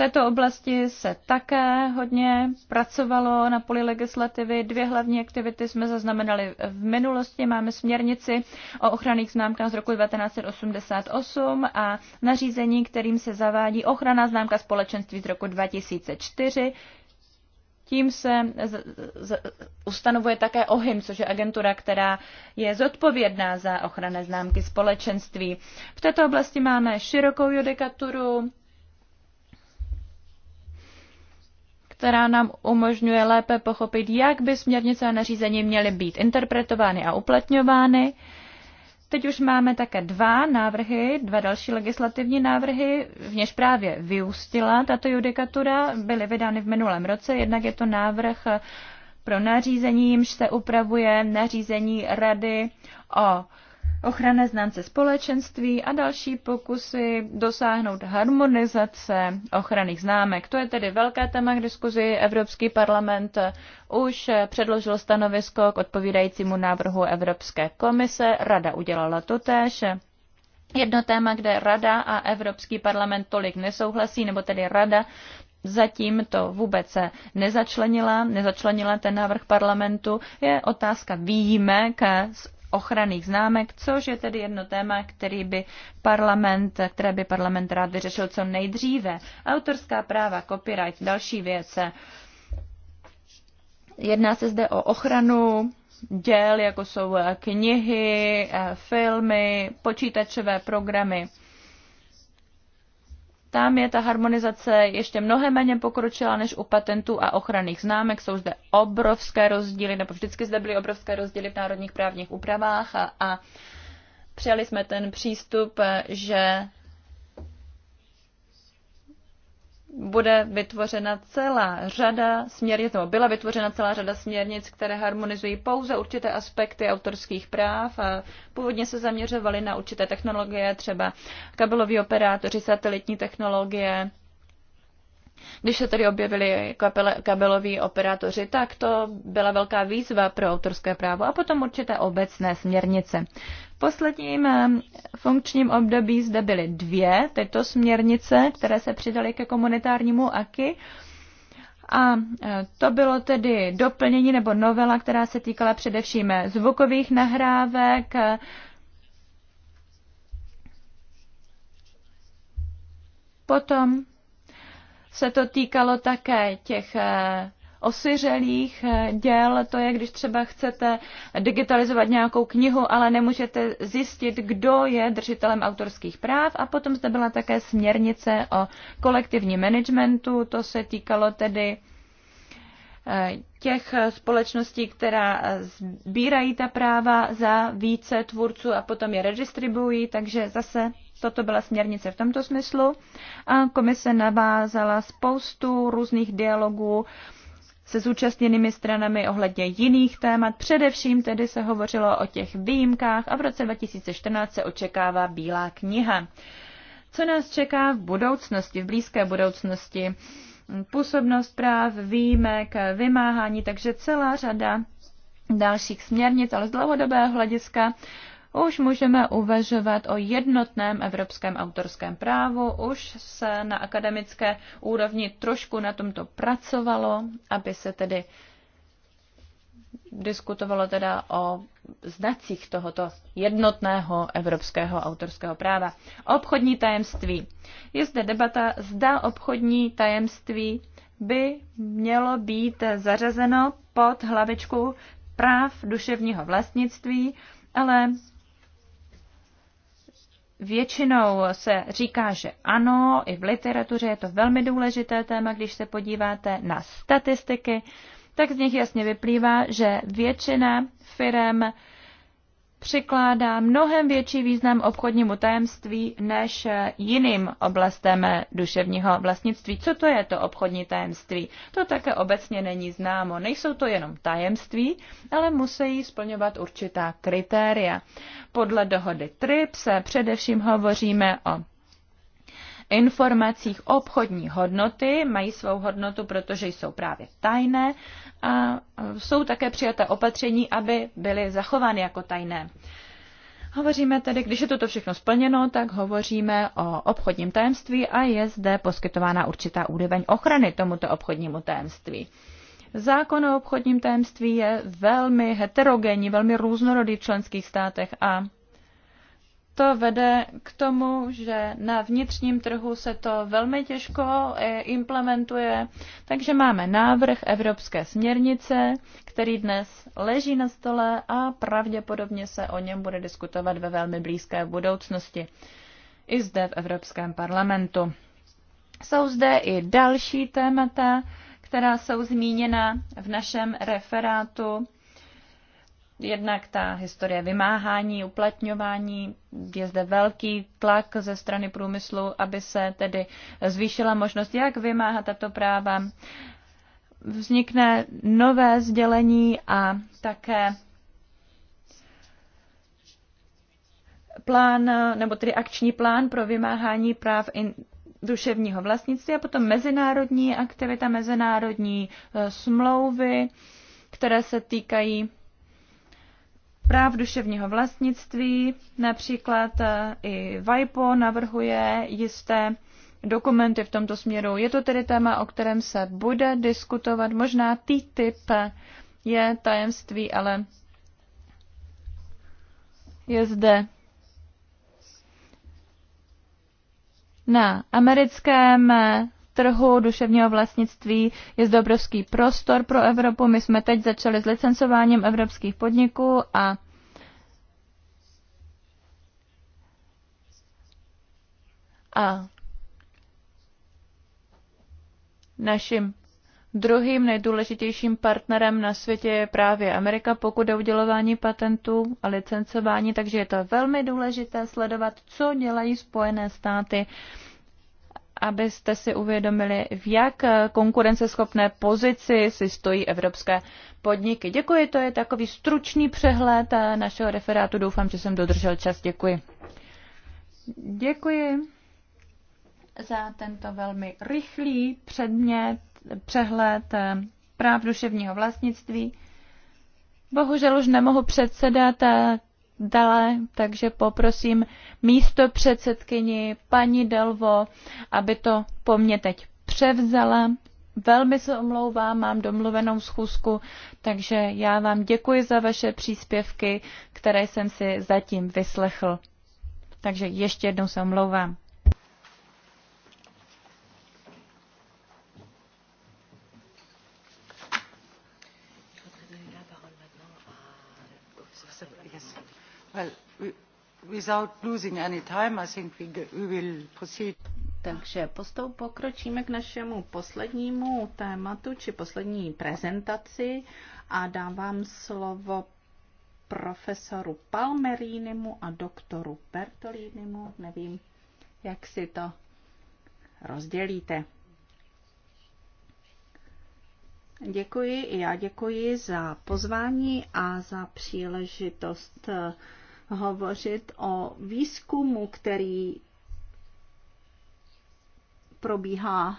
této oblasti se také hodně pracovalo na poli legislativy. Dvě hlavní aktivity jsme zaznamenali v minulosti. Máme směrnici o ochranných známkách z roku 1988 a nařízení, kterým se zavádí ochrana známka společenství z roku 2004. Tím se z, z, ustanovuje také OHIM, což je agentura, která je zodpovědná za ochranné známky společenství. V této oblasti máme širokou judikaturu, která nám umožňuje lépe pochopit, jak by směrnice a nařízení měly být interpretovány a uplatňovány. Teď už máme také dva návrhy, dva další legislativní návrhy, v něž právě vyústila tato judikatura, byly vydány v minulém roce. Jednak je to návrh pro nařízení, jimž se upravuje nařízení Rady o ochranné známce společenství a další pokusy dosáhnout harmonizace ochranných známek. To je tedy velké téma k diskuzi. Evropský parlament už předložil stanovisko k odpovídajícímu návrhu Evropské komise. Rada udělala to též. Jedno téma, kde Rada a Evropský parlament tolik nesouhlasí, nebo tedy Rada zatím to vůbec nezačlenila, nezačlenila ten návrh parlamentu, je otázka výjimek z ochranných známek, což je tedy jedno téma, který by parlament, které by parlament rád vyřešil co nejdříve. Autorská práva, copyright, další věce. Jedná se zde o ochranu děl, jako jsou knihy, filmy, počítačové programy. Tam je ta harmonizace ještě mnohem méně pokročila než u patentů a ochranných známek. Jsou zde obrovské rozdíly, nebo vždycky zde byly obrovské rozdíly v národních právních úpravách a, a přijali jsme ten přístup, že bude vytvořena celá řada směrnic, nebo byla vytvořena celá řada směrnic, které harmonizují pouze určité aspekty autorských práv a původně se zaměřovaly na určité technologie, třeba kabeloví operátoři, satelitní technologie. Když se tedy objevili kabeloví operátoři, tak to byla velká výzva pro autorské právo a potom určité obecné směrnice posledním eh, funkčním období zde byly dvě tyto směrnice, které se přidaly ke komunitárnímu AKI. A eh, to bylo tedy doplnění nebo novela, která se týkala především zvukových nahrávek, Potom se to týkalo také těch eh, osyřelých eh, děl. To je, když třeba chcete digitalizovat nějakou knihu, ale nemůžete zjistit, kdo je držitelem autorských práv. A potom zde byla také směrnice o kolektivním managementu. To se týkalo tedy eh, těch společností, která sbírají ta práva za více tvůrců a potom je redistribuují, takže zase toto byla směrnice v tomto smyslu. A komise navázala spoustu různých dialogů se zúčastněnými stranami ohledně jiných témat. Především tedy se hovořilo o těch výjimkách a v roce 2014 se očekává Bílá kniha. Co nás čeká v budoucnosti, v blízké budoucnosti? Působnost práv, výjimek, vymáhání, takže celá řada dalších směrnic, ale z dlouhodobého hlediska už můžeme uvažovat o jednotném evropském autorském právu. Už se na akademické úrovni trošku na tomto pracovalo, aby se tedy diskutovalo teda o znacích tohoto jednotného evropského autorského práva. Obchodní tajemství. Je zde debata, zda obchodní tajemství by mělo být zařazeno pod hlavičku práv duševního vlastnictví, ale Většinou se říká, že ano, i v literatuře je to velmi důležité téma, když se podíváte na statistiky, tak z nich jasně vyplývá, že většina firm přikládá mnohem větší význam obchodnímu tajemství než jiným oblastem duševního vlastnictví. Co to je to obchodní tajemství? To také obecně není známo. Nejsou to jenom tajemství, ale musí splňovat určitá kritéria. Podle dohody TRIPS především hovoříme o informacích obchodní hodnoty, mají svou hodnotu, protože jsou právě tajné a jsou také přijaté opatření, aby byly zachovány jako tajné. Hovoříme tedy, když je toto všechno splněno, tak hovoříme o obchodním tajemství a je zde poskytována určitá úroveň ochrany tomuto obchodnímu tajemství. Zákon o obchodním tajemství je velmi heterogenní, velmi různorodý v členských státech a to vede k tomu, že na vnitřním trhu se to velmi těžko eh, implementuje, takže máme návrh Evropské směrnice, který dnes leží na stole a pravděpodobně se o něm bude diskutovat ve velmi blízké budoucnosti i zde v Evropském parlamentu. Jsou zde i další témata, která jsou zmíněna v našem referátu Jednak ta historie vymáhání, uplatňování, je zde velký tlak ze strany průmyslu, aby se tedy zvýšila možnost, jak vymáhat tato práva. Vznikne nové sdělení a také plán, nebo tedy akční plán pro vymáhání práv in, duševního vlastnictví a potom mezinárodní aktivita, mezinárodní e, smlouvy, které se týkají práv duševního vlastnictví. Například eh, i Vipo navrhuje jisté dokumenty v tomto směru. Je to tedy téma, o kterém se bude diskutovat. Možná TTIP je tajemství, ale je zde na americkém trhu duševního vlastnictví. Je zde obrovský prostor pro Evropu. My jsme teď začali s licencováním evropských podniků a a naším druhým nejdůležitějším partnerem na světě je právě Amerika, pokud je udělování patentů a licencování, takže je to velmi důležité sledovat, co dělají Spojené státy abyste si uvědomili, v jak konkurenceschopné pozici si stojí evropské podniky. Děkuji, to je takový stručný přehled našeho referátu. Doufám, že jsem dodržel čas. Děkuji. Děkuji za tento velmi rychlý předmět, přehled eh, práv duševního vlastnictví. Bohužel už nemohu předsedat eh, dále, takže poprosím místo předsedkyni paní Delvo, aby to po mně teď převzala. Velmi se omlouvám, mám domluvenou schůzku, takže já vám děkuji za vaše příspěvky, které jsem si zatím vyslechl. Takže ještě jednou se omlouvám. Takže postou pokročíme k našemu poslednímu tématu či poslední prezentaci a dávám slovo profesoru Palmerínimu a doktoru Bertolínimu. Nevím, jak si to rozdělíte. Děkuji, já děkuji za pozvání a za příležitost hovořit o výzkumu, který probíhá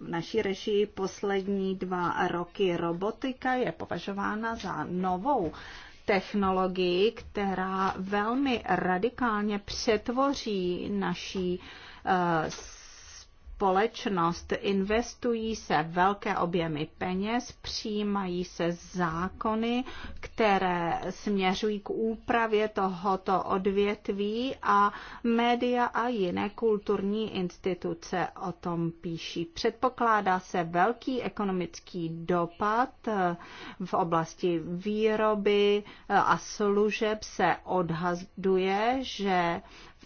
v naší režii poslední dva roky. Robotika je považována za novou technologii, která velmi radikálně přetvoří naší eh, společnost, investují se velké objemy peněz, přijímají se zákony, které směřují k úpravě tohoto odvětví a média a jiné kulturní instituce o tom píší. Předpokládá se velký ekonomický dopad v oblasti výroby a služeb se odhaduje, že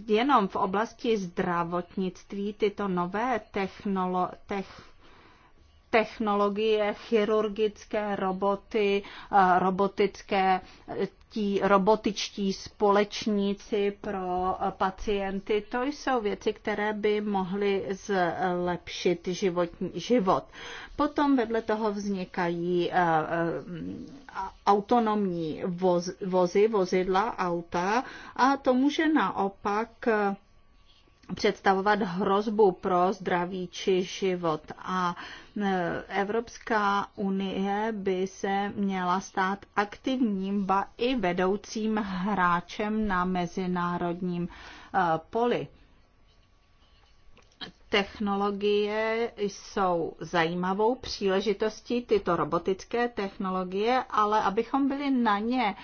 jenom v oblasti zdravotnictví tyto nové technolo- tech- technologie, chirurgické roboty, eh, robotické tí robotičtí společníci pro eh, pacienty. To jsou věci, které by mohly zlepšit životní, život. Potom vedle toho vznikají eh, autonomní vozy, vozidla, auta a to může naopak představovat hrozbu pro zdraví či život. A e, Evropská unie by se měla stát aktivním, ba i vedoucím hráčem na mezinárodním e, poli. Technologie jsou zajímavou příležitostí, tyto robotické technologie, ale abychom byli na ně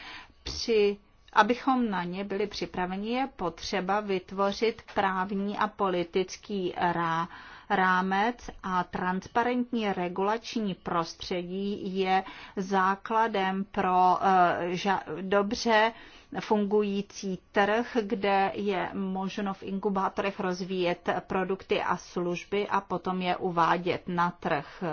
při Abychom na ně byli připraveni, je potřeba vytvořit právní a politický rá rámec a transparentní regulační prostředí je základem pro eh, dobře fungující trh, kde je možno v inkubátorech rozvíjet produkty a služby a potom je uvádět na trh.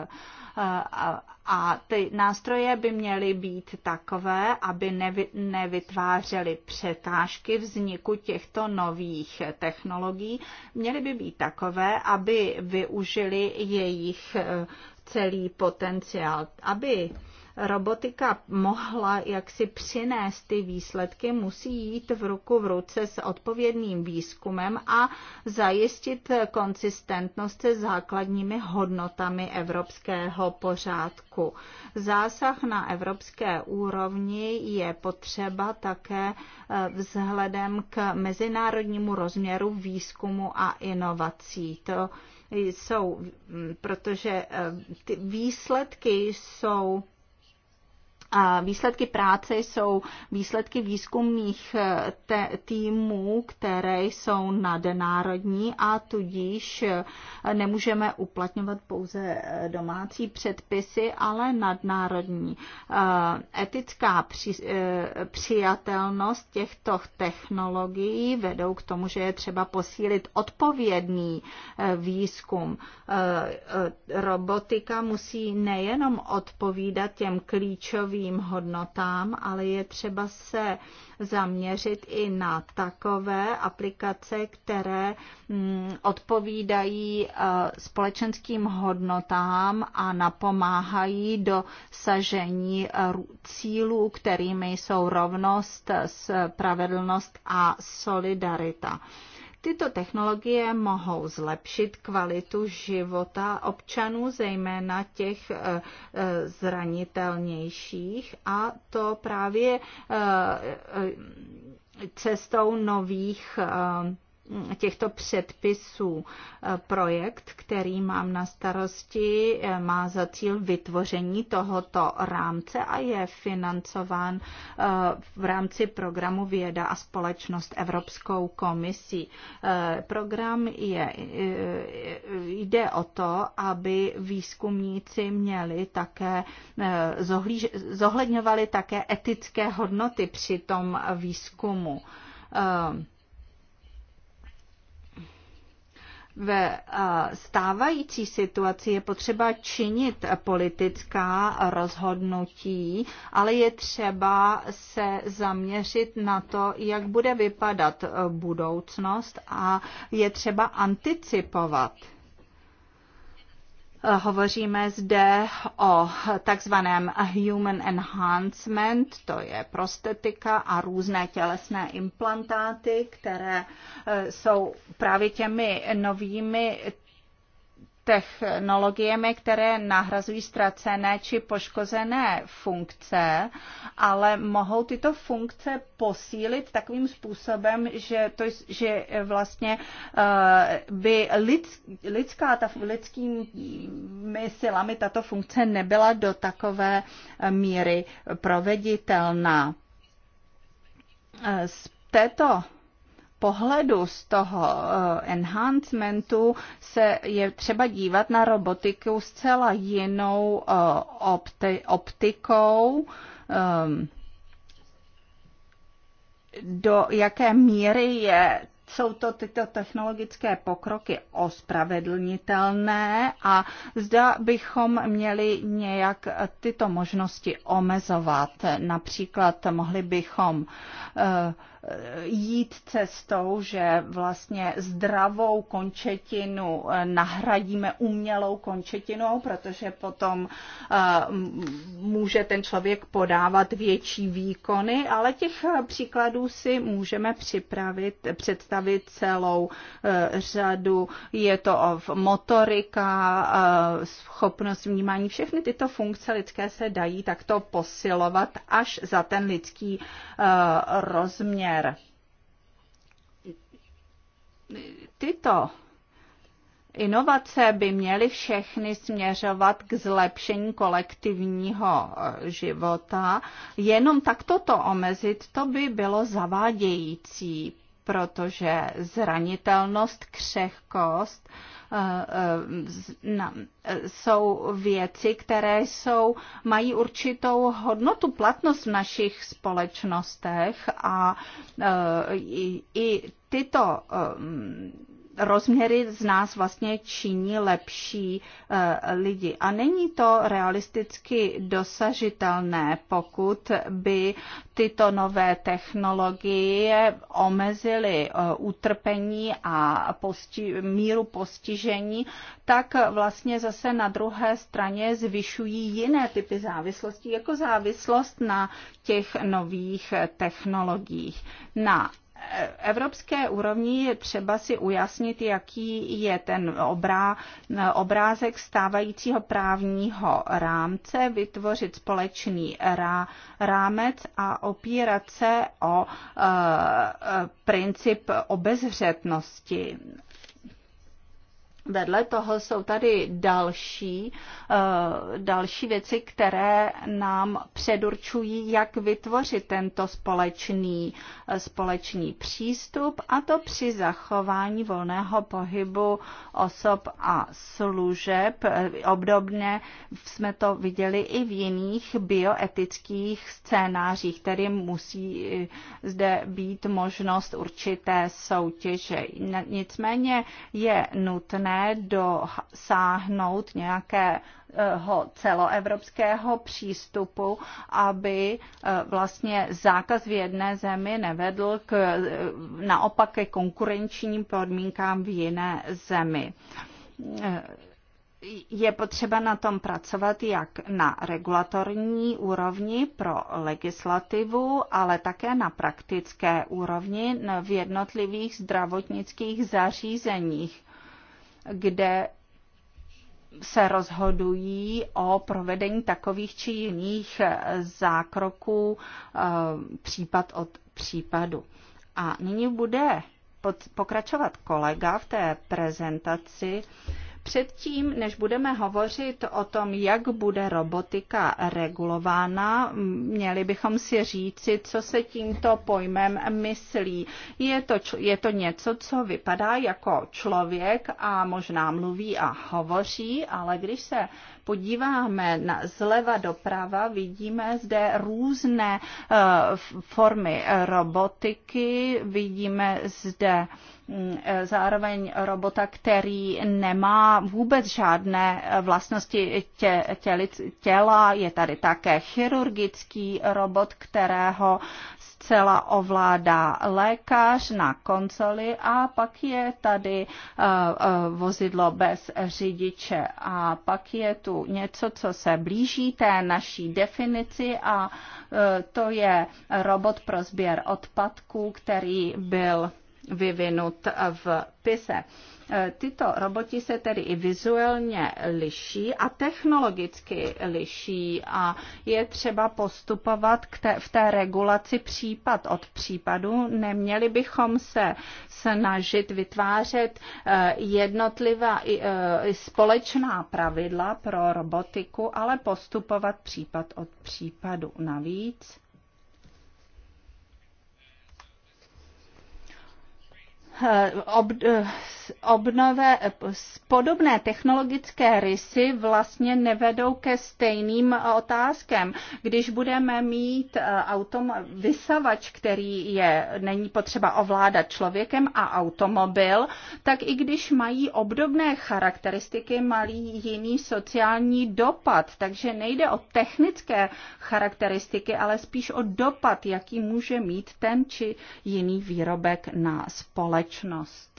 A ty nástroje by měly být takové, aby nevytvářely překážky vzniku těchto nových technologií. Měly by být takové, aby využili jejich eh, celý potenciál, aby robotika mohla jaksi přinést ty výsledky, musí jít v ruku v ruce s odpovědným výzkumem a zajistit konsistentnost se základními hodnotami evropského pořádku. Zásah na evropské úrovni je potřeba také eh, vzhledem k mezinárodnímu rozměru výzkumu a inovací. To jsou, mm, protože eh, ty výsledky jsou Výsledky práce jsou výsledky výzkumných eh, týmů, které jsou nadnárodní a tudíž eh, nemůžeme uplatňovat pouze eh, domácí předpisy, ale nadnárodní. Etická při, přijatelnost těchto technologií vedou k tomu, že je třeba posílit odpovědný výzkum. Robotika musí nejenom odpovídat těm klíčovým svým hodnotám, ale je třeba se zaměřit i na takové aplikace, které mm, odpovídají eh, společenským hodnotám a napomáhají dosažení eh, cílů, kterými jsou rovnost, spravedlnost a solidarita. Tyto technologie mohou zlepšit kvalitu života občanů, zejména těch eh, eh, zranitelnějších, a to právě eh, cestou nových těchto předpisů eh, projekt, který mám na starosti, eh, má za cíl vytvoření tohoto rámce a je financován eh, v rámci programu Věda a společnost Evropskou komisí. Program je, jde o to, aby výzkumníci měli také, zohledňovali také etické hodnoty při tom výzkumu Ve stávající situaci je potřeba činit politická rozhodnutí, ale je třeba se zaměřit na to, jak bude vypadat e, budoucnost a je třeba anticipovat Hovoříme zde o takzvaném human enhancement, to je prostetika a různé tělesné implantáty, které eh, jsou právě těmi novými technologiemi, které nahrazují ztracené či poškozené funkce, ale mohou tyto funkce posílit takovým způsobem, že, to, že vlastně eh, by lidská, ta, lidskými silami tato funkce nebyla do takové eh, míry proveditelná. Eh, z této pohledu z toho eh, enhancementu se je třeba dívat na robotiku zcela jinou eh, opti- optikou ehm, do jaké míry je, jsou to tyto technologické pokroky ospravedlnitelné a zda bychom měli nějak tyto možnosti omezovat. Například mohli bychom uh, jít cestou, že vlastně zdravou končetinu nahradíme umělou končetinou, protože potom eh, může ten člověk podávat větší výkony, ale těch příkladů si můžeme připravit, představit celou eh, řadu. Je to v motorika, eh, schopnost vnímání, všechny tyto funkce lidské se dají takto posilovat až za ten lidský rozměr partner. Tyto Inovace by měly všechny směřovat k zlepšení kolektivního eh, života. Jenom takto to omezit, to by bylo zavádějící protože zranitelnost, křehkost eh, eh, eh, jsou věci, které jsou, mají určitou hodnotu, platnost v našich společnostech a i tyto rozměry z nás vlastně činí lepší eh, lidi. A není to realisticky dosažitelné, pokud by tyto nové technologie omezily eh, utrpení a posti- míru postižení, tak vlastně zase na druhé straně zvyšují jiné typy závislostí, jako závislost na těch nových technologiích. Na evropské úrovni je třeba si ujasnit, jaký je ten obrá, obrázek stávajícího právního rámce, vytvořit společný rá, rámec a opírat se o e, princip obezřetnosti. Vedle toho jsou tady další, eh, další věci, které nám předurčují, jak vytvořit tento společný, eh, společný přístup, a to při zachování volného pohybu osob a služeb. Eh, obdobně jsme to viděli i v jiných bioetických scénářích, tedy musí zde být možnost určité soutěže. Nicméně je nutné, dosáhnout nějaké celoevropského přístupu, aby eh, vlastně zákaz v jedné zemi nevedl k, eh, naopak ke konkurenčním podmínkám v jiné zemi eh, je potřeba na tom pracovat jak na regulatorní úrovni pro legislativu, ale také na praktické úrovni v jednotlivých zdravotnických zařízeních kde se rozhodují o provedení takových či jiných zákroků eh, případ od případu. A nyní bude pokračovat kolega v té prezentaci Předtím, než budeme hovořit o tom, jak bude robotika regulována, měli bychom si říci, co se tímto pojmem myslí. Je to, je to něco, co vypadá jako člověk a možná mluví a hovoří, ale když se podíváme na zleva doprava, vidíme zde různé eh, formy robotiky, vidíme zde mm, eh, zároveň robota, který nemá vůbec žádné eh, vlastnosti tě, tě, těla. Je tady také chirurgický robot, kterého zcela ovládá lékař na konzoli a pak je tady eh, eh, vozidlo bez řidiče a pak je tu něco, co se blíží té naší definici a eh, to je robot pro sběr odpadků, který byl vyvinut v PISE. E, tyto roboti se tedy i vizuálně liší a technologicky liší a je třeba postupovat k té, v té regulaci případ od případu. Neměli bychom se snažit vytvářet e, jednotlivá e, společná pravidla pro robotiku, ale postupovat případ od případu. Navíc Eh, ob, eh, obnové, podobné technologické rysy vlastně nevedou ke stejným otázkám. Když budeme mít eh, autom, vysavač, který je, není potřeba ovládat člověkem a automobil, tak i když mají obdobné charakteristiky, malý jiný sociální dopad. Takže nejde o technické charakteristiky, ale spíš o dopad, jaký může mít ten či jiný výrobek na společnost.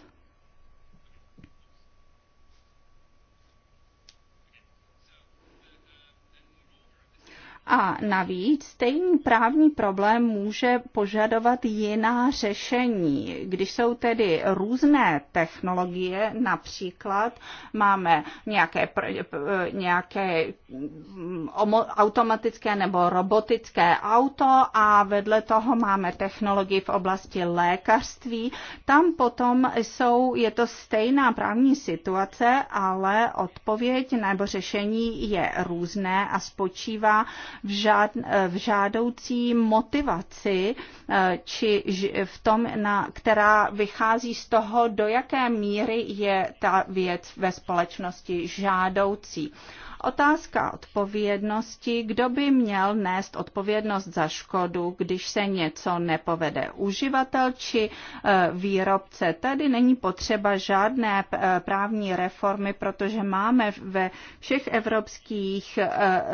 A navíc stejný právní problém může požadovat jiná řešení. Když jsou tedy různé technologie, například máme nějaké, eh, eh, nějaké mm, automatické nebo robotické auto a vedle toho máme technologii v oblasti lékařství, tam potom jsou, je to stejná právní situace, ale odpověď nebo řešení je různé a spočívá v, žád, v žádoucí motivaci, eh, či v tom, na, která vychází z toho, do jaké míry je ta věc ve společnosti žádoucí. Otázka odpovědnosti, kdo by měl nést odpovědnost za škodu, když se něco nepovede, uživatel či e, výrobce. Tady není potřeba žádné e, právní reformy, protože máme ve všech evropských e,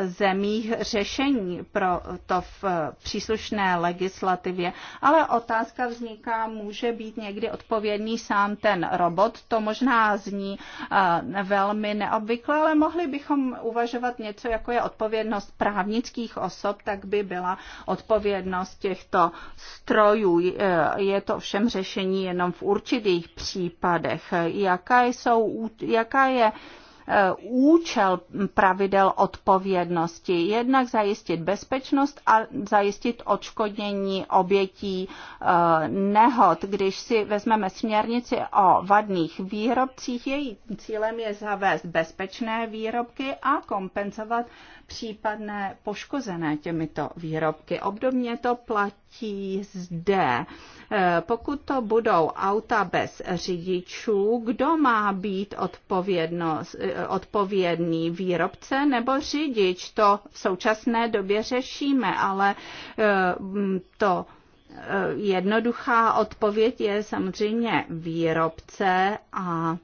zemích řešení pro to v příslušné legislativě, ale otázka vzniká, může být někdy odpovědný sám ten robot, to možná zní velmi neobvykle, ale mohli bychom uvažovat něco, jako je odpovědnost právnických osob, tak by byla odpovědnost těchto strojů. Je to všem řešení jenom v určitých případech. Jaká, jsou, jaká je Eh, účel pravidel odpovědnosti. Jednak zajistit bezpečnost a zajistit odškodnění obětí eh, nehod. Když si vezmeme směrnici o vadných výrobcích, její cílem je zavést bezpečné výrobky a kompenzovat případné poškozené těmito výrobky. Obdobně to platí platí zde. Eh, pokud to budou auta bez řidičů, kdo má být eh, odpovědný výrobce nebo řidič? To v současné době řešíme, ale eh, mm, to jednoduchá odpověď je samozřejmě výrobce a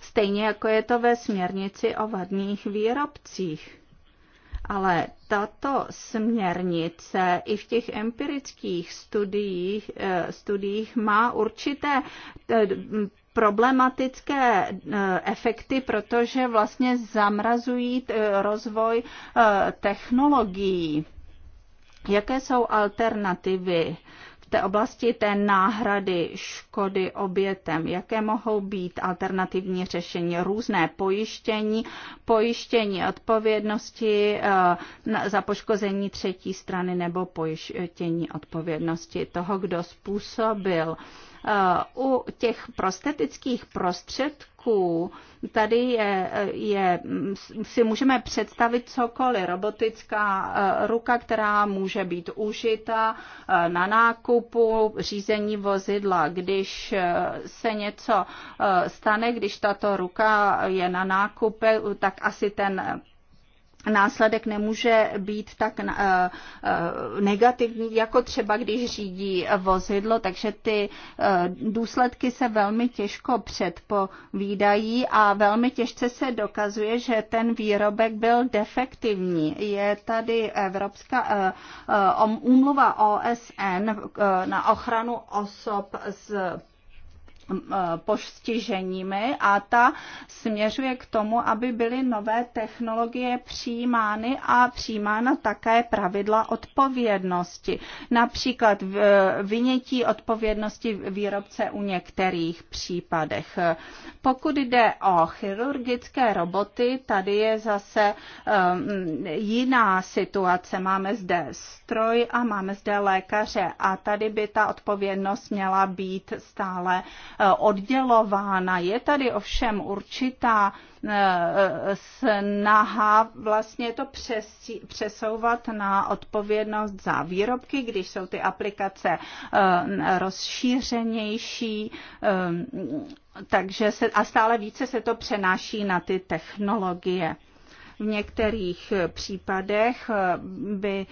stejně jako je to ve směrnici o vadných výrobcích ale tato směrnice i v těch empirických studiích, eh, studiích má určité eh, problematické eh, efekty, protože vlastně zamrazují rozvoj technologií. Jaké jsou alternativy? té oblasti té náhrady škody obětem, jaké mohou být alternativní řešení, různé pojištění, pojištění odpovědnosti eh, za poškození třetí strany nebo pojištění odpovědnosti toho, kdo způsobil Eh, u těch prostetických prostředků tady je, eh, je, mm, si můžeme představit cokoliv. Robotická eh, ruka, která může být užita na nákupu, řízení vozidla. Když se něco stane, když tato ruka je na nákupe, tak asi ten následek nemůže být tak eh, eh, negativní, jako třeba když řídí vozidlo, takže ty eh, důsledky se velmi těžko předpovídají a velmi těžce se dokazuje, že ten výrobek byl defektivní. Je tady Evropská úmluva OSN na ochranu osob s Eh, postiženími a ta směřuje k tomu, aby byly nové technologie přijímány a přijímána také pravidla odpovědnosti. Například eh, vynětí odpovědnosti výrobce u některých případech. Pokud jde o chirurgické roboty, tady je zase eh, jiná situace. Máme zde stroj a máme zde lékaře a tady by ta odpovědnost měla být stále oddělována. Je tady ovšem určitá eh, snaha vlastně to přesouvat na odpovědnost za výrobky, když jsou ty aplikace eh, rozšířenější, eh, takže se, a stále více se to přenáší na ty technologie. V některých případech by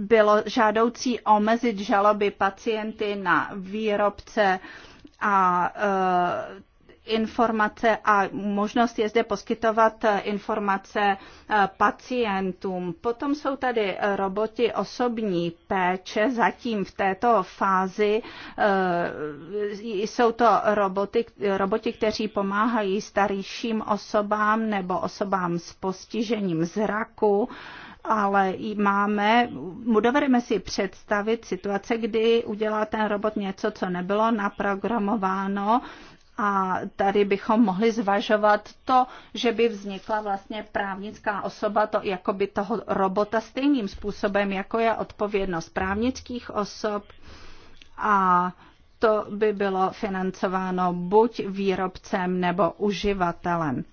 bylo žádoucí omezit žaloby pacienty na výrobce a e, informace a možnost je zde poskytovat e, informace e, pacientům. Potom jsou tady roboti osobní péče. Zatím v této fázi jsou to roboty, roboti, kteří pomáhají starším osobám nebo osobám s postižením zraku ale máme, dovedeme si představit situace, kdy udělá ten robot něco, co nebylo naprogramováno a tady bychom mohli zvažovat to, že by vznikla vlastně právnická osoba to, jako by toho robota stejným způsobem, jako je odpovědnost právnických osob a to by bylo financováno buď výrobcem nebo uživatelem,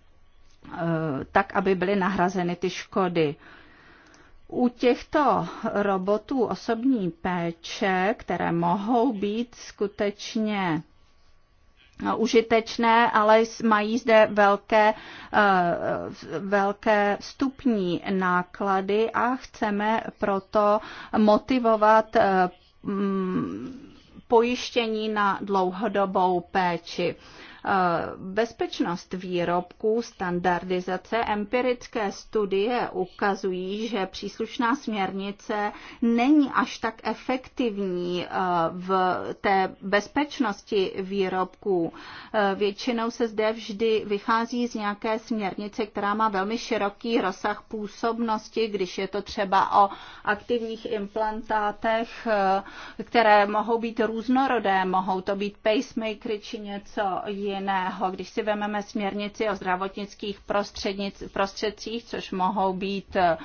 eh, tak aby byly nahrazeny ty škody u těchto robotů osobní péče, které mohou být skutečně užitečné, ale mají zde velké, eh, velké vstupní náklady a chceme proto motivovat eh, mm, pojištění na dlouhodobou péči. Eh, bezpečnost výrobků, standardizace, empirické studie ukazují, že příslušná směrnice není až tak efektivní eh, v té bezpečnosti výrobků. Eh, většinou se zde vždy vychází z nějaké směrnice, která má velmi široký rozsah působnosti, když je to třeba o aktivních implantátech, které mohou být různorodé, mohou to být pacemakery či něco jiného jiného. Když si vezmeme směrnici o zdravotnických prostředcích, což mohou být eh,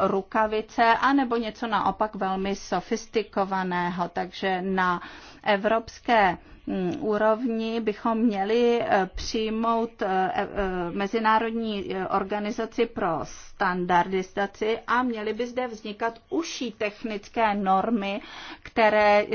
rukavice, anebo něco naopak velmi sofistikovaného, takže na evropské Mm, úrovni bychom měli eh, přijmout eh, eh, Mezinárodní organizaci pro standardizaci a měly by zde vznikat užší technické normy, které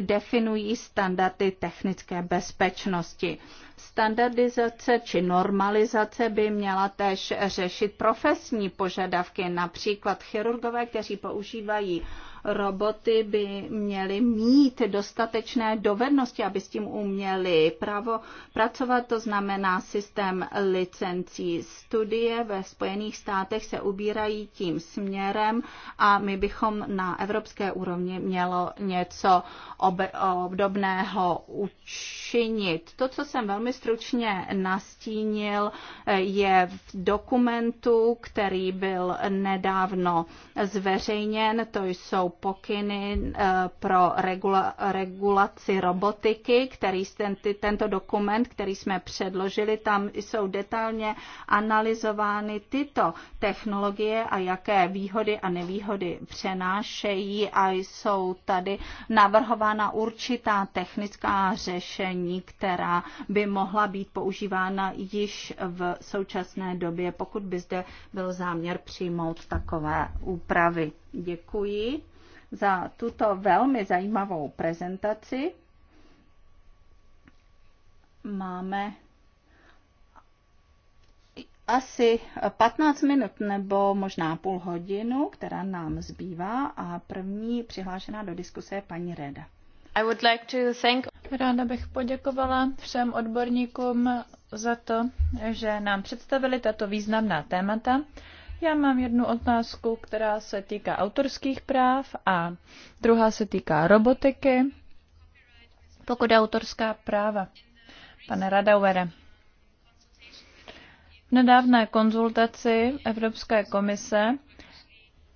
definují standardy technické bezpečnosti. Standardizace či normalizace by měla též řešit profesní požadavky, například chirurgové, kteří používají roboty by měly mít dostatečné dovednosti, aby s tím uměli právo pracovat, to znamená systém licencí. Studie ve Spojených státech se ubírají tím směrem a my bychom na evropské úrovni mělo něco obdobného učinit. To, co jsem velmi stručně nastínil, je v dokumentu, který byl nedávno zveřejněn. To jsou pokyny eh, pro regula, regulaci robotiky, který ten, tento dokument, který jsme předložili, tam jsou detailně analyzovány tyto technologie a jaké výhody a nevýhody přenášejí a jsou tady navrhována určitá technická řešení, která by mohla být používána již v současné době, pokud by zde byl záměr přijmout takové úpravy. Děkuji za tuto velmi zajímavou prezentaci. Máme asi 15 minut nebo možná půl hodinu, která nám zbývá a první přihlášená do diskuse je paní Reda. I would like to thank... Ráda bych poděkovala všem odborníkům za to, že nám představili tato významná témata. Já mám jednu otázku, která se týká autorských práv a druhá se týká robotiky. Pokud je autorská práva, pane Radauere, v nedávné konzultaci Evropské komise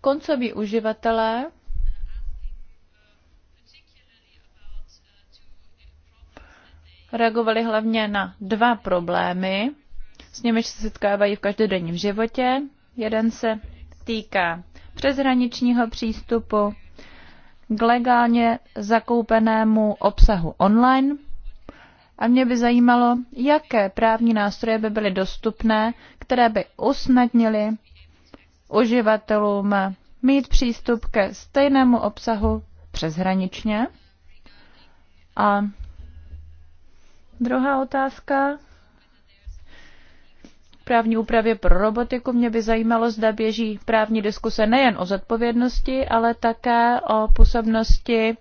koncoví uživatelé reagovali hlavně na dva problémy, s nimiž se setkávají v každodenním životě. Jeden se týká přeshraničního přístupu k legálně zakoupenému obsahu online. A mě by zajímalo, jaké právní nástroje by byly dostupné, které by usnadnily uživatelům mít přístup ke stejnému obsahu přeshraničně. A druhá otázka právní úpravě pro robotiku. Mě by zajímalo, zda běží právní diskuse nejen o zodpovědnosti, ale také o působnosti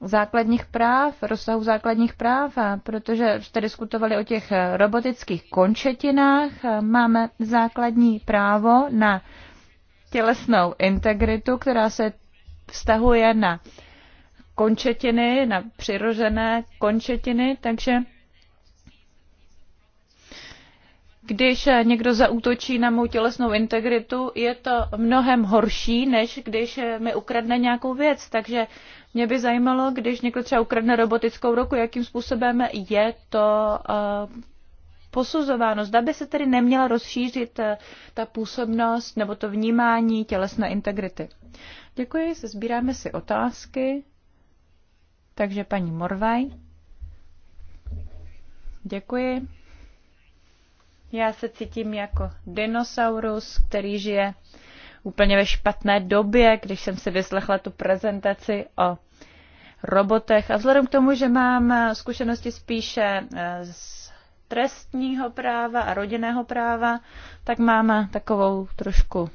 základních práv, rozsahu základních práv, protože jste diskutovali o těch robotických končetinách. Máme základní právo na tělesnou integritu, která se vztahuje na končetiny, na přirozené končetiny, takže když někdo zaútočí na mou tělesnou integritu, je to mnohem horší, než když mi ukradne nějakou věc. Takže mě by zajímalo, když někdo třeba ukradne robotickou roku, jakým způsobem je to uh, posuzováno. Zda by se tedy neměla rozšířit eh, ta působnost nebo to vnímání tělesné integrity. Děkuji, se sbíráme si otázky. Takže paní Morvaj. Děkuji. Já se cítím jako dinosaurus, který žije úplně ve špatné době, když jsem si vyslechla tu prezentaci o robotech. A vzhledem k tomu, že mám eh, zkušenosti spíše eh, z trestního práva a rodinného práva, tak mám eh, takovou trošku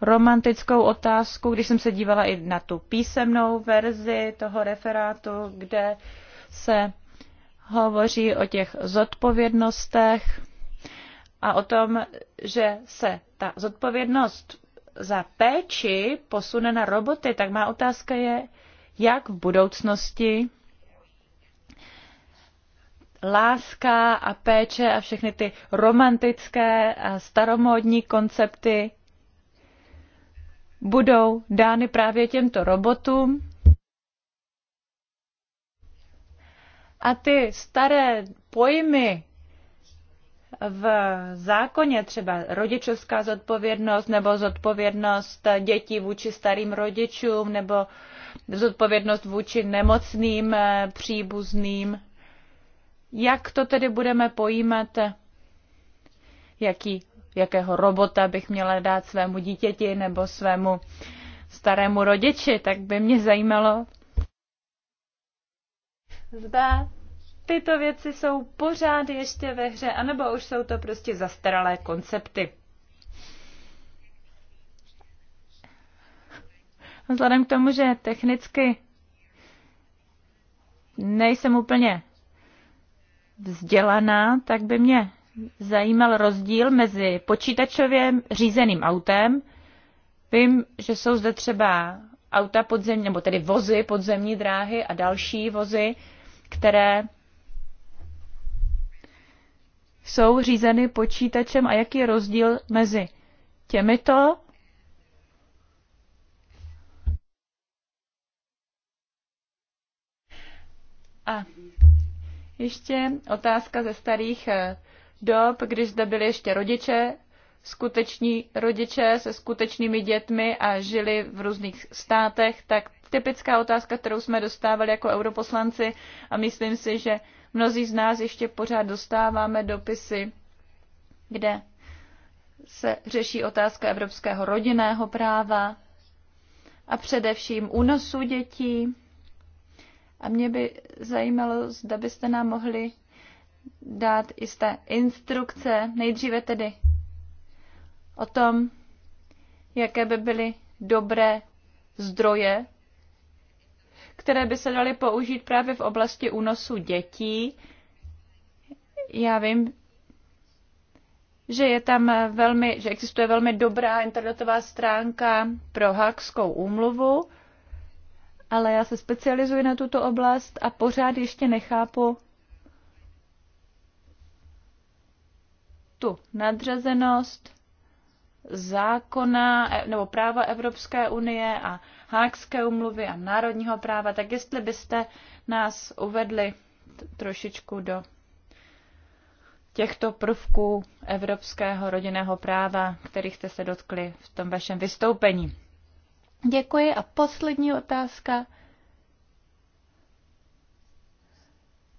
romantickou otázku, když jsem se dívala i na tu písemnou verzi toho referátu, kde se hovoří o těch zodpovědnostech a o tom, že se ta zodpovědnost za péči posune na roboty, tak má otázka je, jak v budoucnosti láska a péče a všechny ty romantické a staromódní koncepty budou dány právě těmto robotům. A ty staré pojmy v zákoně třeba rodičovská zodpovědnost nebo zodpovědnost dětí vůči starým rodičům nebo zodpovědnost vůči nemocným eh, příbuzným. Jak to tedy budeme pojímat? Jaký, jakého robota bych měla dát svému dítěti nebo svému starému rodiči? Tak by mě zajímalo. Zda tyto věci jsou pořád ještě ve hře, anebo už jsou to prostě zastaralé koncepty. Vzhledem k tomu, že technicky nejsem úplně vzdělaná, tak by mě zajímal rozdíl mezi počítačově řízeným autem. Vím, že jsou zde třeba auta podzemní, nebo tedy vozy, podzemní dráhy a další vozy, které jsou řízeny počítačem a jaký je rozdíl mezi těmito A ještě otázka ze starých eh, dob, když zde byly ještě rodiče, skuteční rodiče se skutečnými dětmi a žili v různých státech, tak typická otázka, kterou jsme dostávali jako europoslanci a myslím si, že Mnozí z nás ještě pořád dostáváme dopisy, kde se řeší otázka evropského rodinného práva a především únosu dětí. A mě by zajímalo, zda byste nám mohli dát jisté instrukce, nejdříve tedy o tom, jaké by byly dobré zdroje které by se daly použít právě v oblasti únosu dětí. Já vím, že je tam velmi, že existuje velmi dobrá internetová stránka pro Hákskou úmluvu, ale já se specializuji na tuto oblast a pořád ještě nechápu tu nadřazenost zákona e, nebo práva Evropské unie a hákské umluvy a národního práva, tak jestli byste nás uvedli trošičku do těchto prvků evropského rodinného práva, kterých jste se dotkli v tom vašem vystoupení. Děkuji a poslední otázka.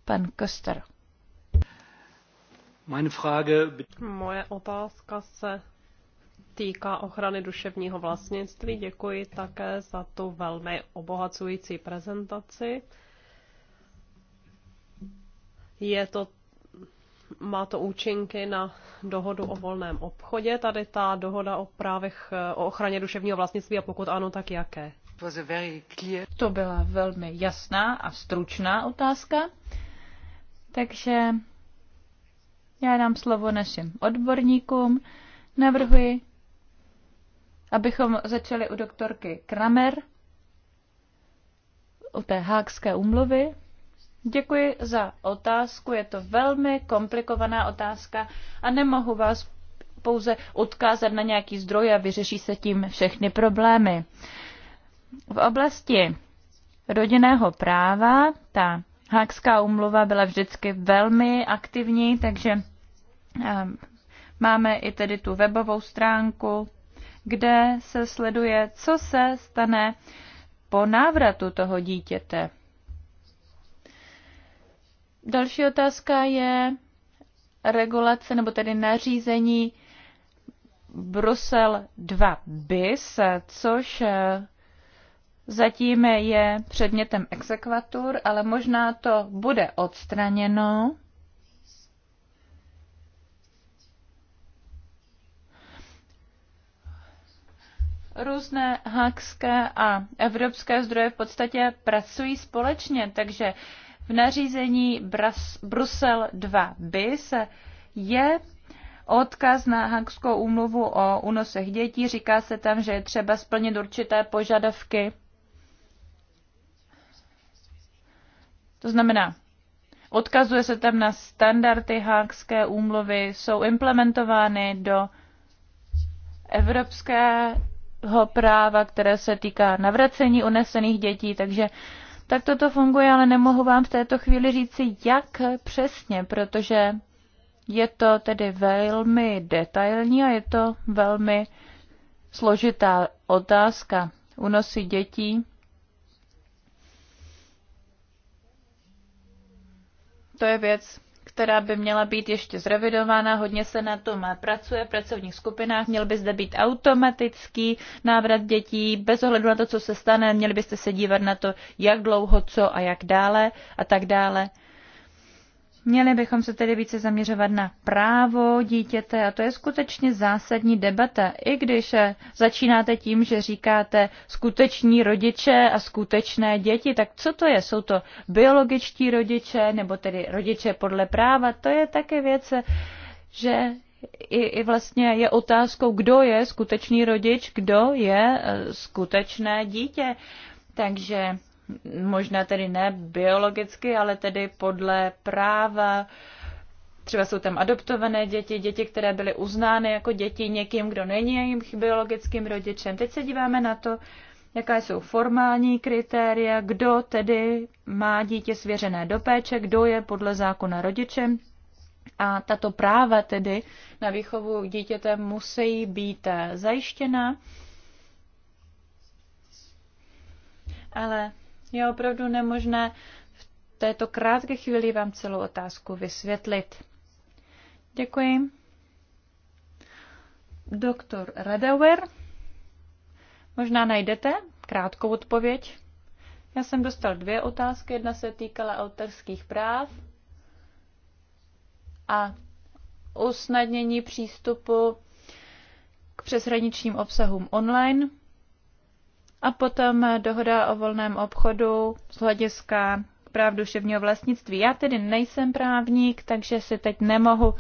Pan Koster. Moje otázka se týká ochrany duševního vlastnictví. Děkuji také za tu velmi obohacující prezentaci. Je to, má to účinky na dohodu o volném obchodě, tady ta dohoda o právech o ochraně duševního vlastnictví a pokud ano, tak jaké? To byla velmi jasná a stručná otázka. Takže já dám slovo našim odborníkům. Navrhuji, abychom začali u doktorky Kramer, u té hákské umluvy. Děkuji za otázku, je to velmi komplikovaná otázka a nemohu vás pouze odkázat na nějaký zdroj a vyřeší se tím všechny problémy. V oblasti rodinného práva ta Hákská umluva byla vždycky velmi aktivní, takže eh, máme i tedy tu webovou stránku kde se sleduje, co se stane po návratu toho dítěte. Další otázka je regulace nebo tedy nařízení Brusel 2 bis, což eh, zatím je předmětem exekvatur, ale možná to bude odstraněno různé hákské a evropské zdroje v podstatě pracují společně, takže v nařízení Brusel 2 bis je odkaz na hankskou úmluvu o unosech dětí. Říká se tam, že je třeba splnit určité požadavky. To znamená, odkazuje se tam na standardy Hákské úmluvy, jsou implementovány do evropské práva, které se týká navracení unesených dětí, takže tak toto funguje, ale nemohu vám v této chvíli říci, jak přesně, protože je to tedy velmi detailní a je to velmi složitá otázka. Unosy dětí. To je věc, která by měla být ještě zrevidována. Hodně se na tom pracuje v pracovních skupinách. Měl by zde být automatický návrat dětí, bez ohledu na to, co se stane. Měli byste se dívat na to, jak dlouho, co a jak dále a tak dále. Měli bychom se tedy více zaměřovat na právo dítěte a to je skutečně zásadní debata, i když eh, začínáte tím, že říkáte skuteční rodiče a skutečné děti, tak co to je? Jsou to biologičtí rodiče nebo tedy rodiče podle práva? To je také věc, eh, že i, i vlastně je otázkou, kdo je skutečný rodič, kdo je eh, skutečné dítě. Takže možná tedy ne biologicky, ale tedy podle práva. Třeba jsou tam adoptované děti, děti, které byly uznány jako děti někým, kdo není jejich biologickým rodičem. Teď se díváme na to, jaká jsou formální kritéria, kdo tedy má dítě svěřené do péče, kdo je podle zákona rodičem. A tato práva tedy na výchovu dítěte musí být zajištěna. Ale je opravdu nemožné v této krátké chvíli vám celou otázku vysvětlit. Děkuji. Doktor Radauer, možná najdete krátkou odpověď. Já jsem dostal dvě otázky. Jedna se týkala autorských práv a usnadnění přístupu k přeshraničním obsahům online. A potom eh, dohoda o volném obchodu z hlediska práv duševního vlastnictví. Já tedy nejsem právník, takže si teď nemohu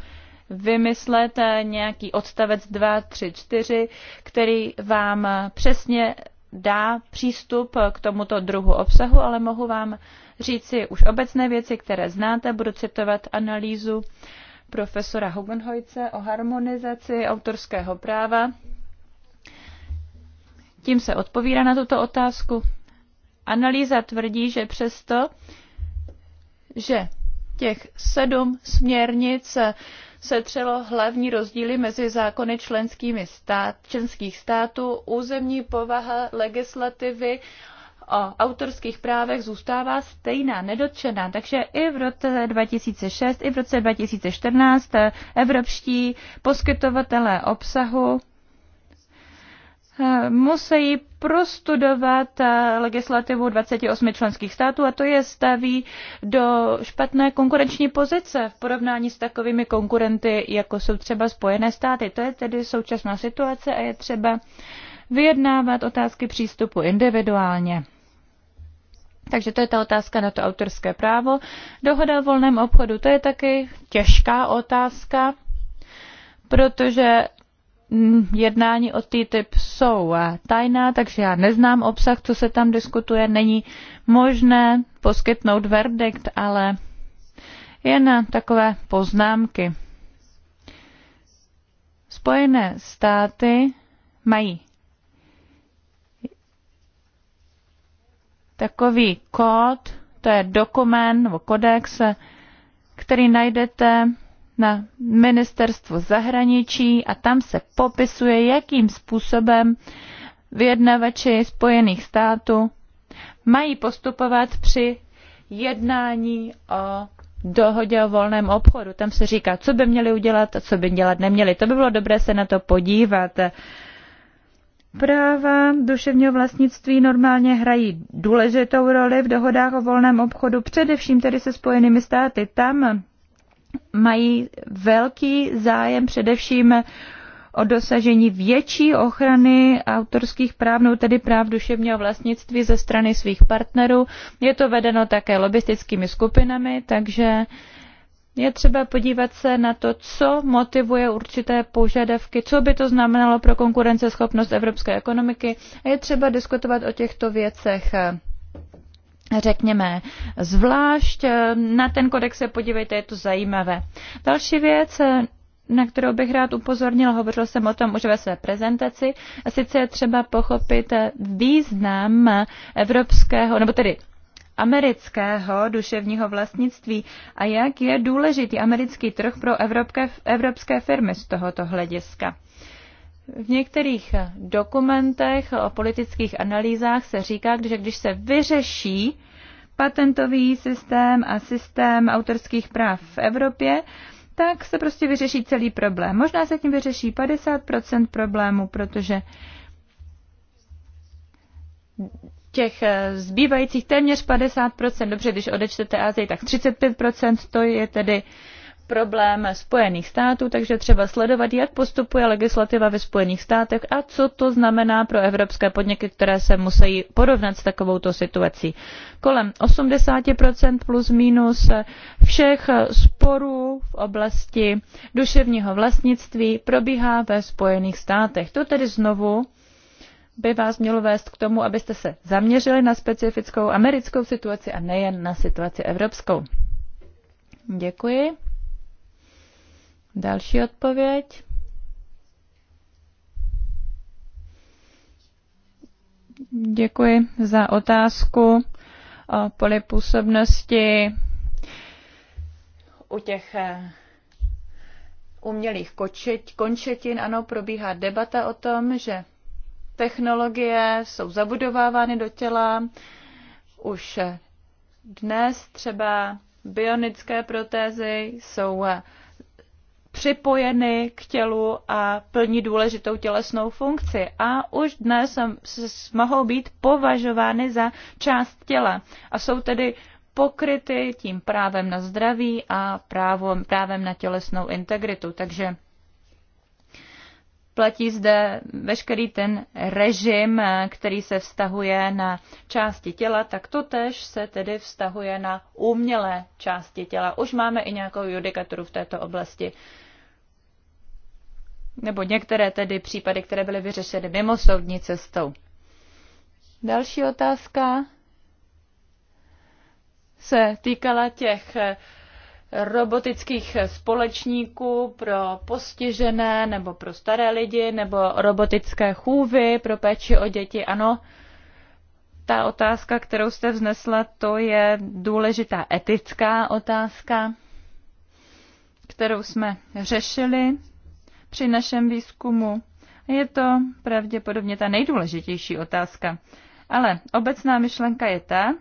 vymyslet eh, nějaký odstavec 2, 3, 4, který vám eh, přesně dá přístup k tomuto druhu obsahu, ale mohu vám říci už obecné věci, které znáte. Budu citovat analýzu profesora Hugenhojce o harmonizaci autorského práva tím se odpovídá na tuto otázku. Analýza tvrdí, že přesto, že těch sedm směrnic setřelo hlavní rozdíly mezi zákony členskými stát, členských států, územní povaha legislativy o autorských právech zůstává stejná, nedotčená. Takže i v roce 2006, i v roce 2014 eh, evropští poskytovatelé obsahu Eh, musí prostudovat eh, legislativu 28 členských států a to je staví do špatné konkurenční pozice v porovnání s takovými konkurenty, jako jsou třeba Spojené státy. To je tedy současná situace a je třeba vyjednávat otázky přístupu individuálně. Takže to je ta otázka na to autorské právo. Dohoda o volném obchodu, to je taky těžká otázka, protože Mm, jednání o TTIP jsou eh, tajná, takže já neznám obsah, co se tam diskutuje. Není možné poskytnout verdikt, ale jen takové poznámky. Spojené státy mají takový kód, to je dokument nebo kodex, který najdete na ministerstvo zahraničí a tam se popisuje, jakým způsobem vyjednavači Spojených států mají postupovat při jednání o dohodě o volném obchodu. Tam se říká, co by měli udělat a co by dělat neměli. To by bylo dobré se na to podívat. Práva duševního vlastnictví normálně hrají důležitou roli v dohodách o volném obchodu, především tedy se Spojenými státy. Tam mají velký zájem především o dosažení větší ochrany autorských práv, no tedy práv duševního vlastnictví ze strany svých partnerů. Je to vedeno také lobbystickými skupinami, takže je třeba podívat se na to, co motivuje určité požadavky, co by to znamenalo pro konkurenceschopnost evropské ekonomiky a je třeba diskutovat o těchto věcech řekněme, zvlášť. Eh, na ten kodex se podívejte, je to zajímavé. Další věc, eh, na kterou bych rád upozornil, hovořil jsem o tom už ve své prezentaci, a sice je třeba pochopit eh, význam evropského, nebo tedy amerického duševního vlastnictví a jak je důležitý americký trh pro evropské, evropské firmy z tohoto hlediska v některých dokumentech o politických analýzách se říká, že když se vyřeší patentový systém a systém autorských práv v Evropě, tak se prostě vyřeší celý problém. Možná se tím vyřeší 50% problému, protože těch zbývajících téměř 50%, dobře, když odečtete Azii, tak 35%, to je tedy uh, problém Spojených států, takže třeba sledovat, jak postupuje legislativa ve Spojených státech a co to znamená pro evropské podniky, které se musí porovnat s takovouto situací. Kolem 80% plus minus všech sporů v oblasti duševního vlastnictví probíhá ve Spojených státech. To tedy znovu by vás mělo vést k tomu, abyste se zaměřili na specifickou americkou situaci a nejen na situaci evropskou. Děkuji. Další odpověď. Děkuji za otázku o polipůsobnosti u těch eh, umělých kočet, končetin. Ano, probíhá debata o tom, že technologie jsou zabudovávány do těla. Už eh, dnes třeba bionické protézy jsou eh, připojeny k tělu a plní důležitou tělesnou funkci. A už dnes mohou být považovány za část těla a jsou tedy pokryty tím právem na zdraví a právom, právem na tělesnou integritu. Takže Platí zde veškerý ten režim, eh, který se vztahuje na části těla, tak to tež se tedy vztahuje na umělé části těla. Už máme i nějakou judikaturu v této oblasti. Nebo některé tedy případy, které byly vyřešeny mimo soudní cestou. Další otázka se týkala těch eh, robotických společníků pro postižené nebo pro staré lidi nebo robotické chůvy pro péči o děti. Ano, ta otázka, kterou jste vznesla, to je důležitá etická otázka, kterou jsme řešili při našem výzkumu. Je to pravděpodobně ta nejdůležitější otázka. Ale obecná myšlenka je ta,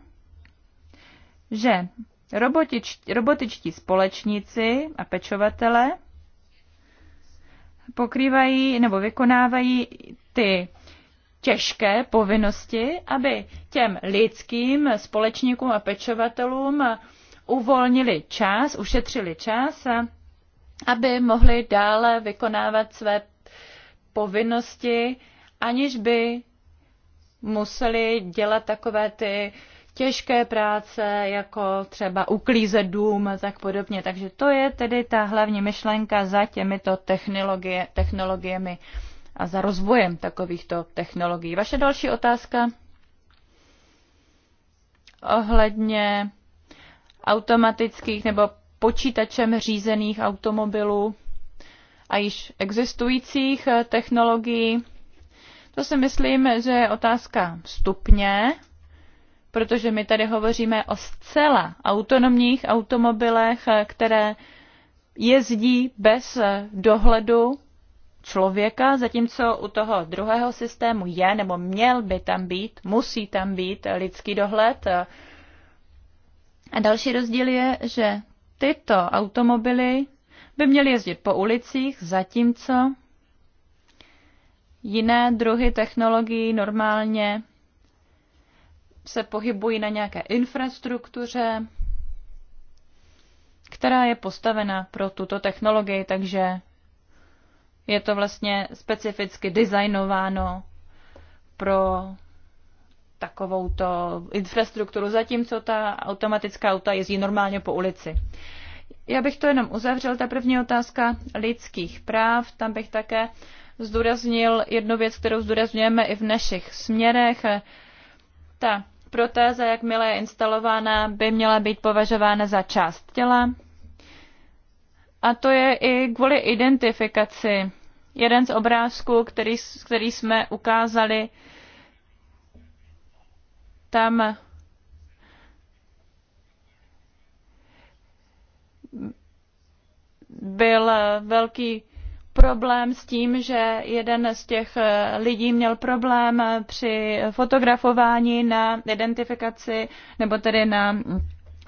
že Robotič, robotičtí společníci a pečovatele pokrývají nebo vykonávají ty těžké povinnosti, aby těm lidským společníkům a pečovatelům uvolnili čas, ušetřili čas, aby mohli dále vykonávat své povinnosti, aniž by museli dělat takové ty uh, těžké práce, jako třeba uklízet dům a tak podobně. Takže to je tedy ta hlavní myšlenka za těmito technologie, technologiemi a za rozvojem takovýchto technologií. Vaše další otázka ohledně automatických nebo počítačem řízených automobilů a již existujících technologií. To si myslím, že je otázka stupně protože my tady hovoříme o zcela autonomních automobilech, eh, které jezdí bez eh, dohledu člověka, zatímco u toho druhého systému je nebo měl by tam být, musí tam být lidský dohled. A další rozdíl je, že tyto automobily by měly jezdit po ulicích, zatímco jiné druhy technologií normálně se pohybují na nějaké infrastruktuře, která je postavena pro tuto technologii, takže je to vlastně specificky designováno pro takovouto infrastrukturu, zatímco ta automatická auta jezdí normálně po ulici. Já bych to jenom uzavřel, ta první otázka lidských práv, tam bych také zdůraznil jednu věc, kterou zdůrazňujeme i v našich směrech, ta protéza, jakmile je instalována, by měla být považována za část těla. A to je i kvůli identifikaci. Jeden z obrázků, který, který jsme ukázali, tam byl velký problém s tím, že jeden z těch eh, lidí měl problém eh, při fotografování na identifikaci nebo tedy na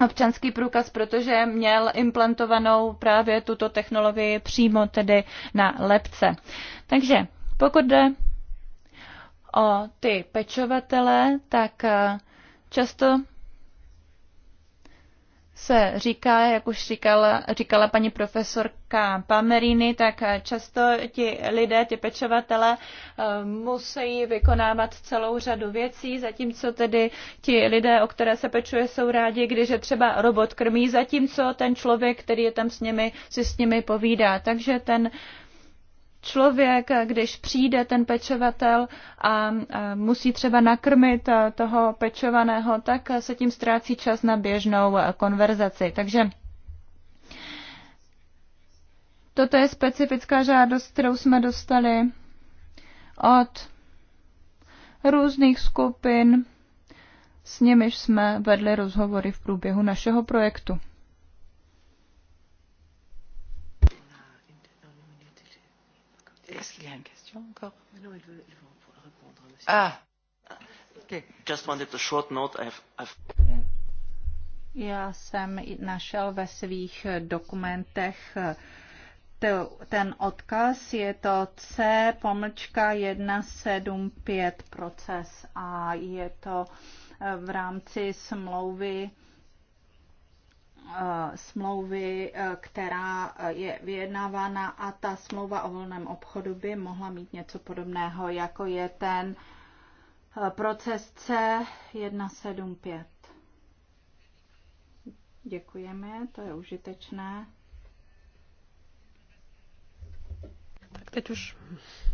občanský průkaz, protože měl implantovanou právě tuto technologii přímo tedy na lepce. Takže pokud jde o ty pečovatele, tak eh, často se říká, jak už říkala, říkala paní profesorka Pamerini, tak často ti lidé, ti pečovatele eh, musí vykonávat celou řadu věcí, zatímco tedy ti lidé, o které se pečuje, jsou rádi, když je třeba robot krmí, zatímco ten člověk, který je tam s nimi, si s nimi povídá. Takže ten člověk, když přijde ten pečovatel a musí třeba nakrmit eh, toho pečovaného, tak eh, se tím ztrácí čas na běžnou eh, konverzaci. Takže toto je specifická žádost, kterou jsme dostali od různých skupin, s nimiž jsme vedli rozhovory v průběhu našeho projektu. Est-ce qu'il y a une question encore Non, il veut, il veut répondre. Monsieur. Ah. ah okay. Just wanted a short note. I've, I've... Já jsem našel ve svých eh, dokumentech eh, ten odkaz, je to C pomlčka 175 proces a je to eh, v rámci smlouvy Eh, smlouvy, eh, která eh, je vyjednávána a ta smlouva o volném obchodu by mohla mít něco podobného, jako je ten proces C175. Děkujeme, to je užitečné. Tak teď už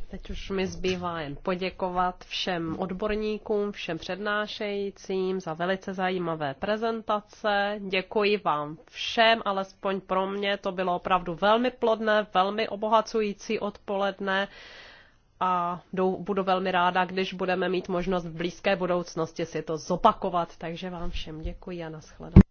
Teď už mi zbývá jen poděkovat všem odborníkům, všem přednášejícím za velice zajímavé prezentace. Děkuji vám všem, alespoň pro mě to bylo opravdu velmi plodné, velmi obohacující odpoledne a budu velmi ráda, když budeme mít možnost v blízké budoucnosti si to zopakovat. Takže vám všem děkuji a nashledanou.